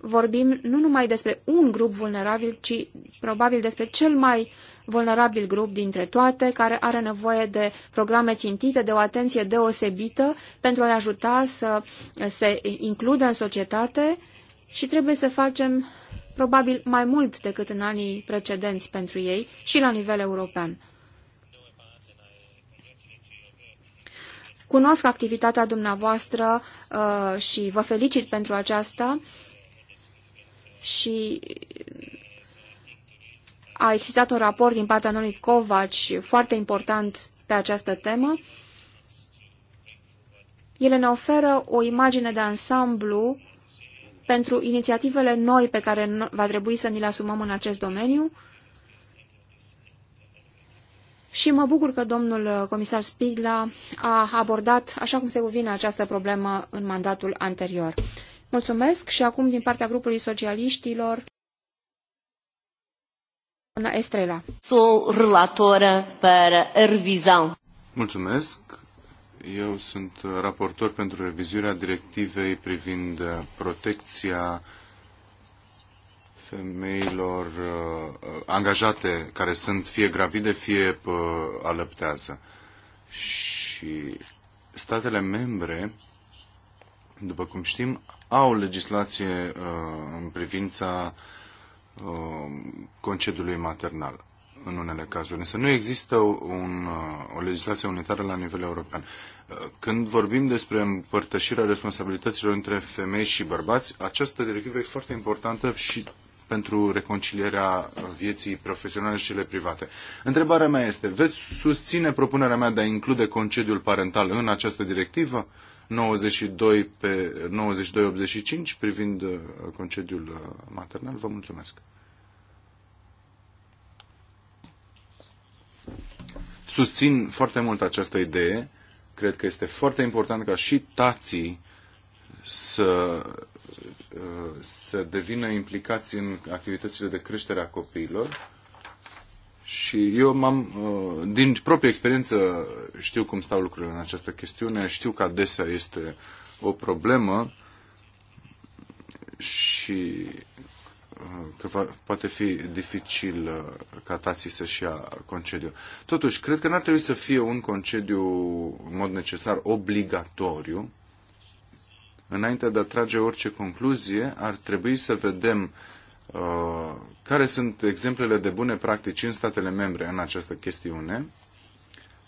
B: vorbim nu numai despre un grup vulnerabil, ci probabil despre cel mai vulnerabil grup dintre toate, care are nevoie de programe țintite, de o atenție deosebită pentru a-i ajuta să se includă în societate și trebuie să facem probabil mai mult decât în anii precedenți pentru ei și la nivel european. Cunosc activitatea dumneavoastră uh, și vă felicit pentru aceasta și a existat un raport din partea unui Covaci foarte important pe această temă. Ele ne oferă o imagine de ansamblu pentru inițiativele noi pe care va trebui să ni le asumăm în acest domeniu. Și mă bucur că domnul comisar Spigla a abordat, așa cum se cuvine, această problemă în mandatul anterior. Mulțumesc și acum din partea grupului socialiștilor, Doamna Estrela. Sunt relatoră pentru a
C: Mulțumesc. Eu sunt raportor pentru revizuirea directivei privind protecția femeilor uh, angajate care sunt fie gravide, fie uh, alăptează. Și statele membre, după cum știm, au legislație uh, în privința uh, Um, concediului maternal în unele cazuri. Însă nu există un, uh, o legislație unitară la nivel european. Uh, când vorbim despre împărtășirea responsabilităților între femei și bărbați, această directivă e foarte importantă și pentru reconcilierea vieții profesionale și cele private. Întrebarea mea este, veți susține propunerea mea de a include concediul parental în această directivă? Uh, 92 pe 9285 privind uh, concediul uh, maternal. Vă mulțumesc. Susțin foarte mult această idee. Cred că este foarte important ca și tații să, uh, să devină implicați în activitățile de creștere a copiilor și eu m-am, uh, din proprie experiență, știu cum stau lucrurile în această chestiune, știu că adesea este o problemă și uh, că va, poate fi dificil uh, ca tații să-și ia concediu. Totuși, cred că n-ar trebui să fie un concediu, în mod necesar, obligatoriu. Înainte de a trage orice concluzie, ar trebui să vedem uh, Uh, care sunt exemplele de bune practici în statele membre în această chestiune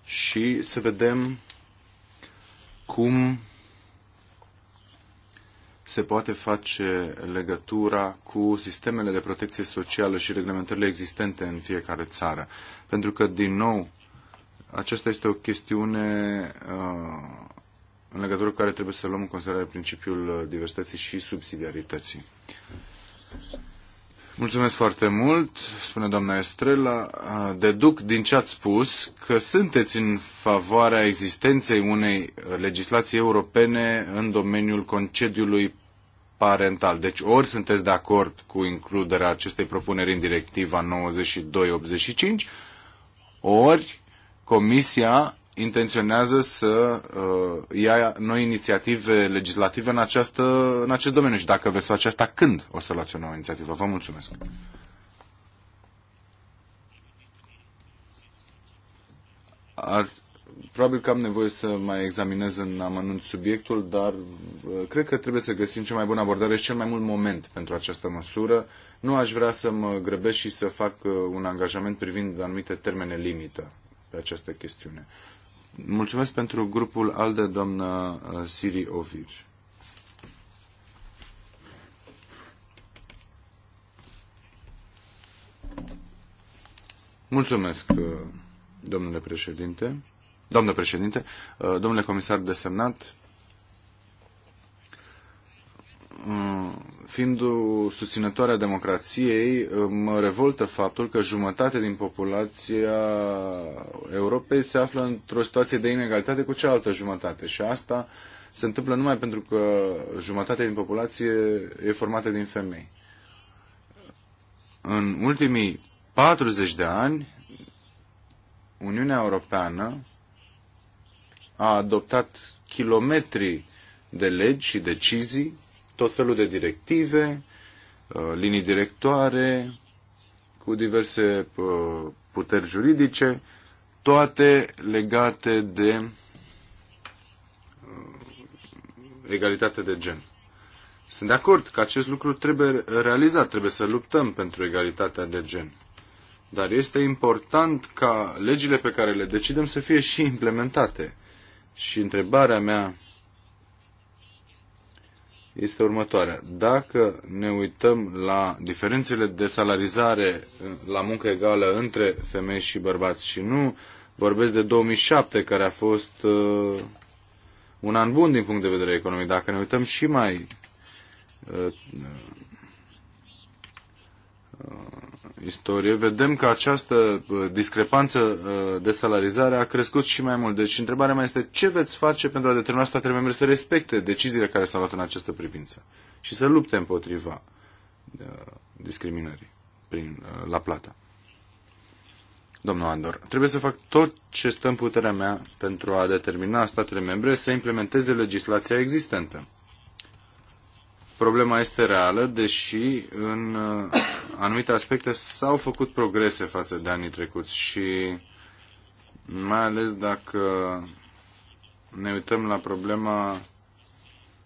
C: și să vedem cum se poate face legătura cu sistemele de protecție socială și reglementările existente în fiecare țară. Pentru că, din nou, aceasta este o chestiune uh, în legătură cu care trebuie să luăm în considerare principiul diversității și subsidiarității. Mulțumesc foarte mult, spune doamna Estrela. Deduc din ce ați spus că sunteți în favoarea existenței unei legislații europene în domeniul concediului parental. Deci ori sunteți de acord cu includerea acestei propuneri în directiva 92-85, ori Comisia intenționează să uh, ia noi inițiative legislative în, această, în acest domeniu și dacă veți face asta, când o să luați o nouă inițiativă? Vă mulțumesc! Ar, probabil că am nevoie să mai examinez în amănunt subiectul, dar uh, cred că trebuie să găsim cea mai bună abordare și cel mai mult moment pentru această măsură. Nu aș vrea să mă grăbesc și să fac uh, un angajament privind anumite termene limită pe această chestiune. Mulțumesc pentru grupul ALDE, doamna uh, Siri Ovir. Mulțumesc, uh, domnule președinte. Domnule președinte, uh, domnule comisar desemnat, Mm, fiind susținătoarea democrației, uh, mă revoltă faptul că jumătate din populația Europei se află într-o situație de inegalitate cu cealaltă jumătate și asta se întâmplă numai pentru că jumătate din populație e formată din femei. În ultimii 40 de ani, Uniunea Europeană a adoptat kilometri de legi și decizii tot felul de directive, uh, linii directoare, cu diverse uh, puteri juridice, toate legate de uh, egalitate de gen. Sunt de acord că acest lucru trebuie realizat, trebuie să luptăm pentru egalitatea de gen. Dar este important ca legile pe care le decidem să fie și implementate. Și întrebarea mea este următoarea. Dacă ne uităm la diferențele de salarizare eh, la muncă egală între femei și bărbați și nu vorbesc de 2007 care a fost uh, un an bun din punct de vedere economic, dacă ne uităm și mai uh, uh, istorie, vedem că această uh, discrepanță uh, de salarizare a crescut și mai mult. Deci întrebarea mea este ce veți face pentru a determina statele membre să respecte deciziile care s-au luat în această privință și să lupte împotriva uh, discriminării prin, la plata. Domnul Andor, trebuie să fac tot ce stă în puterea mea pentru a determina statele membre să implementeze legislația existentă problema este reală, deși în uh, anumite aspecte s-au făcut progrese față de anii trecuți și mai ales dacă ne uităm la problema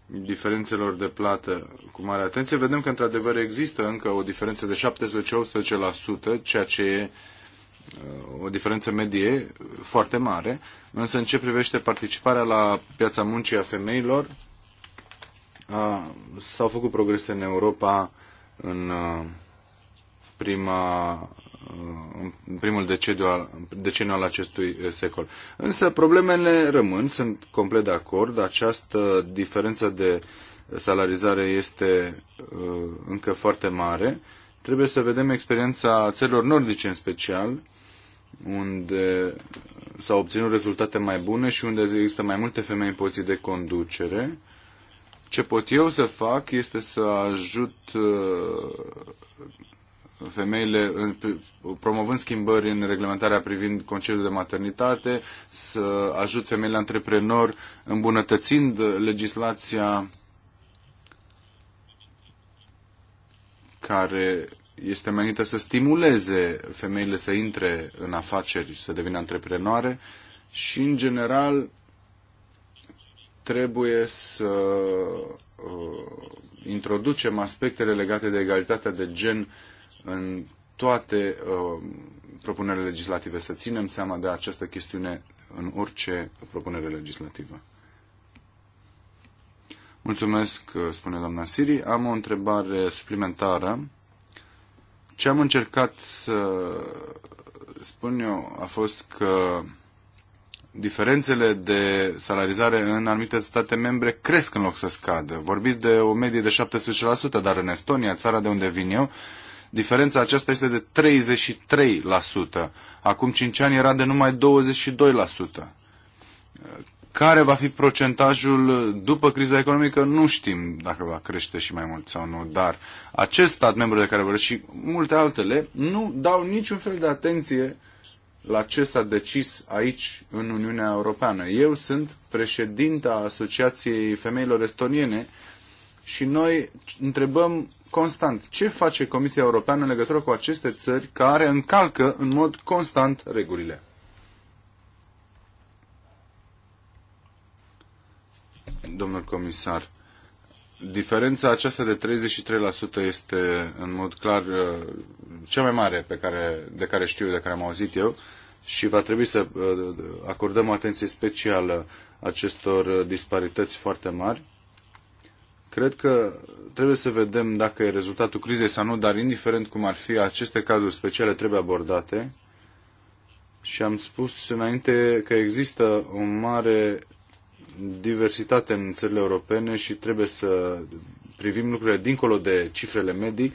C: diferențelor de plată cu mare atenție, vedem că într-adevăr există încă o diferență de 17-18%, ceea ce e uh, o diferență medie foarte mare, însă în ce privește participarea la piața muncii a femeilor, S-au făcut progrese în Europa în, prima, în primul deceniu al, deceniu al acestui secol. Însă problemele rămân, sunt complet de acord. Această diferență de salarizare este încă foarte mare. Trebuie să vedem experiența țărilor nordice în special, unde s-au obținut rezultate mai bune și unde există mai multe femei în poziții de conducere ce pot eu să fac este să ajut uh, femeile promovând schimbări în reglementarea privind concediul de maternitate, să ajut femeile antreprenori îmbunătățind legislația care este menită să stimuleze femeile să intre în afaceri, să devină antreprenoare și, în general, trebuie să uh, introducem aspectele legate de egalitatea de gen în toate uh, propunerile legislative, să ținem seama de această chestiune în orice propunere legislativă. Mulțumesc, uh, spune doamna Siri. Am o întrebare suplimentară. Ce am încercat să spun eu a fost că diferențele de salarizare în anumite state membre cresc în loc să scadă. Vorbiți de o medie de 17%, dar în Estonia, țara de unde vin eu, diferența aceasta este de 33%. Acum 5 ani era de numai 22%. Care va fi procentajul după criza economică? Nu știm dacă va crește și mai mult sau nu, dar acest stat membru de care vorbesc și multe altele nu dau niciun fel de atenție uh, la ce s-a decis aici în Uniunea Europeană. Eu sunt președinta Asociației Femeilor Estoniene și noi întrebăm constant ce face Comisia Europeană în legătură cu aceste țări care încalcă în mod constant regulile. Domnul comisar, diferența aceasta de 33% este în mod clar uh, cea mai mare pe care, de care știu, de care am auzit eu și va trebui să uh, acordăm o atenție specială acestor uh, disparități foarte mari. Cred că trebuie să vedem dacă e rezultatul crizei sau nu, dar indiferent cum ar fi, aceste cazuri speciale trebuie abordate. Și am spus înainte că există o mare diversitate în țările europene și trebuie să privim lucrurile dincolo de cifrele medii.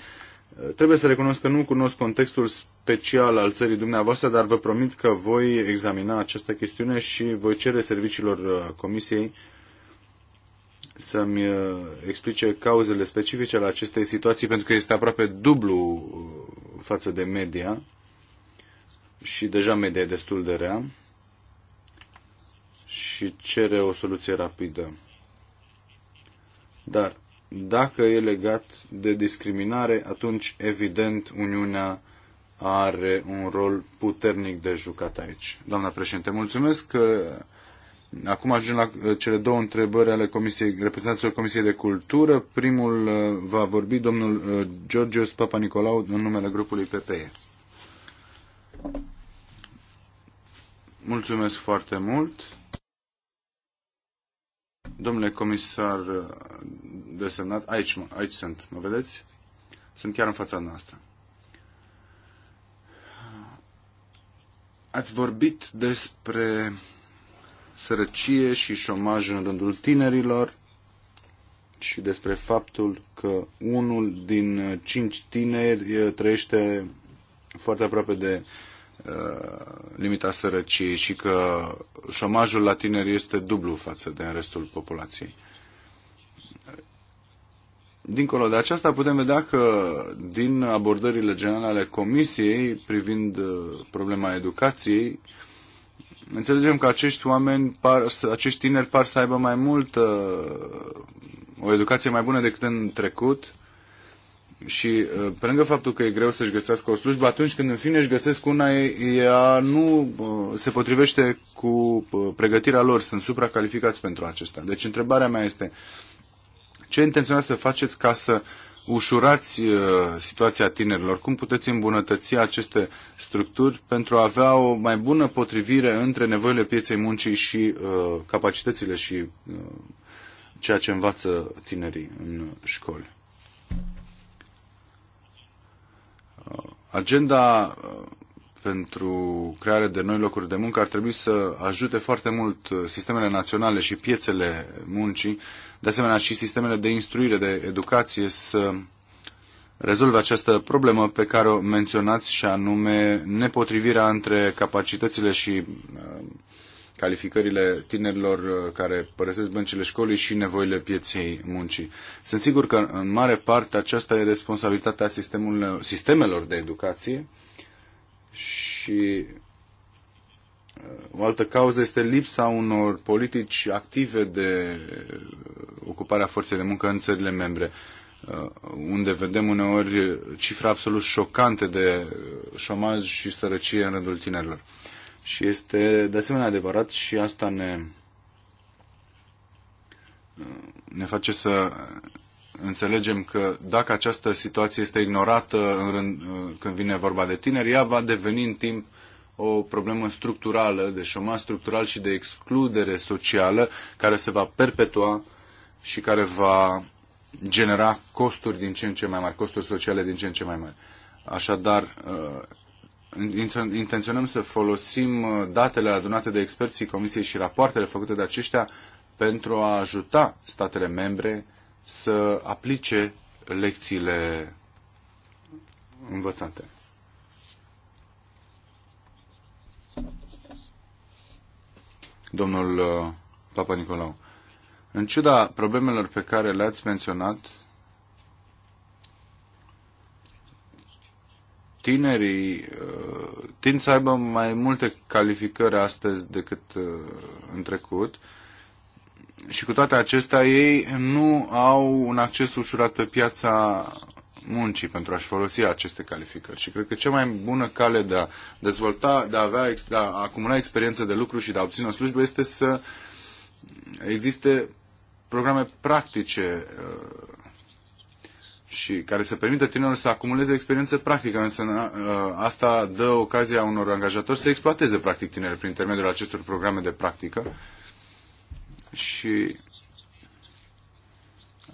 C: Trebuie să recunosc că nu cunosc contextul special al țării dumneavoastră, dar vă promit că voi examina această chestiune și voi cere serviciilor uh, Comisiei să-mi uh, explice cauzele specifice ale acestei situații, pentru că este aproape dublu uh, față de media și deja media e destul de rea și cere o soluție rapidă. Dar dacă e legat de discriminare, atunci evident Uniunea are un rol puternic de jucat aici. Doamna președinte, mulțumesc că acum ajungem la uh, cele două întrebări ale comisiei, reprezentanților Comisiei de Cultură. Primul uh, va vorbi domnul uh, Georgios Papa Nicolau în numele grupului PPE. Mulțumesc foarte mult. Domnule comisar desemnat, aici, aici sunt, mă vedeți? Sunt chiar în fața noastră. Ați vorbit despre sărăcie și șomaj în rândul tinerilor și despre faptul că unul din cinci tineri eh, trăiește foarte aproape de Uh, limita sărăciei și că șomajul la tineri este dublu față de în restul populației. Dincolo de aceasta, putem vedea că din abordările generale ale Comisiei privind uh, problema educației, înțelegem că acești oameni, par, acești tineri par să aibă mai mult o educație mai bună decât în trecut, și uh, pe lângă faptul că e greu să-și găsească o slujbă, atunci când în fine își găsesc una, ea nu uh, se potrivește cu uh, pregătirea lor, sunt supracalificați pentru acesta. Deci întrebarea mea este, ce intenționați să faceți ca să ușurați situația tinerilor? Cum puteți îmbunătăți aceste structuri pentru a avea o mai bună potrivire între nevoile pieței muncii și capacitățile și ceea ce învață tinerii în școli? Agenda uh, pentru crearea de noi locuri de muncă ar trebui să ajute foarte mult uh, sistemele naționale și piețele muncii, de asemenea și sistemele de instruire, de educație să rezolve această problemă pe care o menționați și anume nepotrivirea între capacitățile și uh, calificările tinerilor uh, care părăsesc băncile școlii și nevoile pieței muncii. Sunt sigur că în mare parte aceasta e responsabilitatea sistemelor de educație și uh, o altă cauză este lipsa unor politici active de uh, ocupare a forței de muncă în țările membre, unde vedem uneori cifre absolut șocante de șomaj și sărăcie în rândul tinerilor. Și este de asemenea adevărat și asta ne, ne face să înțelegem că dacă această situație este ignorată în rând, când vine vorba de tineri, ea va deveni în timp o problemă structurală, de șomaj structural și de excludere socială, care se va perpetua și care va genera costuri din ce în ce mai mari, costuri sociale din ce în ce mai mari. Așadar, intenționăm să folosim uh, datele adunate de experții Comisiei și rapoartele făcute de aceștia pentru a ajuta statele membre să aplice lecțiile învățate. Domnul uh, Papa Nicolau, în ciuda problemelor pe care le-ați menționat, tinerii uh, tind să aibă mai multe calificări astăzi decât uh, în trecut și cu toate acestea ei nu au un acces ușurat pe piața muncii pentru a-și folosi aceste calificări. Și cred că cea mai bună cale de a dezvolta, de a, avea, de a acumula experiență de lucru și de a obține o slujbă este să existe programe practice uh, și care să permită tinerilor să acumuleze experiență practică, însă ă, asta dă ocazia unor angajatori să exploateze practic tinerii prin intermediul acestor programe de practică și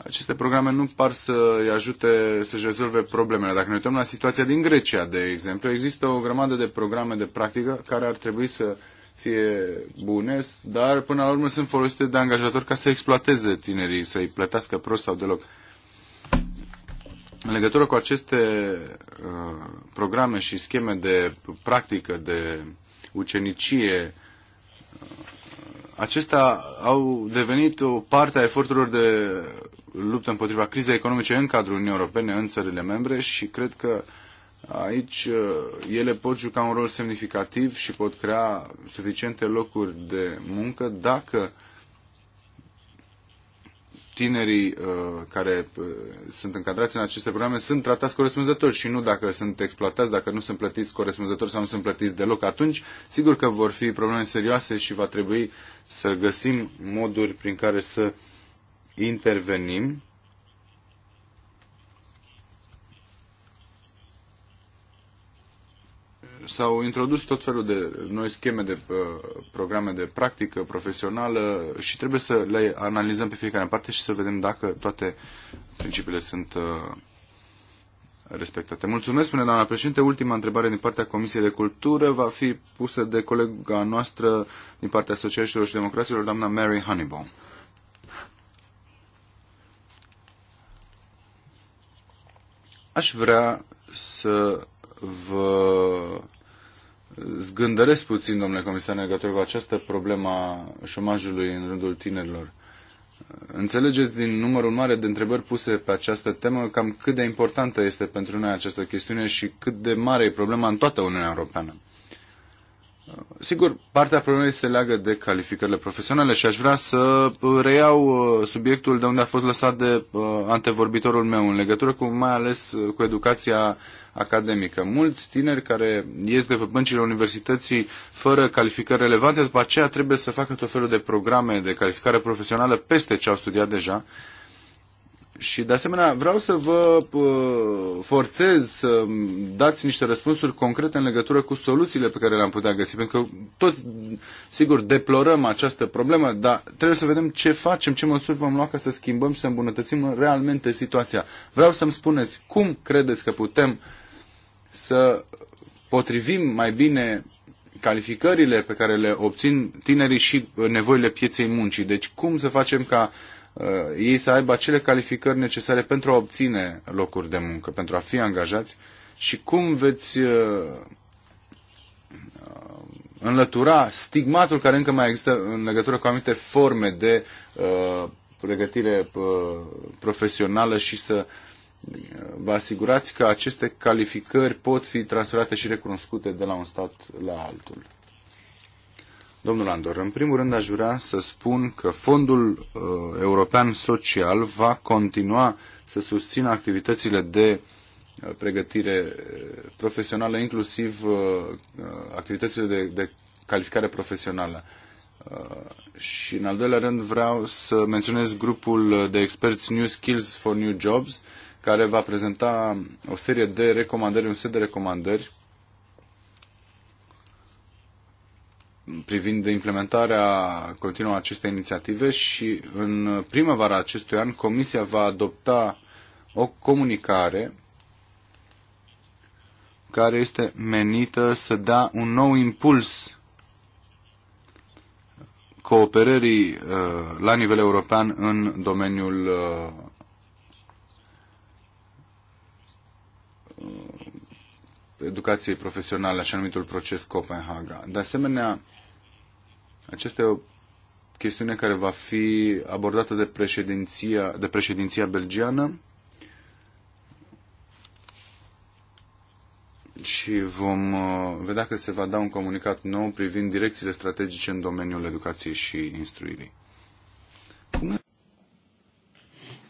C: aceste programe nu par să îi ajute să-și rezolve problemele. Dacă ne uităm la situația din Grecia, de exemplu, există o grămadă de programe de practică care ar trebui să fie bune, dar până la urmă sunt folosite de angajatori ca să exploateze tinerii, să-i plătească prost sau deloc. Uh, în legătură cu aceste uh, programe și scheme de practică, de ucenicie, uh, acestea au devenit o parte a eforturilor de luptă împotriva crizei economice în cadrul Uniunii Europene, în țările membre și cred că aici uh, ele pot juca un rol semnificativ și pot crea suficiente locuri de muncă dacă tinerii uh, care uh, sunt încadrați în aceste programe sunt tratați corespunzător și nu dacă sunt exploatați, dacă nu sunt plătiți corespunzător sau nu sunt plătiți deloc. Atunci, sigur că vor fi probleme serioase și va trebui să găsim moduri prin care să intervenim s-au introdus tot felul de noi scheme de uh, programe de practică profesională și trebuie să le analizăm pe fiecare parte și să vedem dacă toate principiile sunt uh, respectate. Mulțumesc, spune doamna președinte. Ultima întrebare din partea Comisiei de Cultură va fi pusă de colega noastră din partea Socialiștilor și Democraților, doamna Mary Honeybaum. Aș vrea să vă zgândăresc puțin, domnule comisar, negator, cu această problemă a șomajului în rândul tinerilor. Înțelegeți din numărul mare de întrebări puse pe această temă cam cât de importantă este pentru noi această chestiune și cât de mare e problema în toată Uniunea Europeană. Sigur, partea problemei se leagă de calificările profesionale și aș vrea să reiau uh, subiectul de unde a fost lăsat de uh, antevorbitorul meu în legătură cu mai ales uh, cu educația academică. Mulți tineri care ies de pe băncile universității fără calificări relevante, după aceea trebuie să facă tot felul de programe de calificare profesională peste ce au studiat deja. Și de asemenea vreau să vă uh, forțez să dați niște răspunsuri concrete în legătură cu soluțiile pe care le-am putea găsi, pentru că toți, sigur, deplorăm această problemă, dar trebuie să vedem ce facem, ce măsuri vom lua ca să schimbăm și să îmbunătățim realmente situația. Vreau să-mi spuneți cum credeți că putem să potrivim mai bine calificările pe care le obțin tinerii și nevoile pieței muncii. Deci cum să facem ca uh, ei să aibă acele calificări necesare pentru a obține locuri de muncă, pentru a fi angajați și cum veți uh, uh înlătura stigmatul care încă mai există în legătură cu anumite forme de uh, pregătire uh, profesională și să vă asigurați că aceste calificări pot fi transferate și recunoscute de la un stat la altul. Domnul Andor, în primul rând aș vrea să spun că Fondul uh, European Social va continua să susțină activitățile de uh, pregătire uh, profesională, inclusiv activitățile de, de calificare profesională. Și în al doilea rând vreau să menționez grupul de experți New Skills for New Jobs, care va prezenta o serie de recomandări, un set de recomandări privind implementarea continuă a acestei inițiative și în primăvara acestui an Comisia va adopta o comunicare care este menită să dea un nou impuls cooperării uh, la nivel european în domeniul uh, educației profesionale, așa numitul proces Copenhaga. De asemenea, acesta e o chestiune care va fi abordată de președinția, de președinția belgiană și vom uh, vedea că se va da un comunicat nou privind direcțiile strategice în domeniul educației și instruirii.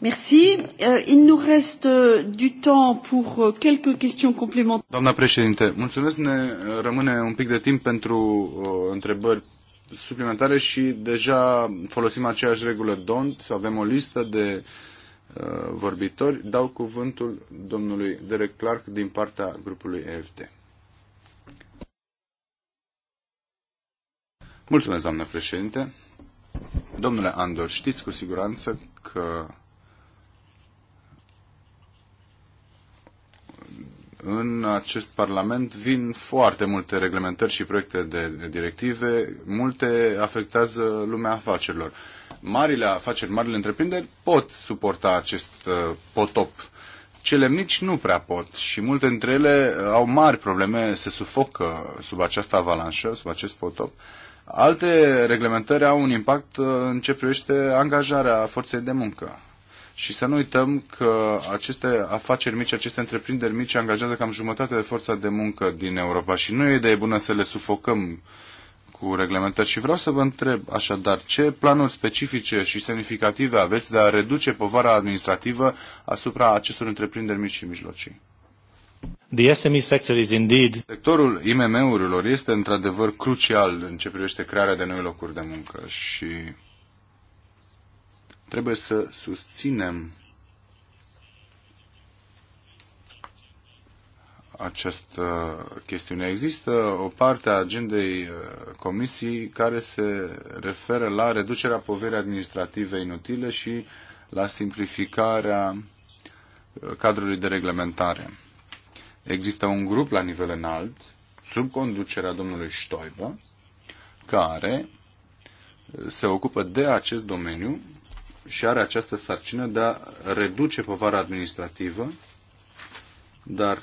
A: Merci. Euh, il nous reste euh, du temps pour euh, quelques questions complémentaires.
C: Doamna președinte, mulțumesc. Ne rămâne un pic de timp pentru uh, întrebări suplimentare și deja folosim aceeași regulă DONT. Avem o listă de uh, vorbitori. Dau cuvântul domnului Derek Clark din partea grupului EFD. Mulțumesc, doamnă președinte. Domnule Andor, știți cu siguranță că în acest Parlament vin foarte multe reglementări și proiecte de directive, multe afectează lumea afacerilor. Marile afaceri, marile întreprinderi pot suporta acest uh, potop. Cele mici nu prea pot și multe dintre ele uh, au mari probleme, se sufocă sub această avalanșă, sub acest potop. Alte reglementări au un impact uh, în ce privește angajarea forței de muncă. Și să nu uităm că aceste afaceri mici, aceste întreprinderi mici angajează cam jumătate de forța de muncă din Europa și nu e idee bună să le sufocăm cu reglementări. Și vreau să vă întreb așadar, ce planuri specifice și semnificative aveți de a reduce povara administrativă asupra acestor întreprinderi mici și mijlocii? The SME sector is indeed... Sectorul IMM-urilor este într-adevăr crucial în ce privește crearea de noi locuri de muncă și Trebuie să susținem această chestiune. Există o parte a agendei uh, comisiei care se referă la reducerea poverii administrative inutile și la simplificarea uh, cadrului de reglementare. Există un grup la nivel înalt, sub conducerea domnului Stoibă, care uh, se ocupă de acest domeniu și are această sarcină de a reduce povara administrativă, dar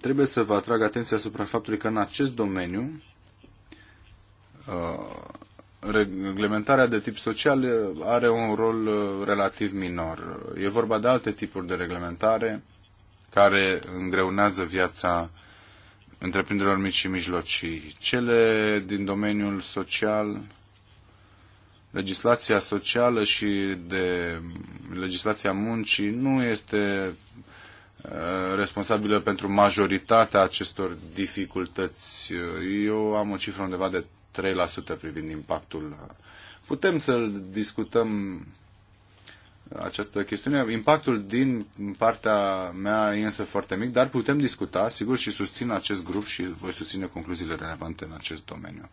C: trebuie să vă atrag atenția asupra faptului că în acest domeniu uh, reglementarea de tip social are un rol uh, relativ minor. E vorba de alte tipuri de reglementare care îngreunează viața întreprinderilor mici și mijlocii. Cele din domeniul social legislația socială și de legislația muncii nu este uh, responsabilă pentru majoritatea acestor dificultăți. Eu am o cifră undeva de 3% privind impactul. Putem să discutăm această chestiune. Impactul din partea mea e însă foarte mic, dar putem discuta, sigur, și susțin acest grup și voi susține concluziile relevante în acest domeniu.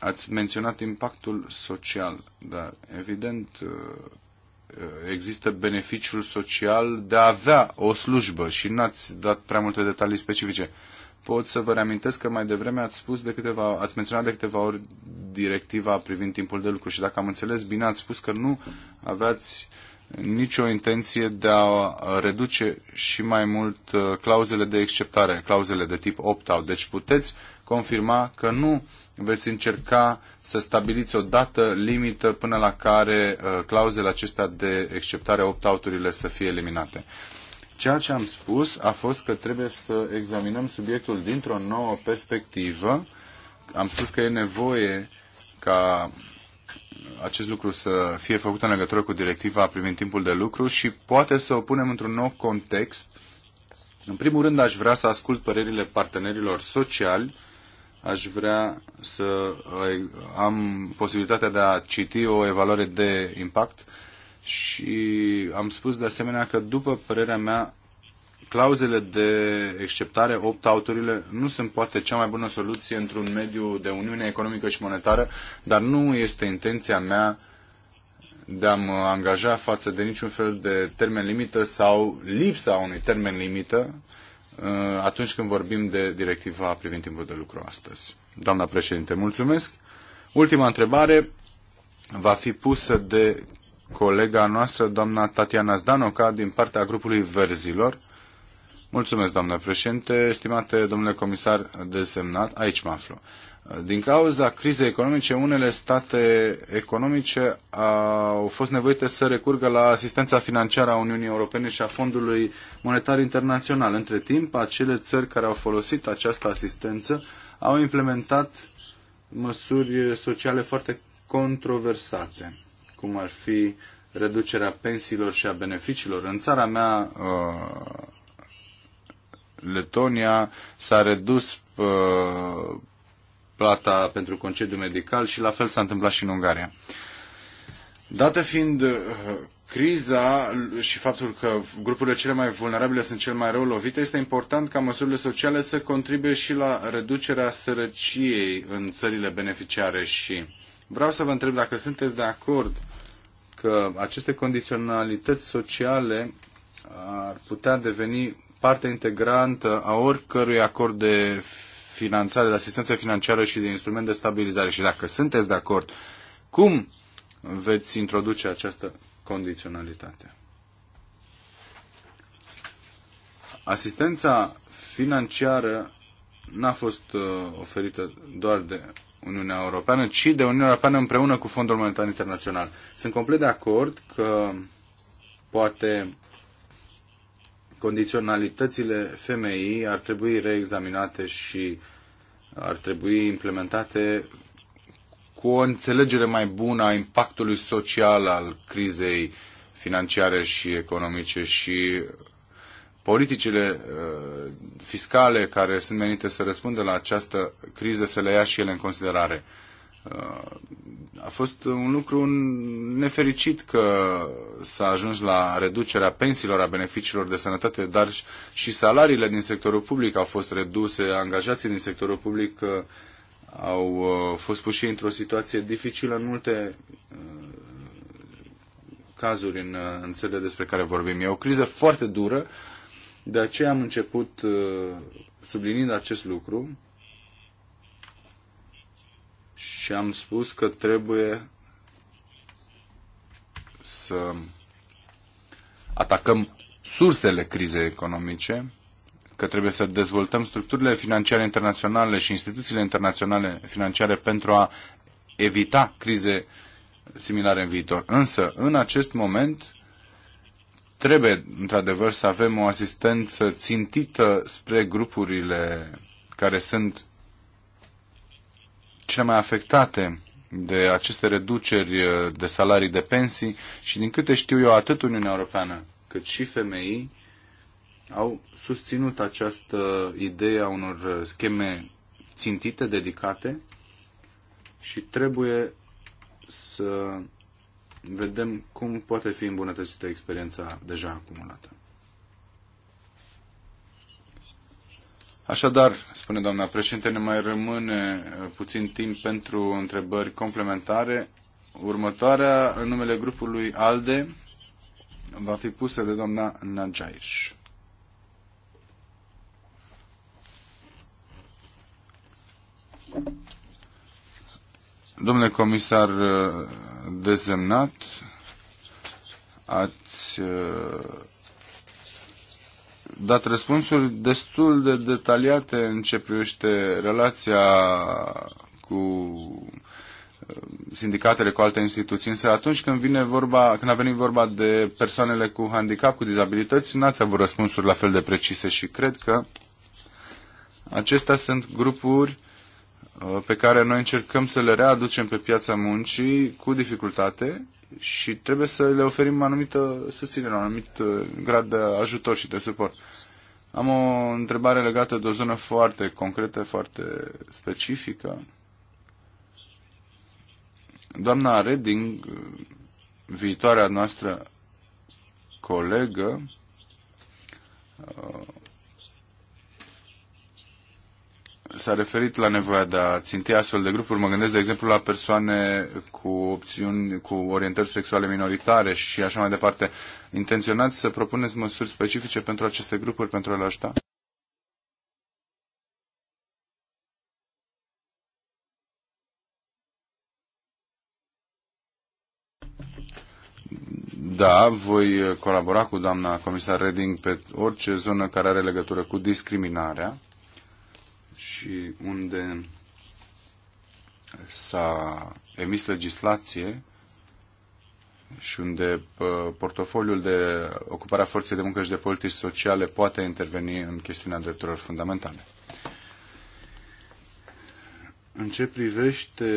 C: Ați menționat impactul social, dar evident uh, uh, există beneficiul social de a avea o slujbă și n-ați dat prea multe detalii specifice. Pot să vă reamintesc că mai devreme ați spus de câteva, ați menționat de câteva ori directiva privind timpul de lucru și dacă am înțeles bine, ați spus că nu aveați nicio intenție de a reduce și mai mult uh, clauzele de exceptare, clauzele de tip opt-out. Deci puteți confirma că nu veți încerca să stabiliți o dată limită până la care uh, clauzele acestea de exceptare opt-out-urile să fie eliminate. Ceea ce am spus a fost că trebuie să examinăm subiectul dintr-o nouă perspectivă. Am spus că e nevoie ca acest lucru să fie făcut în legătură cu directiva privind timpul de lucru și poate să o punem într-un nou context. În primul rând aș vrea să ascult părerile partenerilor sociali aș vrea să am posibilitatea de a citi o evaluare de impact și am spus de asemenea că, după părerea mea, clauzele de exceptare, opt autorile, nu sunt poate cea mai bună soluție într-un mediu de uniune economică și monetară, dar nu este intenția mea de a mă angaja față de niciun fel de termen limită sau lipsa unui termen limită Uh, atunci când vorbim de directiva privind timpul de lucru astăzi. Doamna președinte, mulțumesc. Ultima întrebare va fi pusă de colega noastră, doamna Tatiana Zdanoca, din partea grupului Verzilor. Mulțumesc, doamnă președinte. Estimate domnule comisar desemnat, aici mă aflu. Din cauza crizei economice, unele state economice au fost nevoite să recurgă la asistența financiară a Uniunii Europene și a Fondului Monetar Internațional. Între timp, acele țări care au folosit această asistență au implementat măsuri sociale foarte controversate, cum ar fi reducerea pensiilor și a beneficiilor. În țara mea, uh, Letonia, s-a redus uh, plata pentru concediu medical și la fel s-a întâmplat și în Ungaria. Dată fiind uh, criza și faptul că grupurile cele mai vulnerabile sunt cel mai rău lovite, este important ca măsurile sociale să contribuie și la reducerea sărăciei în țările beneficiare și vreau să vă întreb dacă sunteți de acord că aceste condiționalități sociale ar putea deveni parte integrantă a oricărui acord de finanțare, de asistență financiară și de instrument de stabilizare. Și dacă sunteți de acord, cum veți introduce această condiționalitate? Asistența financiară n-a fost uh, oferită doar de Uniunea Europeană, ci de Uniunea Europeană împreună cu Fondul Monetar Internațional. Sunt complet de acord că poate condiționalitățile FMI ar trebui reexaminate și ar trebui implementate cu o înțelegere mai bună a impactului social al crizei financiare și economice și politicile uh, fiscale care sunt menite să răspundă la această criză să le ia și ele în considerare. Uh, a fost un lucru nefericit că s-a ajuns la reducerea pensiilor, a beneficiilor de sănătate, dar și salariile din sectorul public au fost reduse, angajații din sectorul public uh, au uh, fost puși într-o situație dificilă în multe uh, cazuri în, în țările despre care vorbim. E o criză foarte dură, de aceea am început sublinind acest lucru, și am spus că trebuie să atacăm sursele crizei economice, că trebuie să dezvoltăm structurile financiare internaționale și instituțiile internaționale financiare pentru a evita crize similare în viitor. Însă, în acest moment, trebuie, într-adevăr, să avem o asistență țintită spre grupurile care sunt cele mai afectate de aceste reduceri uh, de salarii de pensii și din câte știu eu atât Uniunea Europeană cât și femei au susținut această idee a unor scheme țintite, dedicate și trebuie să vedem cum poate fi îmbunătățită experiența deja acumulată. Așadar, spune doamna președinte, ne mai rămâne uh, puțin timp pentru întrebări complementare. Următoarea, în numele grupului ALDE, va fi pusă de doamna Najaiș. Domnule comisar uh, desemnat, ați uh, dat răspunsuri destul de detaliate în ce privește relația cu uh, sindicatele cu alte instituții, însă atunci când, vine vorba, când a venit vorba de persoanele cu handicap, cu dizabilități, n-ați avut răspunsuri la fel de precise și cred că acestea sunt grupuri uh, pe care noi încercăm să le readucem pe piața muncii cu dificultate și trebuie să le oferim anumită susținere, un anumit uh, grad de ajutor și de suport. Am o întrebare legată de o zonă foarte concretă, foarte specifică. Doamna Redding, viitoarea noastră colegă, uh, s-a referit la nevoia de a ținti astfel de grupuri. Mă gândesc, de exemplu, la persoane cu opțiuni, cu orientări sexuale minoritare și așa mai departe. Intenționați să propuneți măsuri specifice pentru aceste grupuri, pentru a le ajuta? Da, voi colabora cu doamna comisar Reding pe orice zonă care are legătură cu discriminarea și unde s-a emis legislație și unde portofoliul de ocuparea forței de muncă și de politici sociale poate interveni în chestiunea drepturilor fundamentale. În ce privește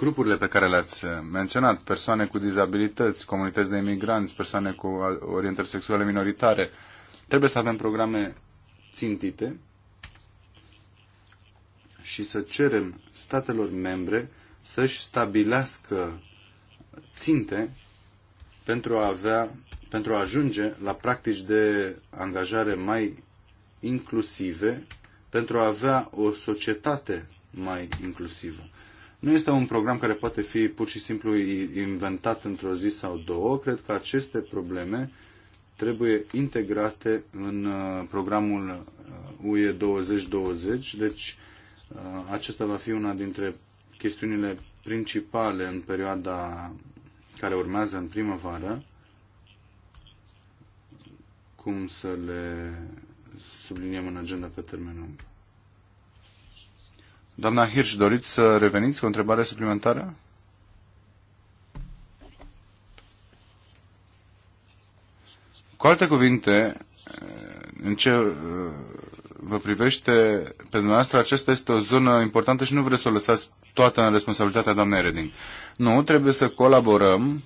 C: grupurile pe care le-ați menționat, persoane cu dizabilități, comunități de imigranți, persoane cu orientări sexuale minoritare, trebuie să avem programe țintite și să cerem statelor membre să-și stabilească ținte pentru a, avea, pentru a ajunge la practici de angajare mai inclusive, pentru a avea o societate mai inclusivă. Nu este un program care poate fi pur și simplu inventat într-o zi sau două. Cred că aceste probleme trebuie integrate în uh, programul uh, UE 2020. Deci uh, acesta va fi una dintre chestiunile principale în perioada care urmează în primăvară. Cum să le subliniem în agenda pe termen lung. Doamna Hirsch, doriți să reveniți cu o întrebare suplimentară? Cu alte cuvinte, în ce vă privește pe dumneavoastră, aceasta este o zonă importantă și nu vreți să o lăsați toată în responsabilitatea doamnei Reding. Nu, trebuie să colaborăm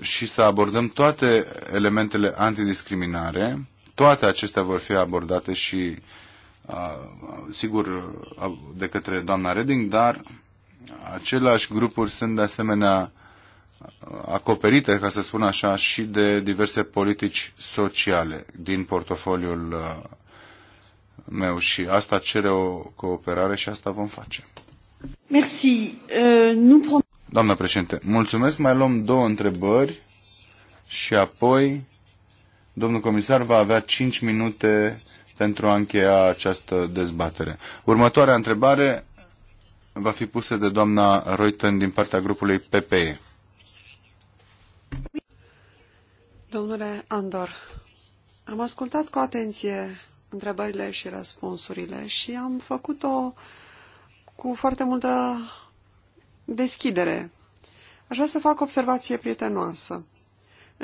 C: și să abordăm toate elementele antidiscriminare. Toate acestea vor fi abordate și uh, sigur, de către doamna Reding, dar aceleași grupuri sunt de asemenea acoperite, ca să spun așa, și de diverse politici sociale din portofoliul meu și asta cere o cooperare și asta vom face.
A: Merci. Euh, nu...
C: Doamna președinte, mulțumesc. Mai luăm două întrebări și apoi domnul comisar va avea 5 minute pentru a încheia această dezbatere. Următoarea întrebare va fi pusă de doamna Reuten din partea grupului PPE.
A: Domnule Andor, am ascultat cu atenție întrebările și răspunsurile și am făcut-o cu foarte multă deschidere. Aș vrea să fac o observație prietenoasă.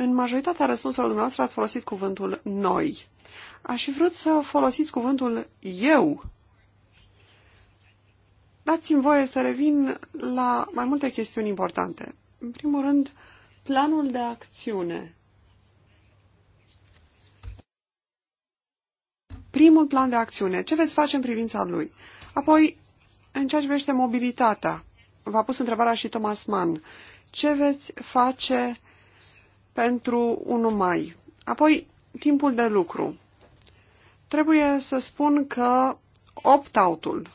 A: În majoritatea răspunsurilor dumneavoastră ați folosit cuvântul noi. Aș fi vrut să folosiți cuvântul eu. Dați-mi voie să revin la mai multe chestiuni importante. În primul rând, planul de acțiune. Primul plan de acțiune. Ce veți face în privința lui? Apoi, în ceea ce privește mobilitatea, v-a pus întrebarea și Thomas Mann. Ce veți face pentru 1 mai. Apoi, timpul de lucru. Trebuie să spun că opt-out-ul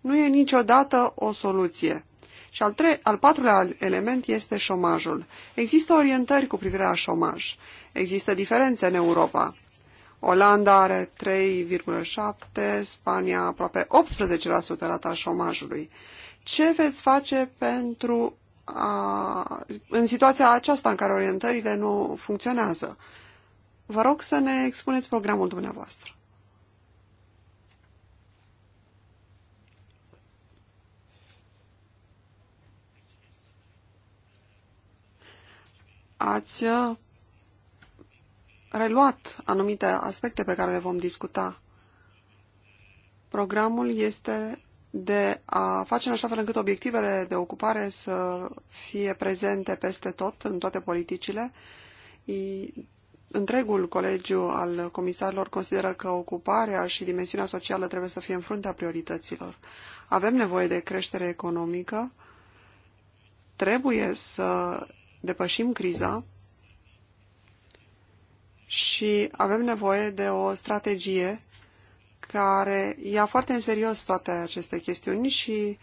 A: nu e niciodată o soluție. Și al, tre- al patrulea element este șomajul. Există orientări cu privire la șomaj. Există diferențe în Europa. Olanda are 3,7, Spania aproape 18% rata șomajului. Ce veți face pentru a, în situația aceasta în care orientările nu funcționează. Vă rog să ne expuneți programul dumneavoastră. Ați uh, reluat anumite aspecte pe care le vom discuta. Programul este de a face în așa fel încât obiectivele de ocupare să fie prezente peste tot, în toate politicile. Întregul colegiu al comisarilor consideră că ocuparea și dimensiunea socială trebuie să fie în fruntea priorităților. Avem nevoie de creștere economică, trebuie să depășim criza și avem nevoie de o strategie care ia foarte în serios toate aceste chestiuni și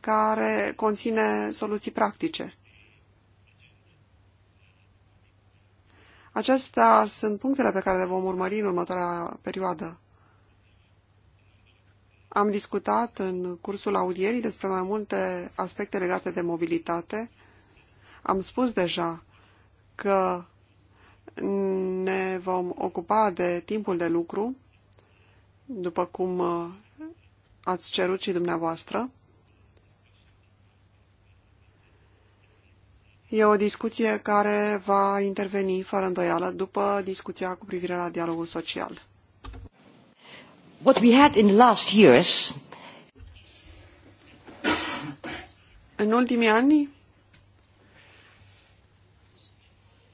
A: care conține soluții practice. Acestea sunt punctele pe care le vom urmări în următoarea perioadă. Am discutat în cursul audierii despre mai multe aspecte legate de mobilitate. Am spus deja că ne vom ocupa de timpul de lucru după cum uh, ați cerut și dumneavoastră. E o discuție care va interveni fără îndoială după discuția cu privire la dialogul social.
B: What we had in the last years...
A: În ultimii ani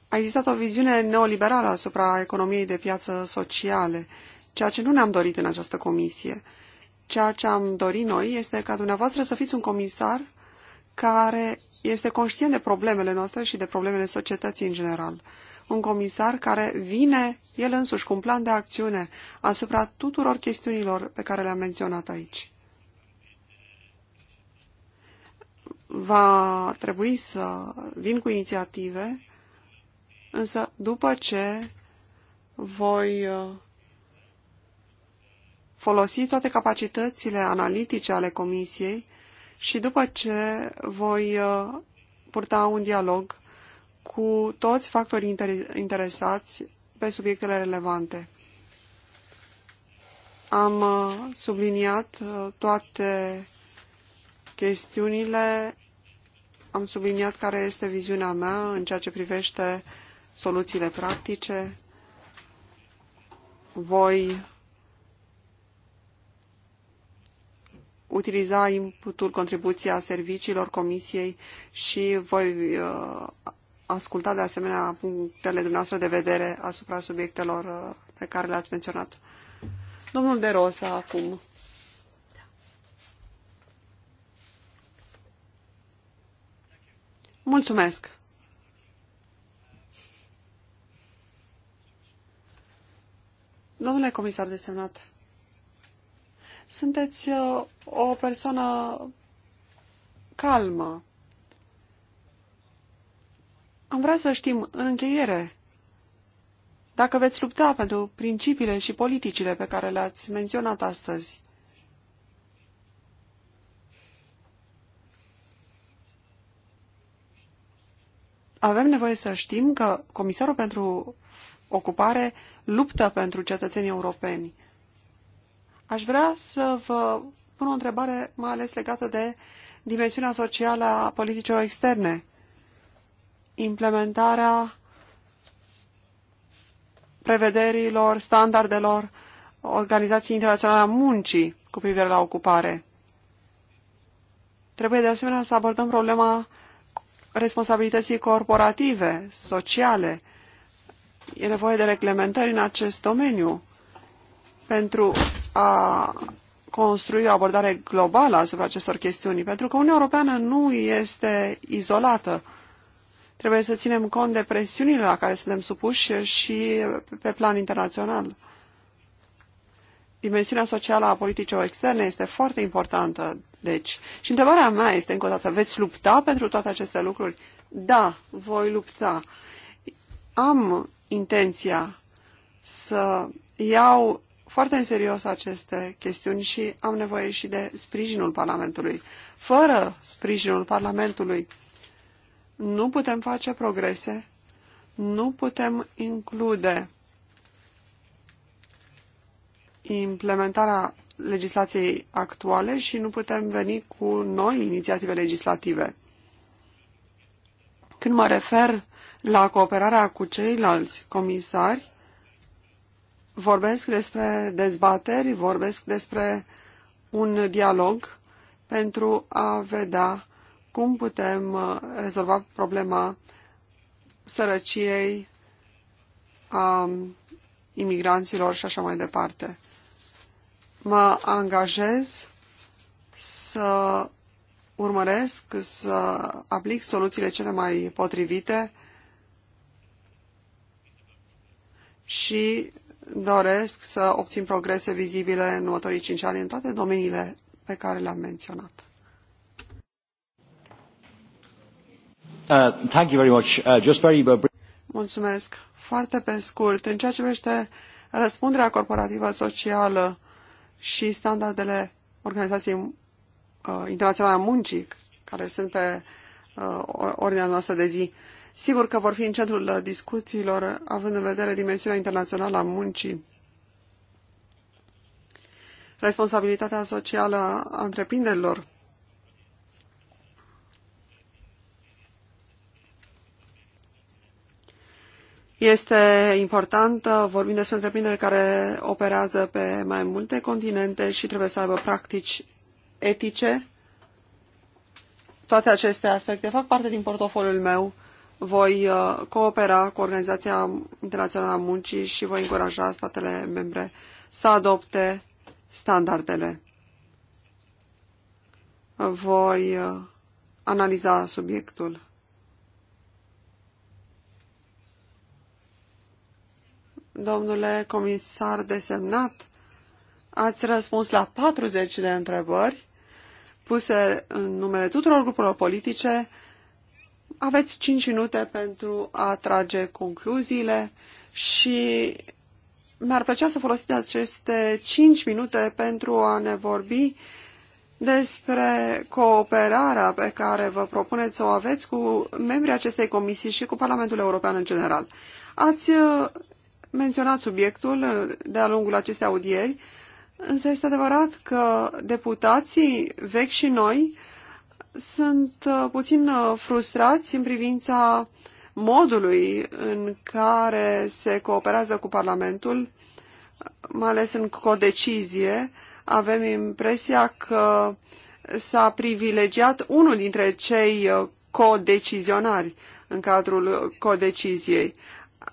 A: a existat o viziune neoliberală asupra economiei de piață sociale ceea ce nu ne-am dorit în această comisie. Ceea ce am dorit noi este ca dumneavoastră să fiți un comisar care este conștient de problemele noastre și de problemele societății în general. Un comisar care vine el însuși cu un plan de acțiune asupra tuturor chestiunilor pe care le-am menționat aici. Va trebui să vin cu inițiative, însă după ce voi uh, folosi toate capacitățile analitice ale Comisiei și după ce voi uh, purta un dialog cu toți factorii interesați pe subiectele relevante. Am uh, subliniat uh, toate chestiunile, am subliniat care este viziunea mea în ceea ce privește soluțiile practice. Voi utiliza inputul, contribuția serviciilor comisiei și voi uh, asculta de asemenea punctele dumneavoastră de vedere asupra subiectelor uh, pe care le-ați menționat. Domnul De Rosa, acum. Mulțumesc! Domnule comisar desemnat, sunteți uh, o persoană calmă. Am vrea să știm, în încheiere, dacă veți lupta pentru principiile și politicile pe care le-ați menționat astăzi. Avem nevoie să știm că Comisarul pentru Ocupare luptă pentru cetățenii europeni Aș vrea să vă pun o întrebare mai ales legată de dimensiunea socială a politicilor externe. Implementarea prevederilor, standardelor Organizației Internaționale a Muncii cu privire la ocupare. Trebuie de asemenea să abordăm problema responsabilității corporative, sociale. E nevoie de reglementări în acest domeniu pentru a construi o abordare globală asupra acestor chestiuni, pentru că Uniunea Europeană nu este izolată. Trebuie să ținem cont de presiunile la care suntem supuși și pe plan internațional. Dimensiunea socială a politicilor externe este foarte importantă, deci. Și întrebarea mea este încă o dată, veți lupta pentru toate aceste lucruri? Da, voi lupta. Am intenția să iau foarte în serios aceste chestiuni și am nevoie și de sprijinul Parlamentului. Fără sprijinul Parlamentului nu putem face progrese, nu putem include implementarea legislației actuale și nu putem veni cu noi inițiative legislative. Când mă refer la cooperarea cu ceilalți comisari, vorbesc despre dezbateri, vorbesc despre un dialog pentru a vedea cum putem uh, rezolva problema sărăciei, a um, imigranților și așa mai departe. Mă angajez să urmăresc, să aplic soluțiile cele mai potrivite și doresc să obțin progrese vizibile în următorii cinci ani în toate domeniile pe care le-am menționat. Uh, thank you very much. Uh, just very Mulțumesc. Foarte pe scurt, în ceea ce privește răspunderea corporativă socială și standardele Organizației uh, Internaționale a Muncii, care sunt pe uh, ordinea noastră de zi, Sigur că vor fi în centrul uh, discuțiilor, având în vedere dimensiunea internațională a muncii. Responsabilitatea socială a întreprinderilor. Este important, vorbim despre întreprinderi care operează pe mai multe continente și trebuie să aibă practici etice. Toate aceste aspecte fac parte din portofoliul meu voi uh, coopera cu Organizația Internațională a Muncii și voi încuraja statele membre să adopte standardele. Voi uh, analiza subiectul. Domnule comisar desemnat, ați răspuns la 40 de întrebări puse în numele tuturor grupurilor politice aveți 5 minute pentru a trage concluziile și mi-ar plăcea să folosiți aceste 5 minute pentru a ne vorbi despre cooperarea pe care vă propuneți să o aveți cu membrii acestei comisii și cu Parlamentul European în general. Ați uh, menționat subiectul uh, de-a lungul acestei audieri, însă este adevărat că deputații vechi și noi sunt uh, puțin uh, frustrați în privința modului în care se cooperează cu Parlamentul, mai ales în codecizie. Avem impresia că s-a privilegiat unul dintre cei uh, codecizionari în cadrul codeciziei.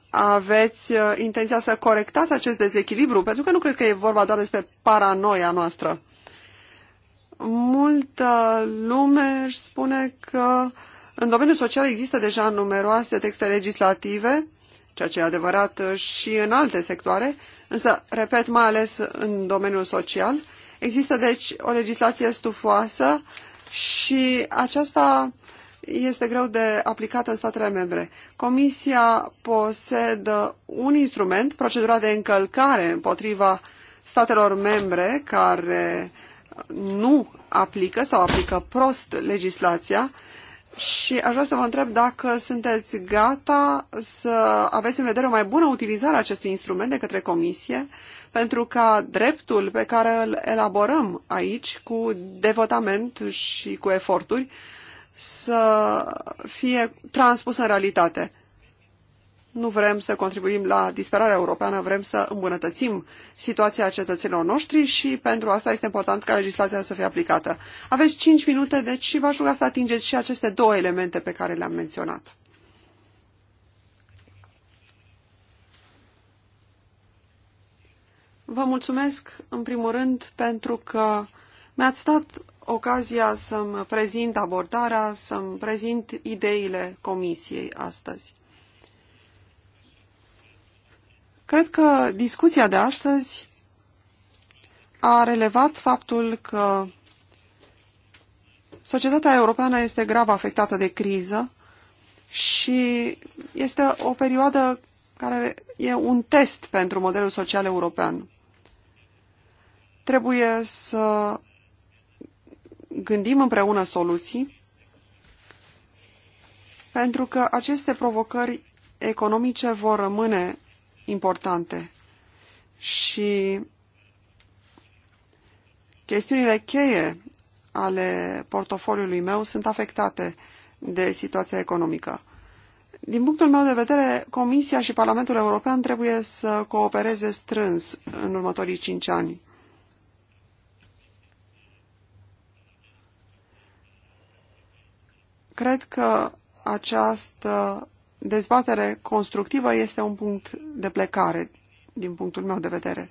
A: Aveți intenția să corectați acest dezechilibru? Pentru că nu cred că e vorba doar despre paranoia noastră multă lume își spune că în domeniul social există deja numeroase texte legislative, ceea ce e adevărat și în alte sectoare, însă, repet, mai ales în domeniul social, există deci o legislație stufoasă și aceasta este greu de aplicat în statele membre. Comisia posedă un instrument, procedura de încălcare împotriva statelor membre care uh, nu aplică sau aplică prost legislația și aș vrea să vă întreb dacă sunteți gata să aveți în vedere o mai bună utilizare a acestui instrument de către Comisie pentru ca dreptul pe care îl elaborăm aici cu devotament și cu eforturi să fie transpus în realitate. Nu vrem să contribuim la disperarea europeană, vrem să îmbunătățim situația cetățenilor noștri și pentru asta este important ca legislația să fie aplicată. Aveți 5 minute, deci și v-aș ruga să atingeți și aceste două elemente pe care le-am menționat. Vă mulțumesc, în primul rând, pentru că mi-ați dat ocazia să-mi prezint abordarea, să-mi prezint ideile comisiei astăzi. Cred că discuția de astăzi a relevat faptul că societatea europeană este grav afectată de criză și este o perioadă care e un test pentru modelul social european. Trebuie să gândim împreună soluții, pentru că aceste provocări economice vor rămâne importante și chestiunile cheie ale portofoliului meu sunt afectate de situația economică. Din punctul meu de vedere, Comisia și Parlamentul European trebuie să coopereze strâns în următorii cinci ani. Cred că această dezbatere constructivă este un punct de plecare din punctul meu de vedere.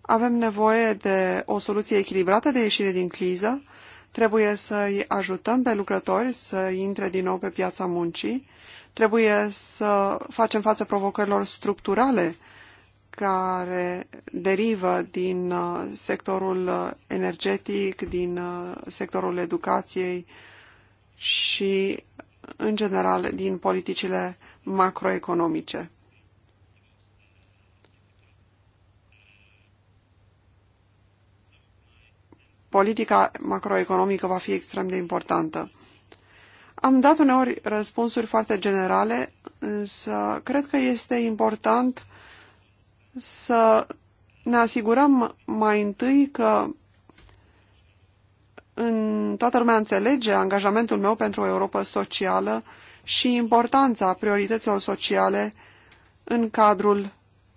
A: Avem nevoie de o soluție echilibrată de ieșire din criză, trebuie să-i ajutăm pe lucrători să intre din nou pe piața muncii, trebuie să facem față provocărilor structurale care derivă din uh, sectorul uh, energetic, din uh, sectorul educației și în general din politicile macroeconomice. Politica macroeconomică va fi extrem de importantă. Am dat uneori răspunsuri foarte generale, însă cred că este important să ne asigurăm mai întâi că în, toată lumea înțelege angajamentul meu pentru o Europa socială și importanța priorităților sociale în cadrul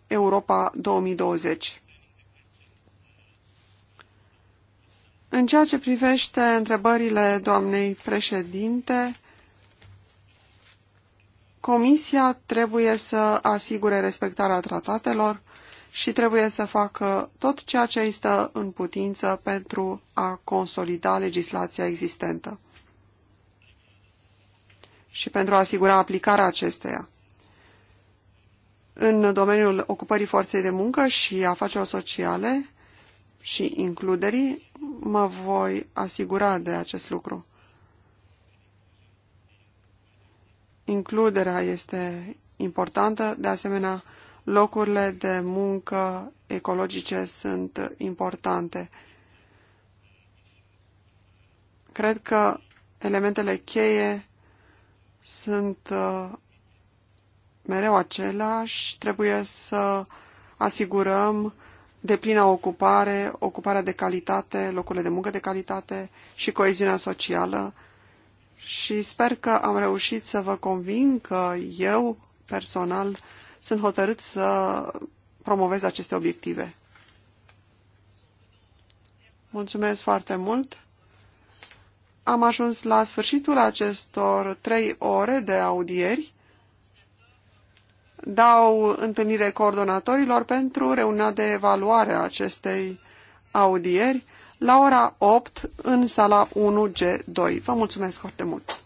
A: Europa 2020. În ceea ce privește întrebările doamnei președinte, Comisia trebuie să asigure respectarea tratatelor și trebuie să facă tot ceea ce îi stă în putință pentru a consolida legislația existentă și pentru a asigura aplicarea acesteia. În domeniul ocupării forței de muncă și afacerilor sociale și includerii, mă voi asigura de acest lucru. Includerea este importantă, de asemenea, locurile de muncă ecologice sunt importante. Cred că elementele cheie sunt uh, mereu aceleași. Trebuie să asigurăm de plină ocupare, ocuparea de calitate, locurile de muncă de calitate și coeziunea socială. Și sper că am reușit să vă convin că eu personal sunt hotărât să promovez aceste obiective. Mulțumesc foarte mult! Am ajuns la sfârșitul acestor trei ore de audieri. Dau întâlnire coordonatorilor pentru reuniunea de evaluare a acestei audieri la ora 8 în sala 1G2. Vă mulțumesc foarte mult!